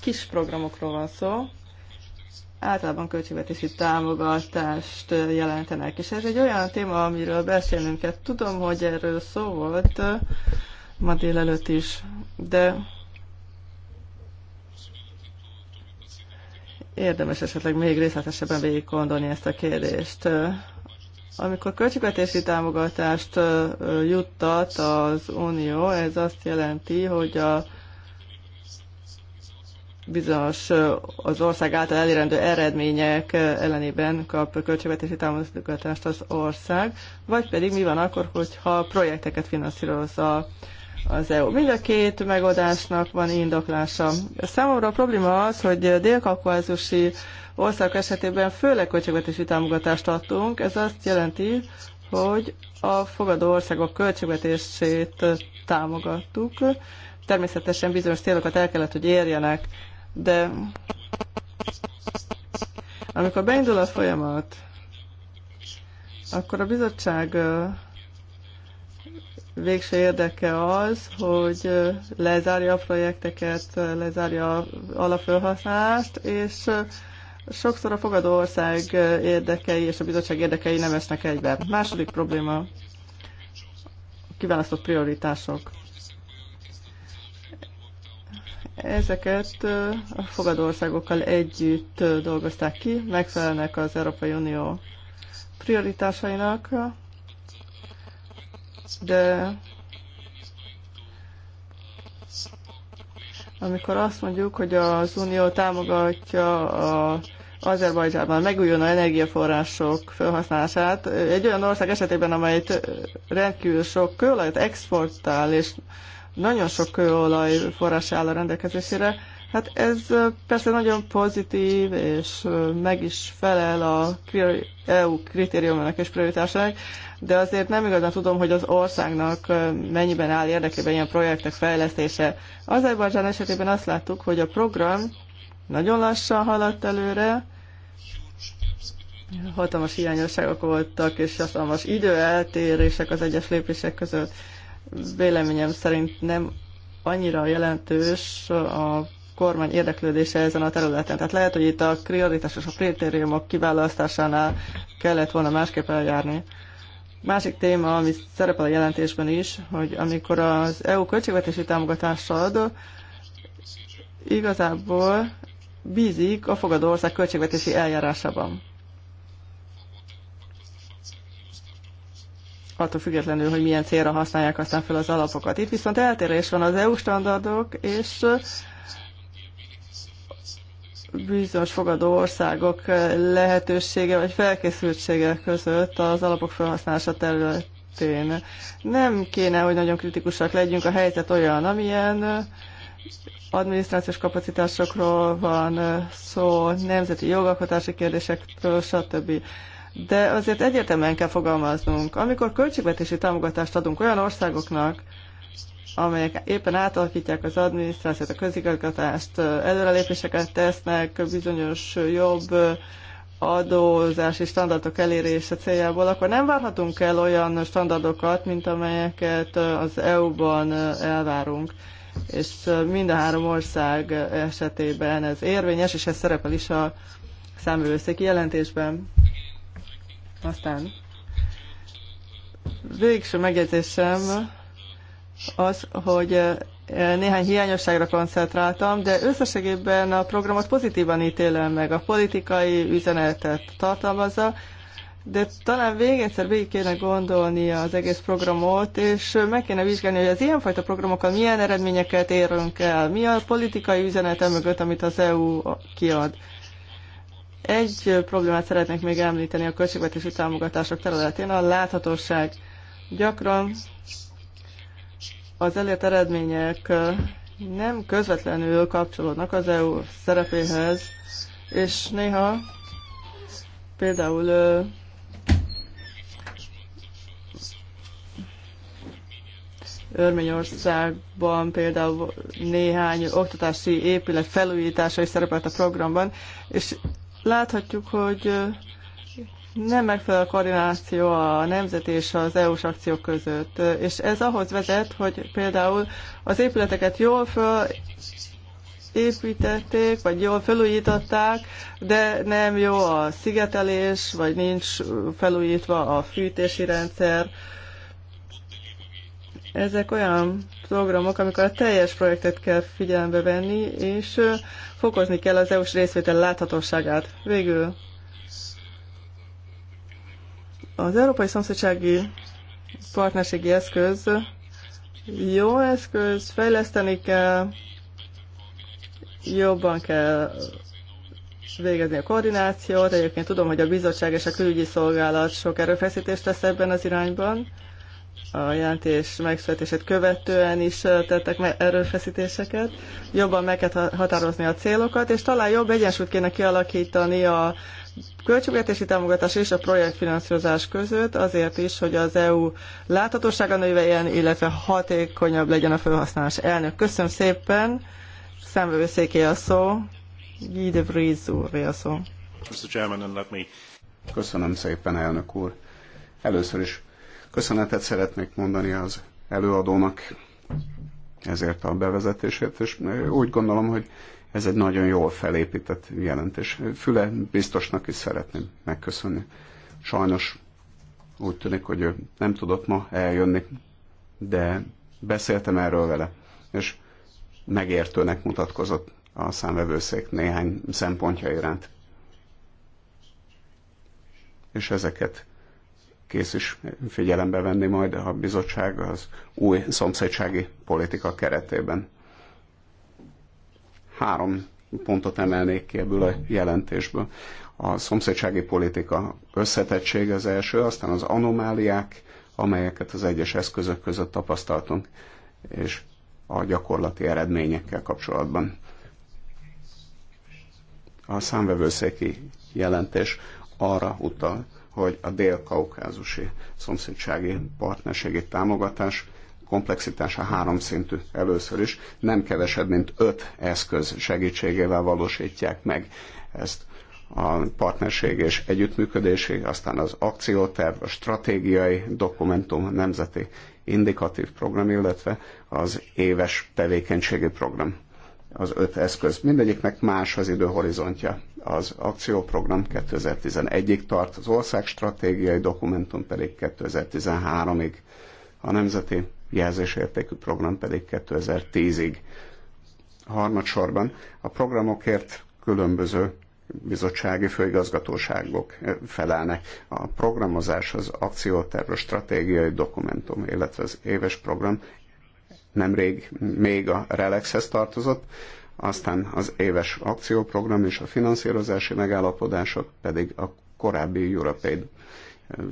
Kis programokról van szó, általában költségvetési támogatást jelentenek. És ez egy olyan téma, amiről beszélnünk kell. Tudom, hogy erről szó volt ma délelőtt is, de érdemes esetleg még részletesebben végig gondolni ezt a kérdést. Amikor költségvetési támogatást juttat az Unió, ez azt jelenti, hogy a bizonyos az ország által elérendő eredmények ellenében kap költségvetési támogatást az ország, vagy pedig mi van akkor, hogyha projekteket finanszíroz az EU. Mind a két megoldásnak van indoklása. Számomra a probléma az, hogy dél-kaukázusi ország esetében főleg költségvetési támogatást adtunk. Ez azt jelenti, hogy a fogadó országok költségvetését támogattuk. Természetesen bizonyos célokat el kellett, hogy érjenek, de amikor beindul a folyamat, akkor a bizottság végső érdeke az, hogy lezárja a projekteket, lezárja alapfelhasználást, és sokszor a fogadó ország érdekei és a bizottság érdekei nem esnek egybe. Második probléma, a kiválasztott prioritások. Ezeket a fogadó országokkal együtt dolgozták ki, megfelelnek az Európai Unió prioritásainak, de amikor azt mondjuk, hogy az Unió támogatja a Azerbajdzsában megújuló energiaforrások felhasználását, egy olyan ország esetében, amely rendkívül sok kőolajat exportál, és nagyon sok kőolaj forrás áll a rendelkezésére, Hát ez persze nagyon pozitív, és meg is felel a EU kritériumának és prioritásának, de azért nem igazán tudom, hogy az országnak mennyiben áll érdekében ilyen projektek fejlesztése. Azerbajdzsán esetében azt láttuk, hogy a program nagyon lassan haladt előre, hatalmas hiányosságok voltak, és hatalmas időeltérések az egyes lépések között. Véleményem szerint nem annyira jelentős a kormány érdeklődése ezen a területen. Tehát lehet, hogy itt a prioritásos a kritériumok kiválasztásánál kellett volna másképp eljárni. Másik téma, ami szerepel a jelentésben is, hogy amikor az EU költségvetési támogatással ad, igazából bízik a fogadó ország költségvetési eljárásában. attól függetlenül, hogy milyen célra használják aztán fel az alapokat. Itt viszont eltérés van az EU standardok és bizonyos fogadó országok lehetősége vagy felkészültsége között az alapok felhasználása területén. Nem kéne, hogy nagyon kritikusak legyünk, a helyzet olyan, amilyen adminisztrációs kapacitásokról van szó, nemzeti jogalkotási kérdésekről, stb. De azért egyértelműen kell fogalmaznunk. Amikor költségvetési támogatást adunk olyan országoknak, amelyek éppen átalakítják az adminisztrációt, a közigazgatást, előrelépéseket tesznek bizonyos jobb adózási standardok elérése céljából, akkor nem várhatunk el olyan standardokat, mint amelyeket az EU-ban elvárunk. És mind a három ország esetében ez érvényes, és ez szerepel is a számvevőszéki jelentésben. Aztán végső megjegyzésem, az, hogy néhány hiányosságra koncentráltam, de összességében a programot pozitívan ítélem meg, a politikai üzenetet tartalmazza, de talán még egyszer végig kéne gondolni az egész programot, és meg kéne vizsgálni, hogy az ilyenfajta programokkal milyen eredményeket érünk el, mi a politikai üzenete mögött, amit az EU kiad. Egy problémát szeretnék még említeni a költségvetési támogatások területén, a láthatóság. Gyakran az elért eredmények nem közvetlenül kapcsolódnak az EU szerepéhez, és néha például Örményországban például néhány oktatási épület felújítása is szerepelt a programban, és láthatjuk, hogy nem megfelelő a koordináció a nemzet és az EU-s akciók között, és ez ahhoz vezet, hogy például az épületeket jól föl építették, vagy jól felújították, de nem jó a szigetelés, vagy nincs felújítva a fűtési rendszer. Ezek olyan programok, amikor a teljes projektet kell figyelembe venni, és fokozni kell az EU-s részvétel láthatóságát. Végül az Európai Szomszédsági Partnerségi Eszköz jó eszköz, fejleszteni kell, jobban kell végezni a koordinációt. Egyébként tudom, hogy a bizottság és a külügyi szolgálat sok erőfeszítést tesz ebben az irányban. A jelentés megszületését követően is tettek erőfeszítéseket. Jobban meg kell határozni a célokat, és talán jobb egyensúlyt kéne kialakítani a költségvetési támogatás és a projektfinanszírozás között azért is, hogy az EU láthatósága növeljen, illetve hatékonyabb legyen a felhasználás. Elnök, köszönöm szépen. Számvevőszéké a szó. Guy de Vries úré a szó. Köszönöm szépen, elnök úr. Először is köszönetet szeretnék mondani az előadónak ezért a bevezetését, és úgy gondolom, hogy ez egy nagyon jól felépített jelentés. Füle biztosnak is szeretném megköszönni. Sajnos úgy tűnik, hogy ő nem tudott ma eljönni, de beszéltem erről vele, és megértőnek mutatkozott a számvevőszék néhány szempontja iránt. És ezeket kész is figyelembe venni majd a bizottság az új szomszédsági politika keretében. Három pontot emelnék ki ebből a jelentésből. A szomszédsági politika összetettség az első, aztán az anomáliák, amelyeket az egyes eszközök között tapasztaltunk, és a gyakorlati eredményekkel kapcsolatban. A számvevőszéki jelentés arra utal, hogy a dél-kaukázusi szomszédsági partnerségi támogatás komplexitása háromszintű először is, nem kevesebb, mint öt eszköz segítségével valósítják meg ezt a partnerség és együttműködési, aztán az akcióterv, a stratégiai dokumentum, nemzeti indikatív program, illetve az éves tevékenységi program. Az öt eszköz. Mindegyiknek más az időhorizontja. Az akcióprogram 2011-ig tart, az ország stratégiai dokumentum pedig 2013-ig. A nemzeti jelzésértékű program pedig 2010-ig. Harmadsorban a programokért különböző bizottsági főigazgatóságok felelnek. A programozás, az akcióterv, a stratégiai dokumentum, illetve az éves program nemrég még a Relexhez tartozott, aztán az éves akcióprogram és a finanszírozási megállapodások pedig a korábbi Europaid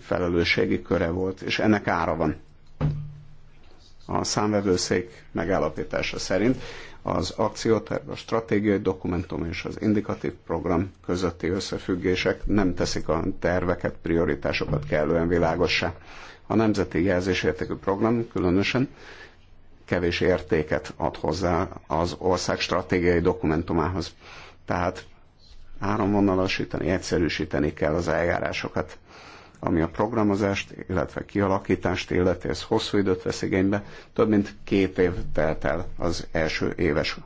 felelősségi köre volt, és ennek ára van a számvevőszék megállapítása szerint az akcióterv, a stratégiai dokumentum és az indikatív program közötti összefüggések nem teszik a terveket, prioritásokat kellően világossá. A Nemzeti Jelzésértékű Program különösen kevés értéket ad hozzá az ország stratégiai dokumentumához. Tehát áramvonalasítani, egyszerűsíteni kell az eljárásokat ami a programozást, illetve kialakítást illeti, ez hosszú időt vesz igénybe, több mint két év telt el az első éves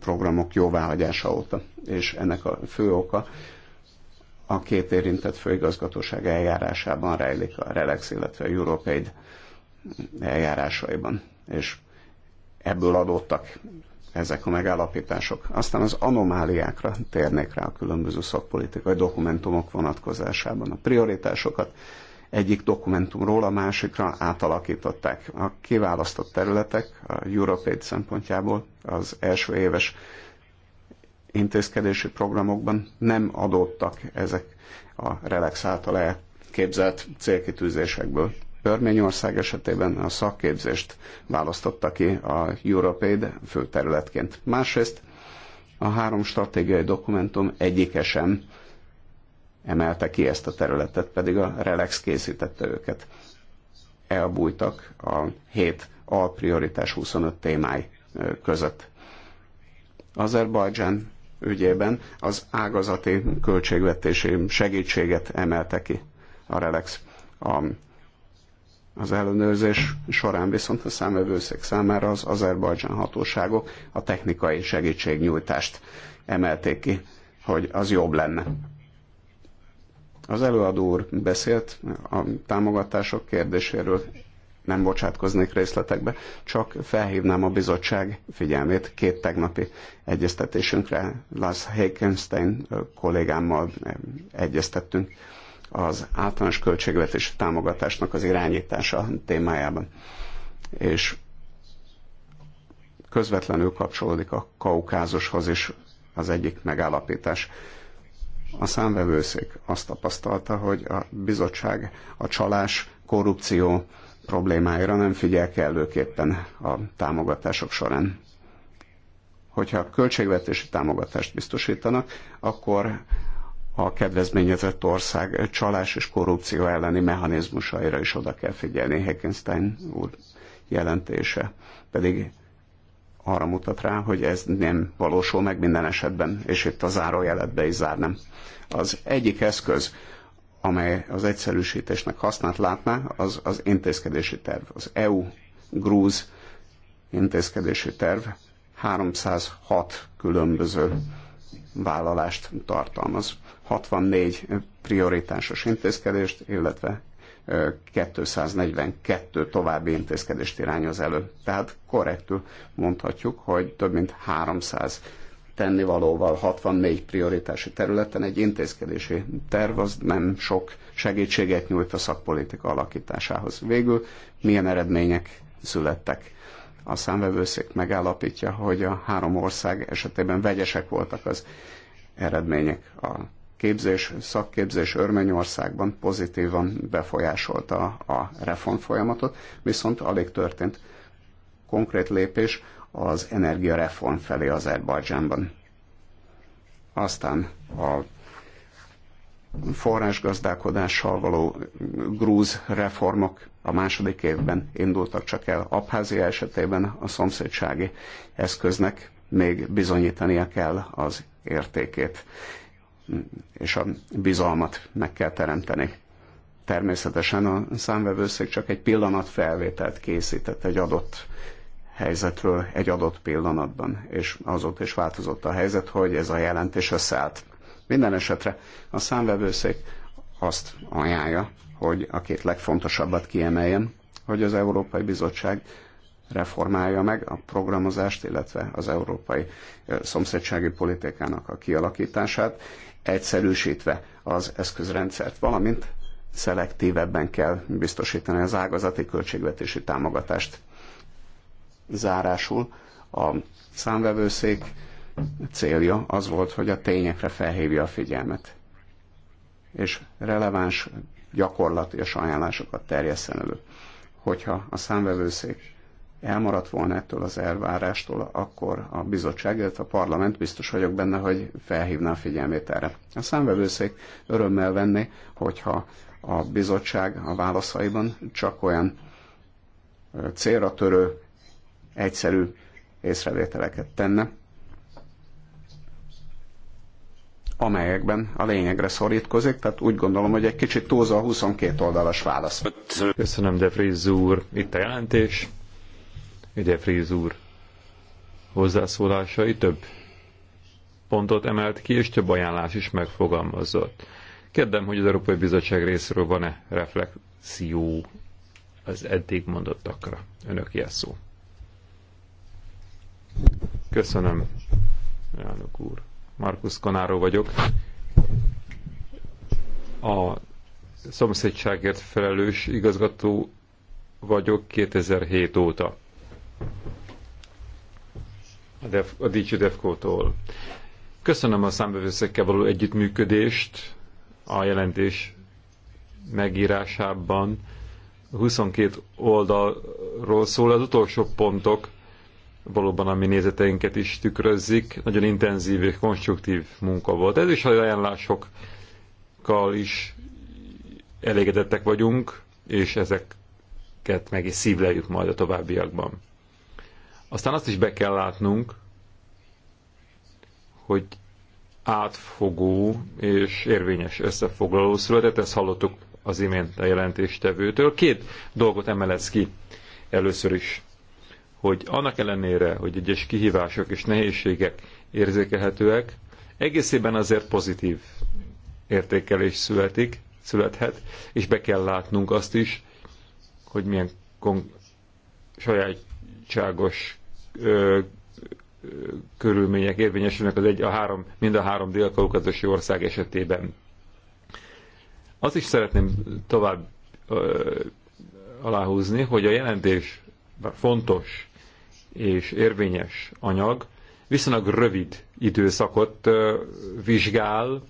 programok jóváhagyása óta, és ennek a fő oka a két érintett főigazgatóság eljárásában rejlik a Relex, illetve a Europaid eljárásaiban, és ebből adódtak ezek a megállapítások. Aztán az anomáliákra térnék rá a különböző szakpolitikai dokumentumok vonatkozásában. A prioritásokat egyik dokumentumról a másikra átalakították. A kiválasztott területek a Europaid szempontjából az első éves intézkedési programokban nem adottak ezek a relax által elképzelt célkitűzésekből. Örményország esetében a szakképzést választotta ki a Europaid fő területként. Másrészt a három stratégiai dokumentum egyike sem emelte ki ezt a területet, pedig a Relax készítette őket. Elbújtak a hét alprioritás 25 témái között. Azerbajdzsán ügyében az ágazati költségvetési segítséget emelte ki a Relax. A az ellenőrzés során viszont a számvevőszék számára az azerbajdzsán hatóságok a technikai segítségnyújtást emelték ki, hogy az jobb lenne. Az előadó úr beszélt a támogatások kérdéséről, nem bocsátkoznék részletekbe, csak felhívnám a bizottság figyelmét két tegnapi egyeztetésünkre. Lars Heikenstein kollégámmal egyeztettünk az általános költségvetés támogatásnak az irányítása témájában. És közvetlenül kapcsolódik a kaukázushoz is az egyik megállapítás. A számvevőszék azt tapasztalta, hogy a bizottság a csalás, korrupció problémáira nem figyel kellőképpen a támogatások során. Hogyha költségvetési támogatást biztosítanak, akkor a kedvezményezett ország csalás és korrupció elleni mechanizmusaira is oda kell figyelni. Heckenstein úr jelentése pedig arra mutat rá, hogy ez nem valósul meg minden esetben, és itt a zárójeletbe is zárnám. Az egyik eszköz, amely az egyszerűsítésnek hasznát látná, az az intézkedési terv. Az EU-grúz intézkedési terv 306 különböző vállalást tartalmaz 64 prioritásos intézkedést, illetve 242 további intézkedést irányoz elő. Tehát korrektül mondhatjuk, hogy több mint 300 tennivalóval 64 prioritási területen egy intézkedési terv az nem sok segítséget nyújt a szakpolitika alakításához. Végül milyen eredmények születtek? A számvevőszék megállapítja, hogy a három ország esetében vegyesek voltak az eredmények a képzés, szakképzés Örményországban pozitívan befolyásolta a reform folyamatot, viszont alig történt konkrét lépés az energiareform felé Azerbajdzsánban. Aztán a forrásgazdálkodással való grúz reformok a második évben indultak csak el. Abházi esetében a szomszédsági eszköznek még bizonyítania kell az értékét és a bizalmat meg kell teremteni. Természetesen a számvevőszék csak egy pillanat felvételt készített egy adott helyzetről egy adott pillanatban, és azóta is változott a helyzet, hogy ez a jelentés összeállt. Minden esetre a számvevőszék azt ajánlja, hogy a két legfontosabbat kiemeljem, hogy az Európai Bizottság reformálja meg a programozást, illetve az európai szomszédsági politikának a kialakítását, egyszerűsítve az eszközrendszert, valamint szelektívebben kell biztosítani az ágazati költségvetési támogatást. Zárásul a számvevőszék célja az volt, hogy a tényekre felhívja a figyelmet, és releváns gyakorlati és ajánlásokat terjesszen elő. Hogyha a számvevőszék elmaradt volna ettől az elvárástól, akkor a bizottság, illetve a parlament biztos vagyok benne, hogy felhívná a figyelmét erre. A számvevőszék örömmel venni, hogyha a bizottság a válaszaiban csak olyan célra törő, egyszerű észrevételeket tenne, amelyekben a lényegre szorítkozik, tehát úgy gondolom, hogy egy kicsit túlza a 22 oldalas válasz. Köszönöm, Defriz úr. Itt a jelentés. Fríz úr hozzászólásai több pontot emelt ki, és több ajánlás is megfogalmazott. Kérdem, hogy az Európai Bizottság részéről van-e reflexió az eddig mondottakra. Önök ilyen szó. Köszönöm, elnök úr. Markus Konáró vagyok. A szomszédságért felelős igazgató vagyok 2007 óta a, Def, a Köszönöm a számbevőszekkel való együttműködést a jelentés megírásában. 22 oldalról szól, az utolsó pontok valóban a mi nézeteinket is tükrözik. Nagyon intenzív és konstruktív munka volt. Ez is a ajánlásokkal is elégedettek vagyunk, és ezeket meg is szívleljük majd a továbbiakban. Aztán azt is be kell látnunk, hogy átfogó és érvényes összefoglaló született, ezt hallottuk az imént a jelentéstevőtől. Két dolgot emelez ki először is, hogy annak ellenére, hogy egyes kihívások és nehézségek érzékelhetőek, egészében azért pozitív értékelés születik, születhet, és be kell látnunk azt is, hogy milyen sajátságos ö, körülmények érvényesülnek az egy, a három, mind a három dél ország esetében. Azt is szeretném tovább ö, aláhúzni, hogy a jelentés fontos és érvényes anyag viszonylag rövid időszakot ö, vizsgál,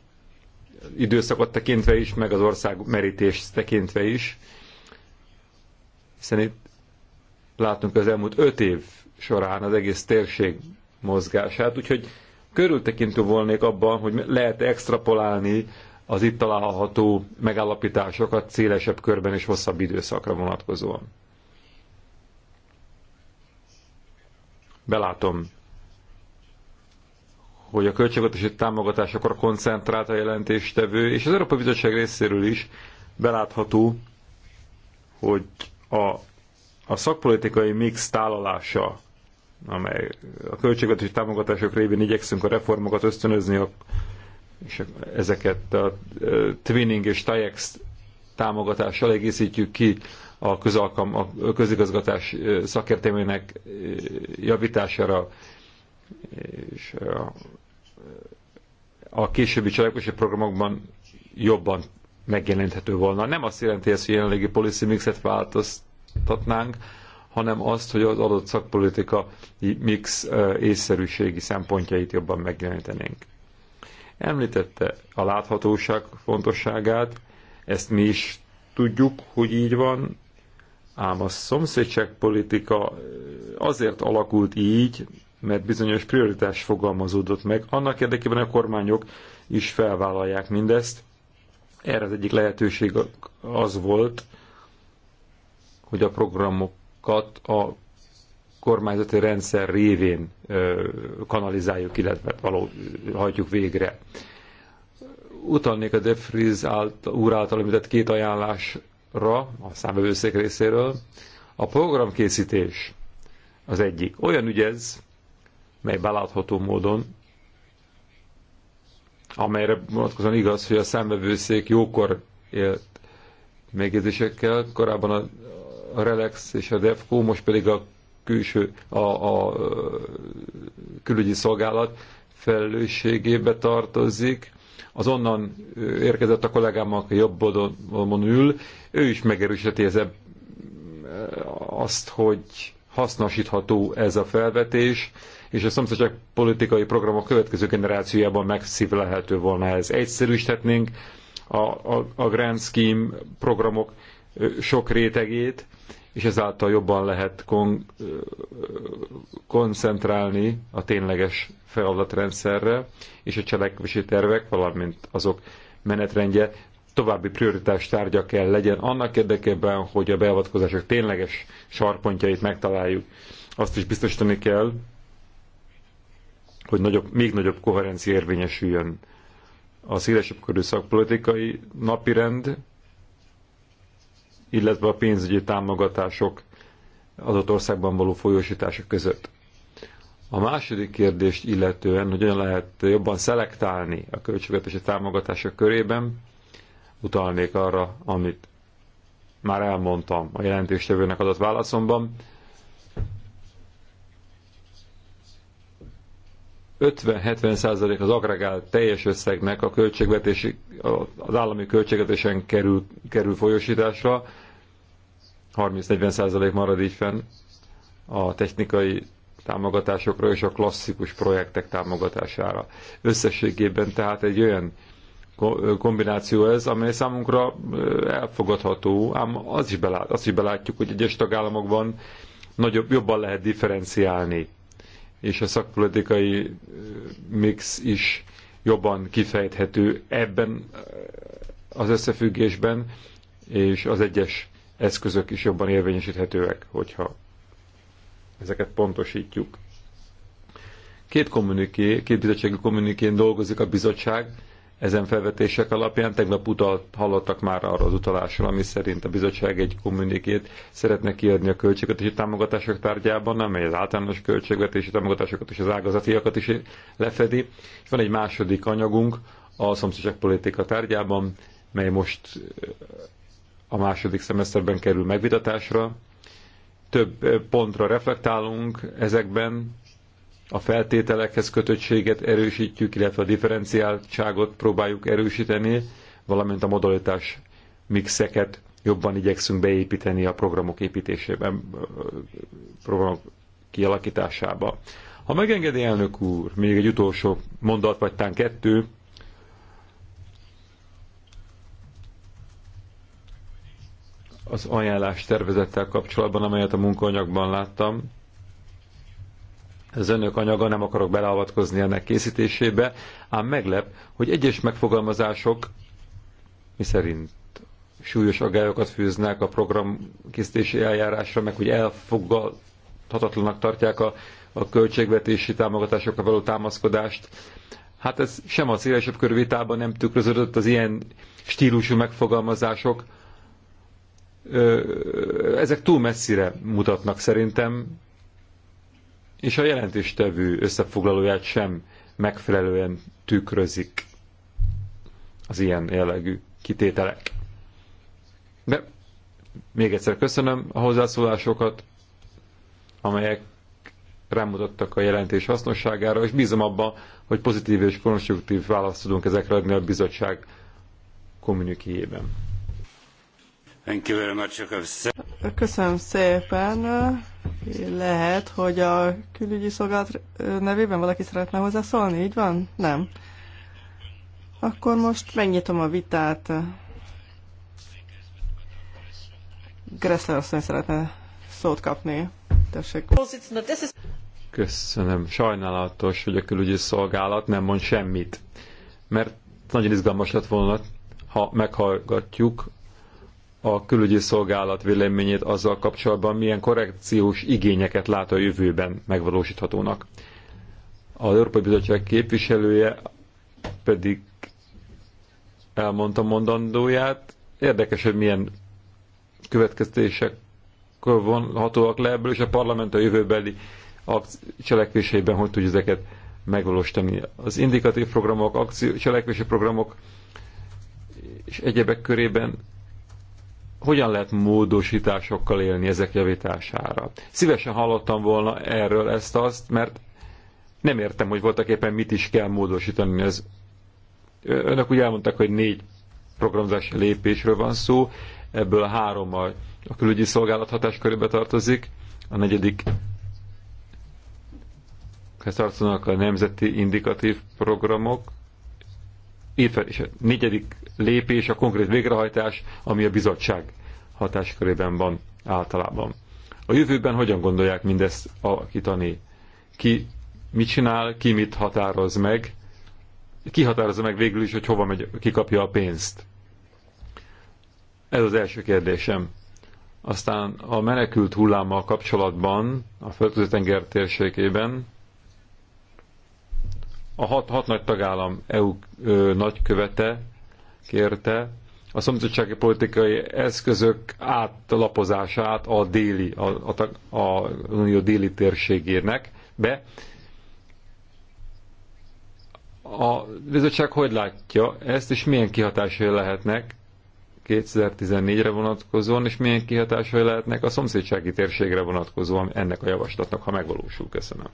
időszakot tekintve is, meg az ország merítés tekintve is, hiszen itt látunk az elmúlt öt év során az egész térség mozgását, úgyhogy körültekintő volnék abban, hogy lehet extrapolálni az itt található megállapításokat szélesebb körben és hosszabb időszakra vonatkozóan. Belátom, hogy a költségvetési támogatásokra koncentrált a jelentéstevő, és az Európai Bizottság részéről is belátható, hogy a, a szakpolitikai mix tálalása amely a költségvetési támogatások révén igyekszünk a reformokat ösztönözni, a, és ezeket a Twinning és TAIEX támogatással egészítjük ki a, közalkam, a közigazgatás szakértelmének javítására, és a, a későbbi cselekvési programokban jobban megjelenthető volna. Nem azt jelenti ez, hogy jelenlegi policy mixet változtatnánk, hanem azt, hogy az adott szakpolitika mix észszerűségi szempontjait jobban megjelenítenénk. Említette a láthatóság fontosságát, ezt mi is tudjuk, hogy így van, ám a szomszédságpolitika azért alakult így, mert bizonyos prioritás fogalmazódott meg. Annak érdekében a kormányok is felvállalják mindezt. Erre az egyik lehetőség az volt, hogy a programok adatokat a kormányzati rendszer révén kanalizáljuk, illetve való hagyjuk végre. Utalnék a De Vries által, úr által említett két ajánlásra a számbevőszék részéről. A programkészítés az egyik. Olyan ügy ez, mely belátható módon, amelyre vonatkozóan igaz, hogy a számbevőszék jókor élt megjegyzésekkel. Korábban a, a Relax és a DEFCO, most pedig a külső, a, a külügyi szolgálat felelősségébe tartozik. Az onnan érkezett a kollégám, aki jobb oldalon ül, ő is megerősíti ez azt, hogy hasznosítható ez a felvetés, és a szomszédság politikai programok következő generációjában lehető volna ez. Egyszerűsíthetnénk a, a, a Grand Scheme programok sok rétegét, és ezáltal jobban lehet kon koncentrálni a tényleges feladatrendszerre, és a cselekvési tervek, valamint azok menetrendje további prioritás tárgya kell legyen annak érdekében, hogy a beavatkozások tényleges sarpontjait megtaláljuk. Azt is biztosítani kell, hogy nagyobb, még nagyobb koherencia érvényesüljön a szélesebb körű szakpolitikai napirend illetve a pénzügyi támogatások adott országban való folyósítása között. A második kérdést illetően, hogy hogyan lehet jobban szelektálni a költségvetési támogatások körében, utalnék arra, amit már elmondtam a jelentéstevőnek adott válaszomban. 50-70% az agregált teljes összegnek a költségvetési, az állami költségvetésen kerül, kerül folyosításra, 30-40 százalék marad így fenn a technikai támogatásokra és a klasszikus projektek támogatására. Összességében tehát egy olyan kombináció ez, amely számunkra elfogadható, ám az is belát, azt is belátjuk, hogy egyes tagállamokban nagyobb, jobban lehet differenciálni, és a szakpolitikai mix is jobban kifejthető ebben az összefüggésben, és az egyes eszközök is jobban érvényesíthetőek, hogyha ezeket pontosítjuk. Két, kommuniké, két bizottsági kommunikén dolgozik a bizottság, ezen felvetések alapján tegnap utalt, hallottak már arra az utalásra, ami szerint a bizottság egy kommunikét szeretne kiadni a költségvetési támogatások tárgyában, amely az általános költségvetési támogatásokat és az ágazatiakat is lefedi. És van egy második anyagunk a szomszédságpolitika tárgyában, mely most a második szemeszterben kerül megvitatásra. Több eh, pontra reflektálunk ezekben, a feltételekhez kötöttséget erősítjük, illetve a differenciáltságot próbáljuk erősíteni, valamint a modalitás mixeket jobban igyekszünk beépíteni a programok építésében, eh, programok kialakításába. Ha megengedi elnök úr, még egy utolsó mondat, vagy tán kettő, az ajánlás tervezettel kapcsolatban, amelyet a munkaanyagban láttam. Az önök anyaga, nem akarok beleavatkozni ennek készítésébe, ám meglep, hogy egyes megfogalmazások, miszerint súlyos agályokat fűznek a program készítési eljárásra, meg hogy elfogadhatatlanak tartják a, a költségvetési támogatásokra való támaszkodást. Hát ez sem a szélesebb körvitában nem tükröződött az ilyen stílusú megfogalmazások, ezek túl messzire mutatnak szerintem, és a jelentéstevő összefoglalóját sem megfelelően tükrözik az ilyen jellegű kitételek. De még egyszer köszönöm a hozzászólásokat, amelyek rámutattak a jelentés hasznosságára, és bízom abban, hogy pozitív és konstruktív választ tudunk ezekre adni a bizottság kommunikéjében. Köszönöm szépen. Lehet, hogy a külügyi szolgálat nevében valaki szeretne hozzászólni, így van? Nem. Akkor most megnyitom a vitát. Gressler asszony szeretne szót kapni. Tessék. Köszönöm. Sajnálatos, hogy a külügyi szolgálat nem mond semmit. Mert nagyon izgalmas lett volna, ha meghallgatjuk a külügyi szolgálat véleményét azzal kapcsolatban, milyen korrekciós igényeket lát a jövőben megvalósíthatónak. Az Európai Bizottság képviselője pedig elmondta mondandóját. Érdekes, hogy milyen következtések vonhatóak le ebből, és a parlament a jövőbeli cselekvéseiben hogy tudja ezeket megvalósítani. Az indikatív programok, akció, cselekvési programok és egyebek körében hogyan lehet módosításokkal élni ezek javítására. Szívesen hallottam volna erről ezt azt, mert nem értem, hogy voltak éppen mit is kell módosítani. Ez, önök úgy elmondták, hogy négy programozási lépésről van szó, ebből a három a, a külügyi szolgálat hatáskörébe tartozik, a negyedik tartanak a nemzeti indikatív programok, és a negyedik lépés, a konkrét végrehajtás, ami a bizottság hatáskörében van általában. A jövőben hogyan gondolják mindezt alakítani? Ki mit csinál, ki mit határoz meg, ki határozza meg végül is, hogy hova megy, ki kapja a pénzt. Ez az első kérdésem. Aztán a menekült hullámmal kapcsolatban, a földközi-tenger térségében a hat, hat nagy tagállam EU ö, nagykövete kérte a szomszédsági politikai eszközök átlapozását a déli, a, a, a unió déli térségének be. A bizottság hogy látja ezt, és milyen kihatásai lehetnek 2014-re vonatkozóan, és milyen kihatásai lehetnek a szomszédsági térségre vonatkozóan ennek a javaslatnak, ha megvalósul. Köszönöm.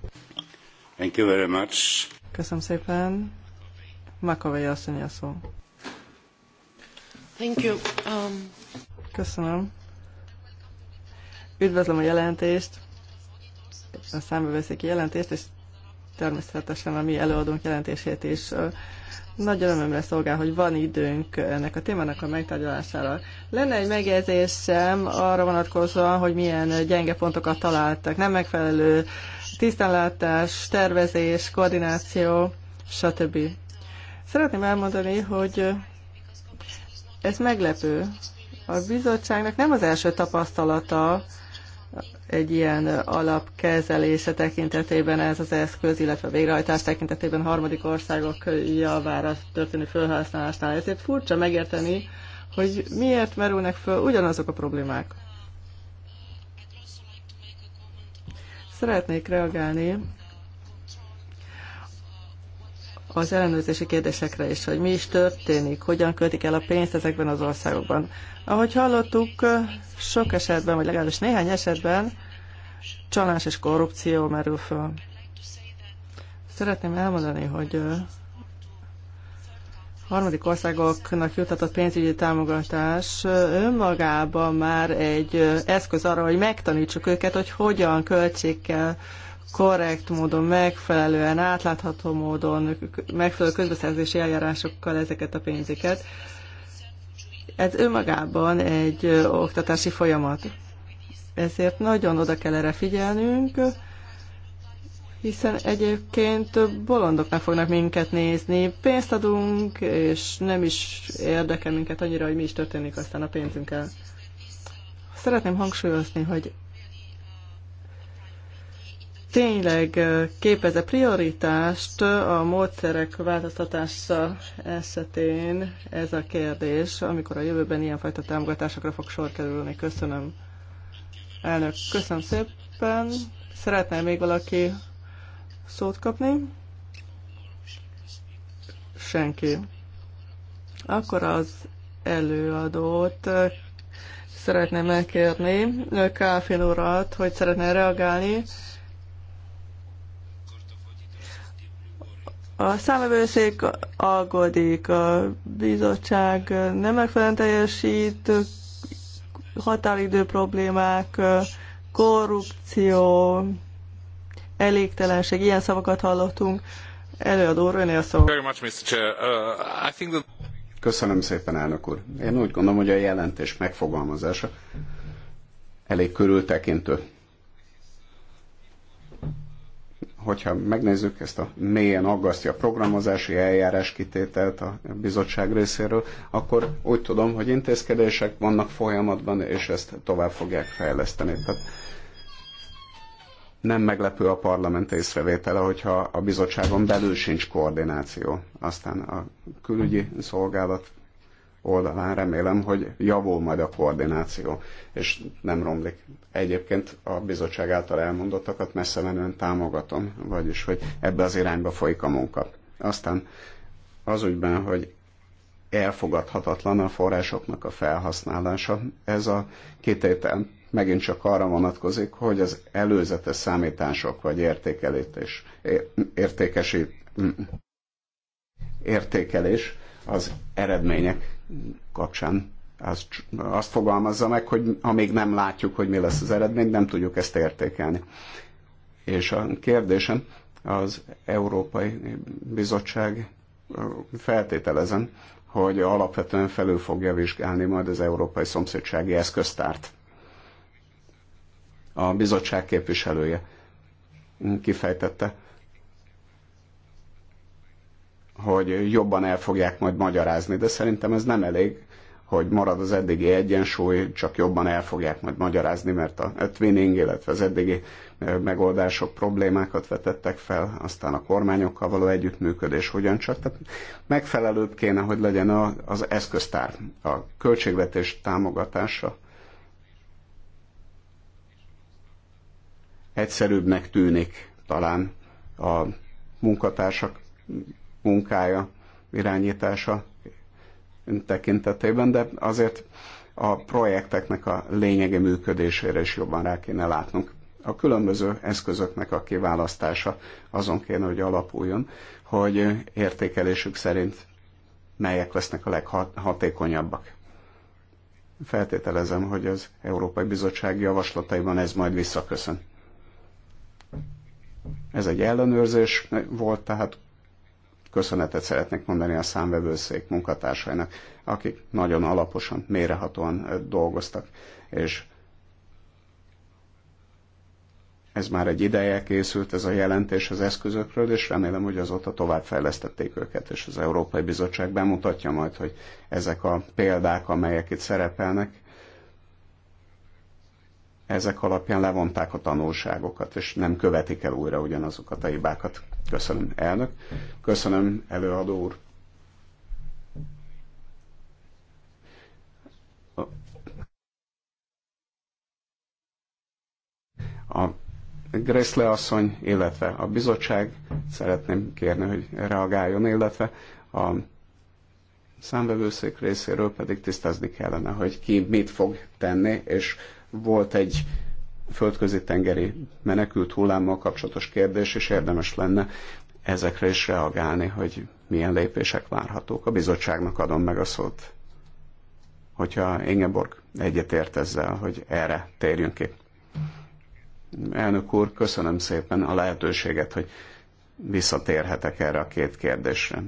Thank you very much. Köszönöm szépen. Makovei asszony a szó. Um, Köszönöm. Üdvözlöm a jelentést, a számbevőszéki jelentést, és természetesen a mi előadónk jelentését is. Nagy örömömre szolgál, hogy van időnk ennek a témának a megtárgyalására. Lenne egy megjegyzésem arra vonatkozóan, hogy milyen gyenge pontokat találtak, nem megfelelő tisztánlátás, tervezés, koordináció, stb. Szeretném elmondani, hogy ez meglepő. A bizottságnak nem az első tapasztalata egy ilyen alapkezelése tekintetében ez az eszköz, illetve a végrehajtás tekintetében harmadik országok javára történő felhasználásnál. Ezért furcsa megérteni, hogy miért merülnek föl ugyanazok a problémák. Szeretnék reagálni az ellenőrzési kérdésekre is, hogy mi is történik, hogyan költik el a pénzt ezekben az országokban. Ahogy hallottuk, sok esetben, vagy legalábbis néhány esetben csalás és korrupció merül föl. Szeretném elmondani, hogy harmadik országoknak juthatott pénzügyi támogatás önmagában már egy eszköz arra, hogy megtanítsuk őket, hogy hogyan költsék el korrekt módon, megfelelően, átlátható módon, megfelelő közbeszerzési eljárásokkal ezeket a pénzeket. Ez önmagában egy oktatási folyamat. Ezért nagyon oda kell erre figyelnünk, hiszen egyébként bolondoknak fognak minket nézni. Pénzt adunk, és nem is érdekel minket annyira, hogy mi is történik aztán a pénzünkkel. Szeretném hangsúlyozni, hogy tényleg képez a prioritást a módszerek változtatása esetén ez a kérdés, amikor a jövőben ilyenfajta támogatásokra fog sor kerülni. Köszönöm. Elnök, köszönöm szépen. Szeretne még valaki szót kapni? Senki. Akkor az előadót szeretném megkérni Káfin urat, hogy szeretne reagálni A számvevőszék aggódik, a bizottság nem megfelelően teljesít, határidő problémák, korrupció, elégtelenség, ilyen szavakat hallottunk. Előadó René szó. Uh, Köszönöm szépen, elnök úr. Én úgy gondolom, hogy a jelentés megfogalmazása elég körültekintő. hogyha megnézzük ezt a mélyen aggasztja a programozási eljárás kitételt a bizottság részéről, akkor úgy tudom, hogy intézkedések vannak folyamatban, és ezt tovább fogják fejleszteni. Tehát nem meglepő a parlament észrevétele, hogyha a bizottságon belül sincs koordináció. Aztán a külügyi szolgálat oldalán remélem, hogy javul majd a koordináció, és nem romlik. Egyébként a bizottság által elmondottakat messze menően támogatom, vagyis hogy ebbe az irányba folyik a munka. Aztán az ügyben, hogy elfogadhatatlan a forrásoknak a felhasználása, ez a kitétel megint csak arra vonatkozik, hogy az előzetes számítások vagy értékelés, értékesít, értékelés az eredmények kapcsán azt, azt fogalmazza meg, hogy ha még nem látjuk, hogy mi lesz az eredmény, nem tudjuk ezt értékelni. És a kérdésem az Európai Bizottság feltételezem, hogy alapvetően felül fogja vizsgálni majd az Európai Szomszédsági Eszköztárt. A bizottság képviselője kifejtette, hogy jobban el fogják majd magyarázni, de szerintem ez nem elég, hogy marad az eddigi egyensúly, csak jobban el fogják majd magyarázni, mert a twinning, illetve az eddigi megoldások problémákat vetettek fel, aztán a kormányokkal való együttműködés ugyancsak. Tehát megfelelőbb kéne, hogy legyen az eszköztár, a költségvetés támogatása. Egyszerűbbnek tűnik talán a munkatársak munkája, irányítása tekintetében, de azért a projekteknek a lényege működésére is jobban rá kéne látnunk. A különböző eszközöknek a kiválasztása azon kéne, hogy alapuljon, hogy értékelésük szerint melyek lesznek a leghatékonyabbak. Feltételezem, hogy az Európai Bizottság javaslataiban ez majd visszaköszön. Ez egy ellenőrzés volt, tehát köszönetet szeretnék mondani a számvevőszék munkatársainak, akik nagyon alaposan, mérehatóan dolgoztak, és ez már egy ideje készült, ez a jelentés az eszközökről, és remélem, hogy azóta továbbfejlesztették őket, és az Európai Bizottság bemutatja majd, hogy ezek a példák, amelyek itt szerepelnek, ezek alapján levonták a tanulságokat, és nem követik el újra ugyanazokat a hibákat. Köszönöm, elnök. Köszönöm, előadó úr. A Gressle asszony, illetve a bizottság szeretném kérni, hogy reagáljon, illetve a számvevőszék részéről pedig tisztázni kellene, hogy ki mit fog tenni, és volt egy földközi tengeri menekült hullámmal kapcsolatos kérdés, és érdemes lenne ezekre is reagálni, hogy milyen lépések várhatók. A bizottságnak adom meg a szót, hogyha Ingeborg egyetért ezzel, hogy erre térjünk ki. Elnök úr, köszönöm szépen a lehetőséget, hogy visszatérhetek erre a két kérdésre.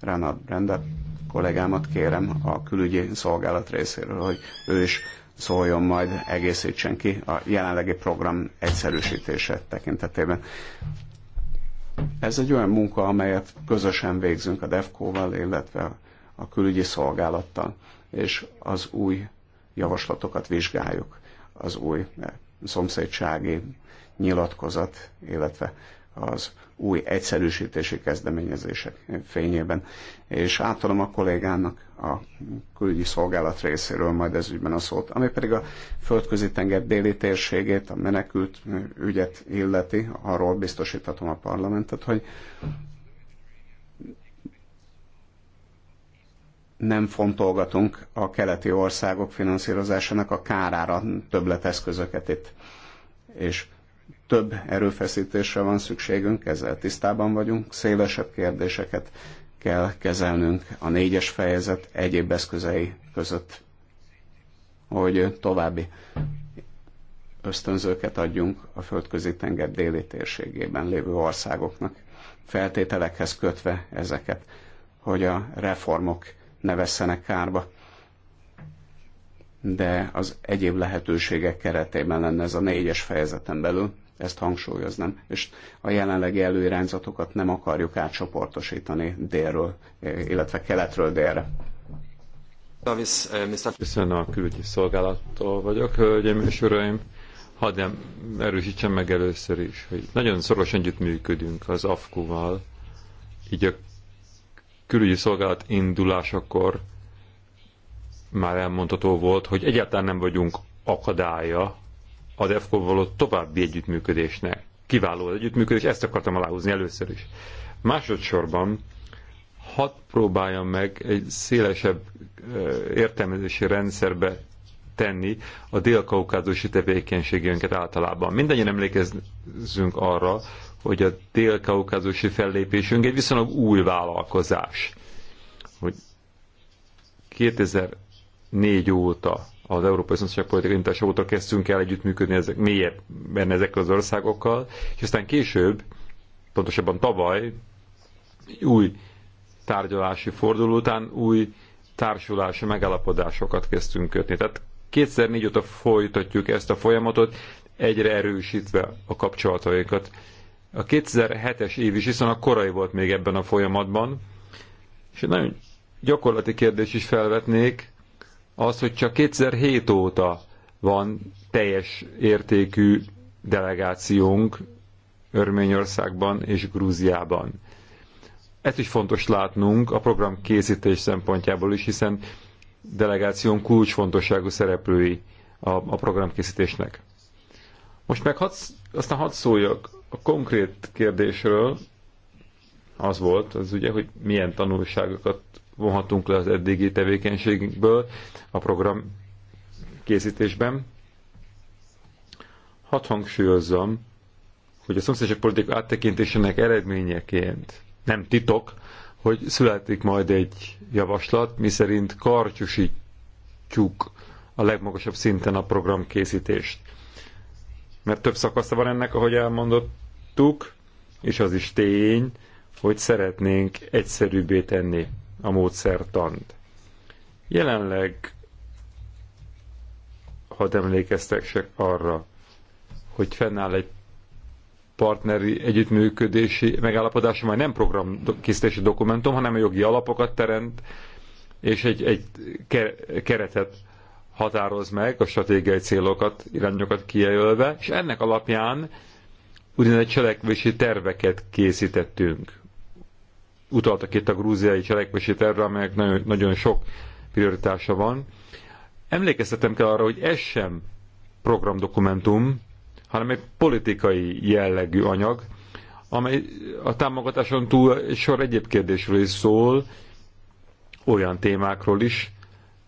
Renat Brenda kollégámat kérem a külügyi szolgálat részéről, hogy ő is szóljon majd, egészítsen ki a jelenlegi program egyszerűsítése tekintetében. Ez egy olyan munka, amelyet közösen végzünk a DEFCO-val, illetve a külügyi szolgálattal, és az új javaslatokat vizsgáljuk, az új szomszédsági nyilatkozat, illetve az új egyszerűsítési kezdeményezések fényében. És átadom a kollégának a külügyi szolgálat részéről majd ez ügyben a szót, ami pedig a földközi tenger déli térségét, a menekült ügyet illeti, arról biztosíthatom a parlamentet, hogy nem fontolgatunk a keleti országok finanszírozásának a kárára többleteszközöket itt. És több erőfeszítésre van szükségünk, ezzel tisztában vagyunk, szélesebb kérdéseket kell kezelnünk a négyes fejezet egyéb eszközei között, hogy további ösztönzőket adjunk a földközi tenger déli térségében lévő országoknak, feltételekhez kötve ezeket, hogy a reformok ne vesszenek kárba. De az egyéb lehetőségek keretében lenne ez a négyes fejezeten belül, ezt hangsúlyoznám, és a jelenlegi előirányzatokat nem akarjuk átcsoportosítani délről, illetve keletről délre. Köszönöm a külügyi szolgálattól vagyok, hölgyeim és uraim. Hadd nem erősítsem meg először is, hogy nagyon szorosan együttműködünk az AFKU-val, így a külügyi szolgálat indulásakor már elmondható volt, hogy egyáltalán nem vagyunk akadálya az EFKO való további együttműködésnek. Kiváló az együttműködés, ezt akartam aláhúzni először is. Másodszorban hadd próbáljam meg egy szélesebb értelmezési rendszerbe tenni a dél-kaukázusi tevékenységünket általában. Mindannyian emlékezzünk arra, hogy a dél-kaukázusi fellépésünk egy viszonylag új vállalkozás. Hogy 2004 óta az Európai Szomszédságpolitikai Intása óta kezdtünk el együttműködni ezek, mélyebben ezekkel az országokkal, és aztán később, pontosabban tavaly, új tárgyalási forduló után új társulási megállapodásokat kezdtünk kötni. Tehát 2004 óta folytatjuk ezt a folyamatot, egyre erősítve a kapcsolataikat. A 2007-es év is a korai volt még ebben a folyamatban, és egy nagyon gyakorlati kérdés is felvetnék, az, hogy csak 2007 óta van teljes értékű delegációnk Örményországban és Grúziában. Ezt is fontos látnunk a program készítés szempontjából is, hiszen delegáción kulcsfontosságú szereplői a, a programkészítésnek. Most meg hadd, aztán hadd szóljak a konkrét kérdésről, az volt, az ugye, hogy milyen tanulságokat vonhatunk le az eddigi tevékenységből a program készítésben. Hadd hangsúlyozzam, hogy a szomszédság politika áttekintésének eredményeként nem titok, hogy születik majd egy javaslat, miszerint karcsúsítjuk a legmagasabb szinten a program készítést. Mert több szakasza van ennek, ahogy elmondottuk, és az is tény, hogy szeretnénk egyszerűbbé tenni a módszertant. Jelenleg, ha emlékeztek se arra, hogy fennáll egy partneri együttműködési megállapodás, majd nem programkészítési dokumentum, hanem a jogi alapokat teremt, és egy, egy keretet határoz meg, a stratégiai célokat, irányokat kijelölve, és ennek alapján ugyanegy cselekvési terveket készítettünk utaltak itt a grúziai cselekvési tervre, amelyek nagyon, nagyon sok prioritása van. Emlékeztetem kell arra, hogy ez sem programdokumentum, hanem egy politikai jellegű anyag, amely a támogatáson túl sor egyéb kérdésről is szól, olyan témákról is,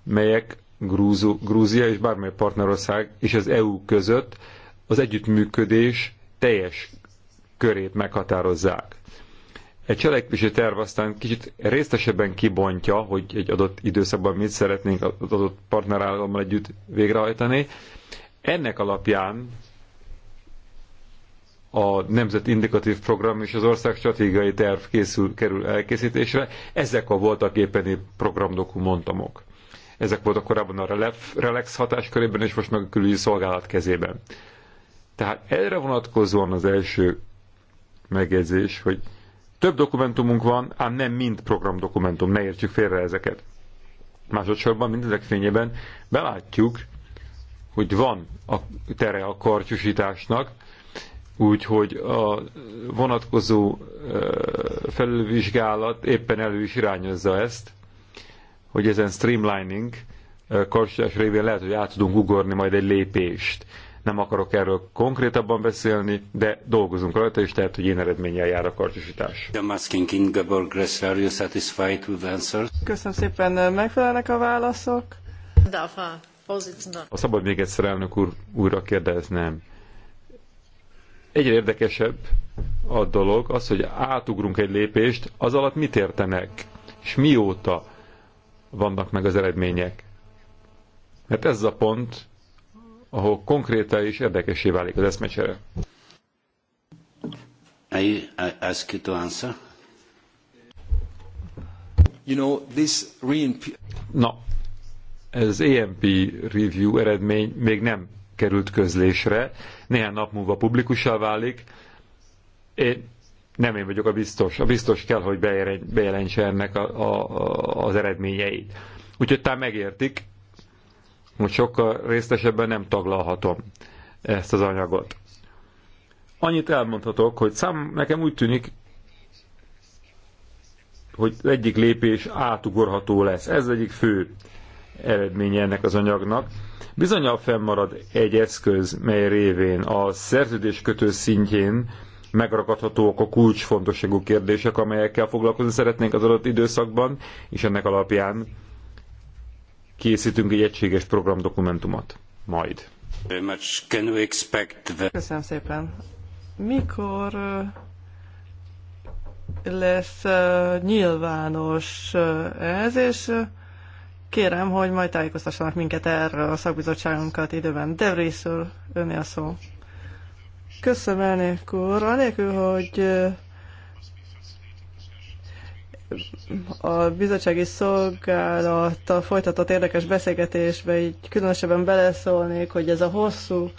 melyek Grúzu, Grúzia és bármely partnerország és az EU között az együttműködés teljes körét meghatározzák. Egy cselekvési terv aztán kicsit résztesebben kibontja, hogy egy adott időszakban mit szeretnénk az adott partnerállammal együtt végrehajtani. Ennek alapján a Nemzet Indikatív Program és az Ország Stratégiai Terv készül, kerül elkészítésre. Ezek a voltak éppen programdokumentumok. Ezek voltak korábban a Relax hatáskörében, és most meg a külügyi szolgálat kezében. Tehát erre vonatkozóan az első megjegyzés, hogy több dokumentumunk van, ám nem mind programdokumentum, ne értjük félre ezeket. Másodszorban mindezek fényében belátjuk, hogy van a tere a kartyusításnak, úgyhogy a vonatkozó felülvizsgálat éppen elő is irányozza ezt, hogy ezen streamlining karcsúsás révén lehet, hogy át tudunk ugorni majd egy lépést nem akarok erről konkrétabban beszélni, de dolgozunk rajta, és tehát, hogy én eredménnyel jár a kartosítás. Köszönöm szépen, megfelelnek a válaszok? A szabad még egyszer elnök úr újra kérdeznem. Egyre érdekesebb a dolog az, hogy átugrunk egy lépést, az alatt mit értenek, és mióta vannak meg az eredmények. Mert ez a pont, ahol konkrétá és érdekessé válik az eszmecsere. I ask you to answer. You know, this re- Na, ez EMP review eredmény még nem került közlésre, néhány nap múlva publikussá válik. Én, nem én vagyok a biztos. A biztos kell, hogy bejelentse ennek a, a, a, az eredményeit. Úgyhogy talán megértik, most sokkal részesebben nem taglalhatom ezt az anyagot. Annyit elmondhatok, hogy szám, nekem úgy tűnik, hogy egyik lépés átugorható lesz. Ez egyik fő eredménye ennek az anyagnak. Bizonyal fennmarad egy eszköz, mely révén a szerződéskötő szintjén megragadhatóak a kulcsfontosságú kérdések, amelyekkel foglalkozni szeretnénk az adott időszakban, és ennek alapján készítünk egy egységes programdokumentumot. Majd. Köszönöm szépen. Mikor lesz nyilvános ez, és kérem, hogy majd tájékoztassanak minket erről a szakbizottságunkat időben. Devrészül önni a szó. Köszönöm elnék úr, anélkül, hogy a bizottsági szolgálattal folytatott érdekes beszélgetésbe így különösebben beleszólnék, hogy ez a hosszú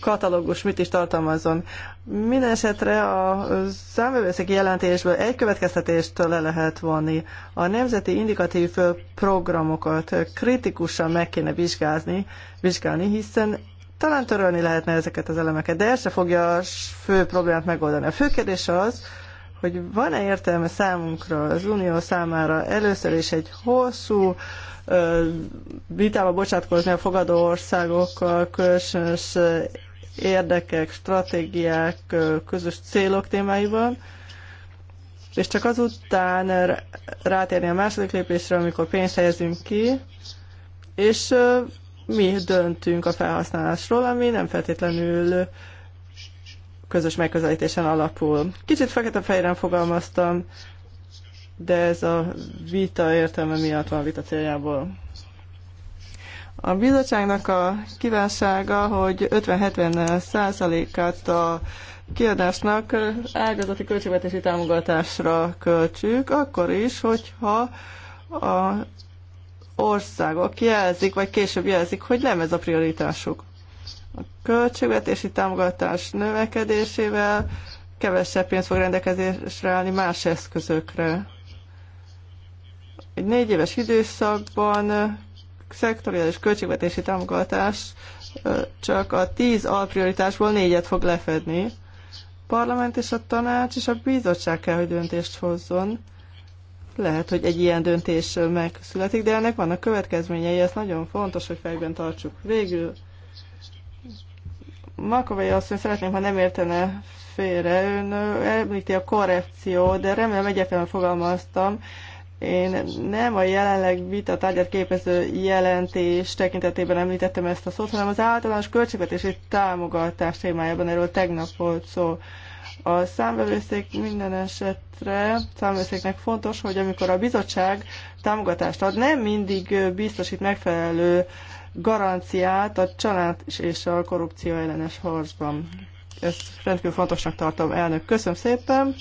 katalógus mit is tartalmazzon. Mindenesetre a számvevőszéki jelentésből egy következtetést le lehet vonni. A nemzeti indikatív programokat kritikusan meg kéne vizsgálni, vizsgálni hiszen talán törölni lehetne ezeket az elemeket, de ez se fogja a fő problémát megoldani. A fő kérdés az, hogy van-e értelme számunkra, az Unió számára először is egy hosszú vitába bocsátkozni a fogadó országokkal, kölcsönös érdekek, stratégiák, közös célok témáiban, és csak azután rátérni a második lépésre, amikor pénzt helyezünk ki, és mi döntünk a felhasználásról, ami nem feltétlenül közös megközelítésen alapul. Kicsit fekete-fejren fogalmaztam, de ez a vita értelme miatt van a vita céljából. A bizottságnak a kívánsága, hogy 50-70 százalékát a kiadásnak ágazati költségvetési támogatásra költsük, akkor is, hogyha a országok jelzik, vagy később jelzik, hogy nem ez a prioritásuk. A költségvetési támogatás növekedésével kevesebb pénz fog rendelkezésre állni más eszközökre. Egy négy éves időszakban szektoriális költségvetési támogatás csak a tíz alprioritásból négyet fog lefedni. A parlament és a tanács és a bizottság kell, hogy döntést hozzon. Lehet, hogy egy ilyen döntés megszületik, de ennek vannak következményei, ez nagyon fontos, hogy fejben tartsuk. Végül Makovai azt mondja, szeretném, ha nem értene félre. Ön említi a korrekció, de remélem egyetlenül fogalmaztam. Én nem a jelenleg vita tárgyat képező jelentés tekintetében említettem ezt a szót, hanem az általános költségvetési támogatás témájában erről tegnap volt szó. A számvevőszék minden esetre, számvevőszéknek fontos, hogy amikor a bizottság támogatást ad, nem mindig biztosít megfelelő garanciát a család és a korrupció ellenes harcban. Ezt rendkívül fontosnak tartom, elnök. Köszönöm szépen.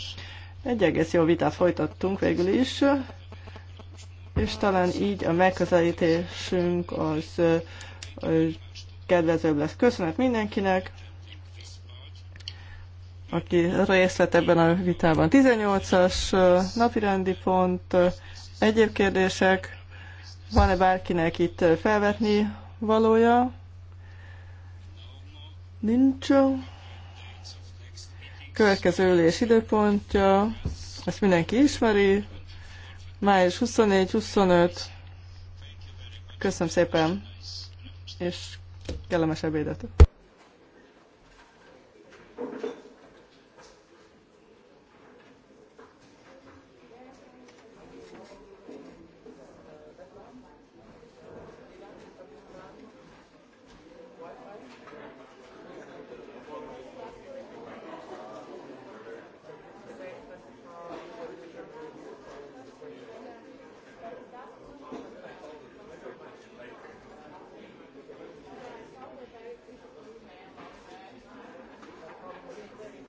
Egy egész jó vitát folytattunk végül is, és talán így a megközelítésünk az kedvezőbb lesz. Köszönet mindenkinek, aki részt vett ebben a vitában. 18-as napirendi pont, egyéb kérdések, van-e bárkinek itt felvetni valója? Nincs. Következő ülés időpontja, ezt mindenki ismeri, május 24-25. Köszönöm szépen, és kellemes ebédet!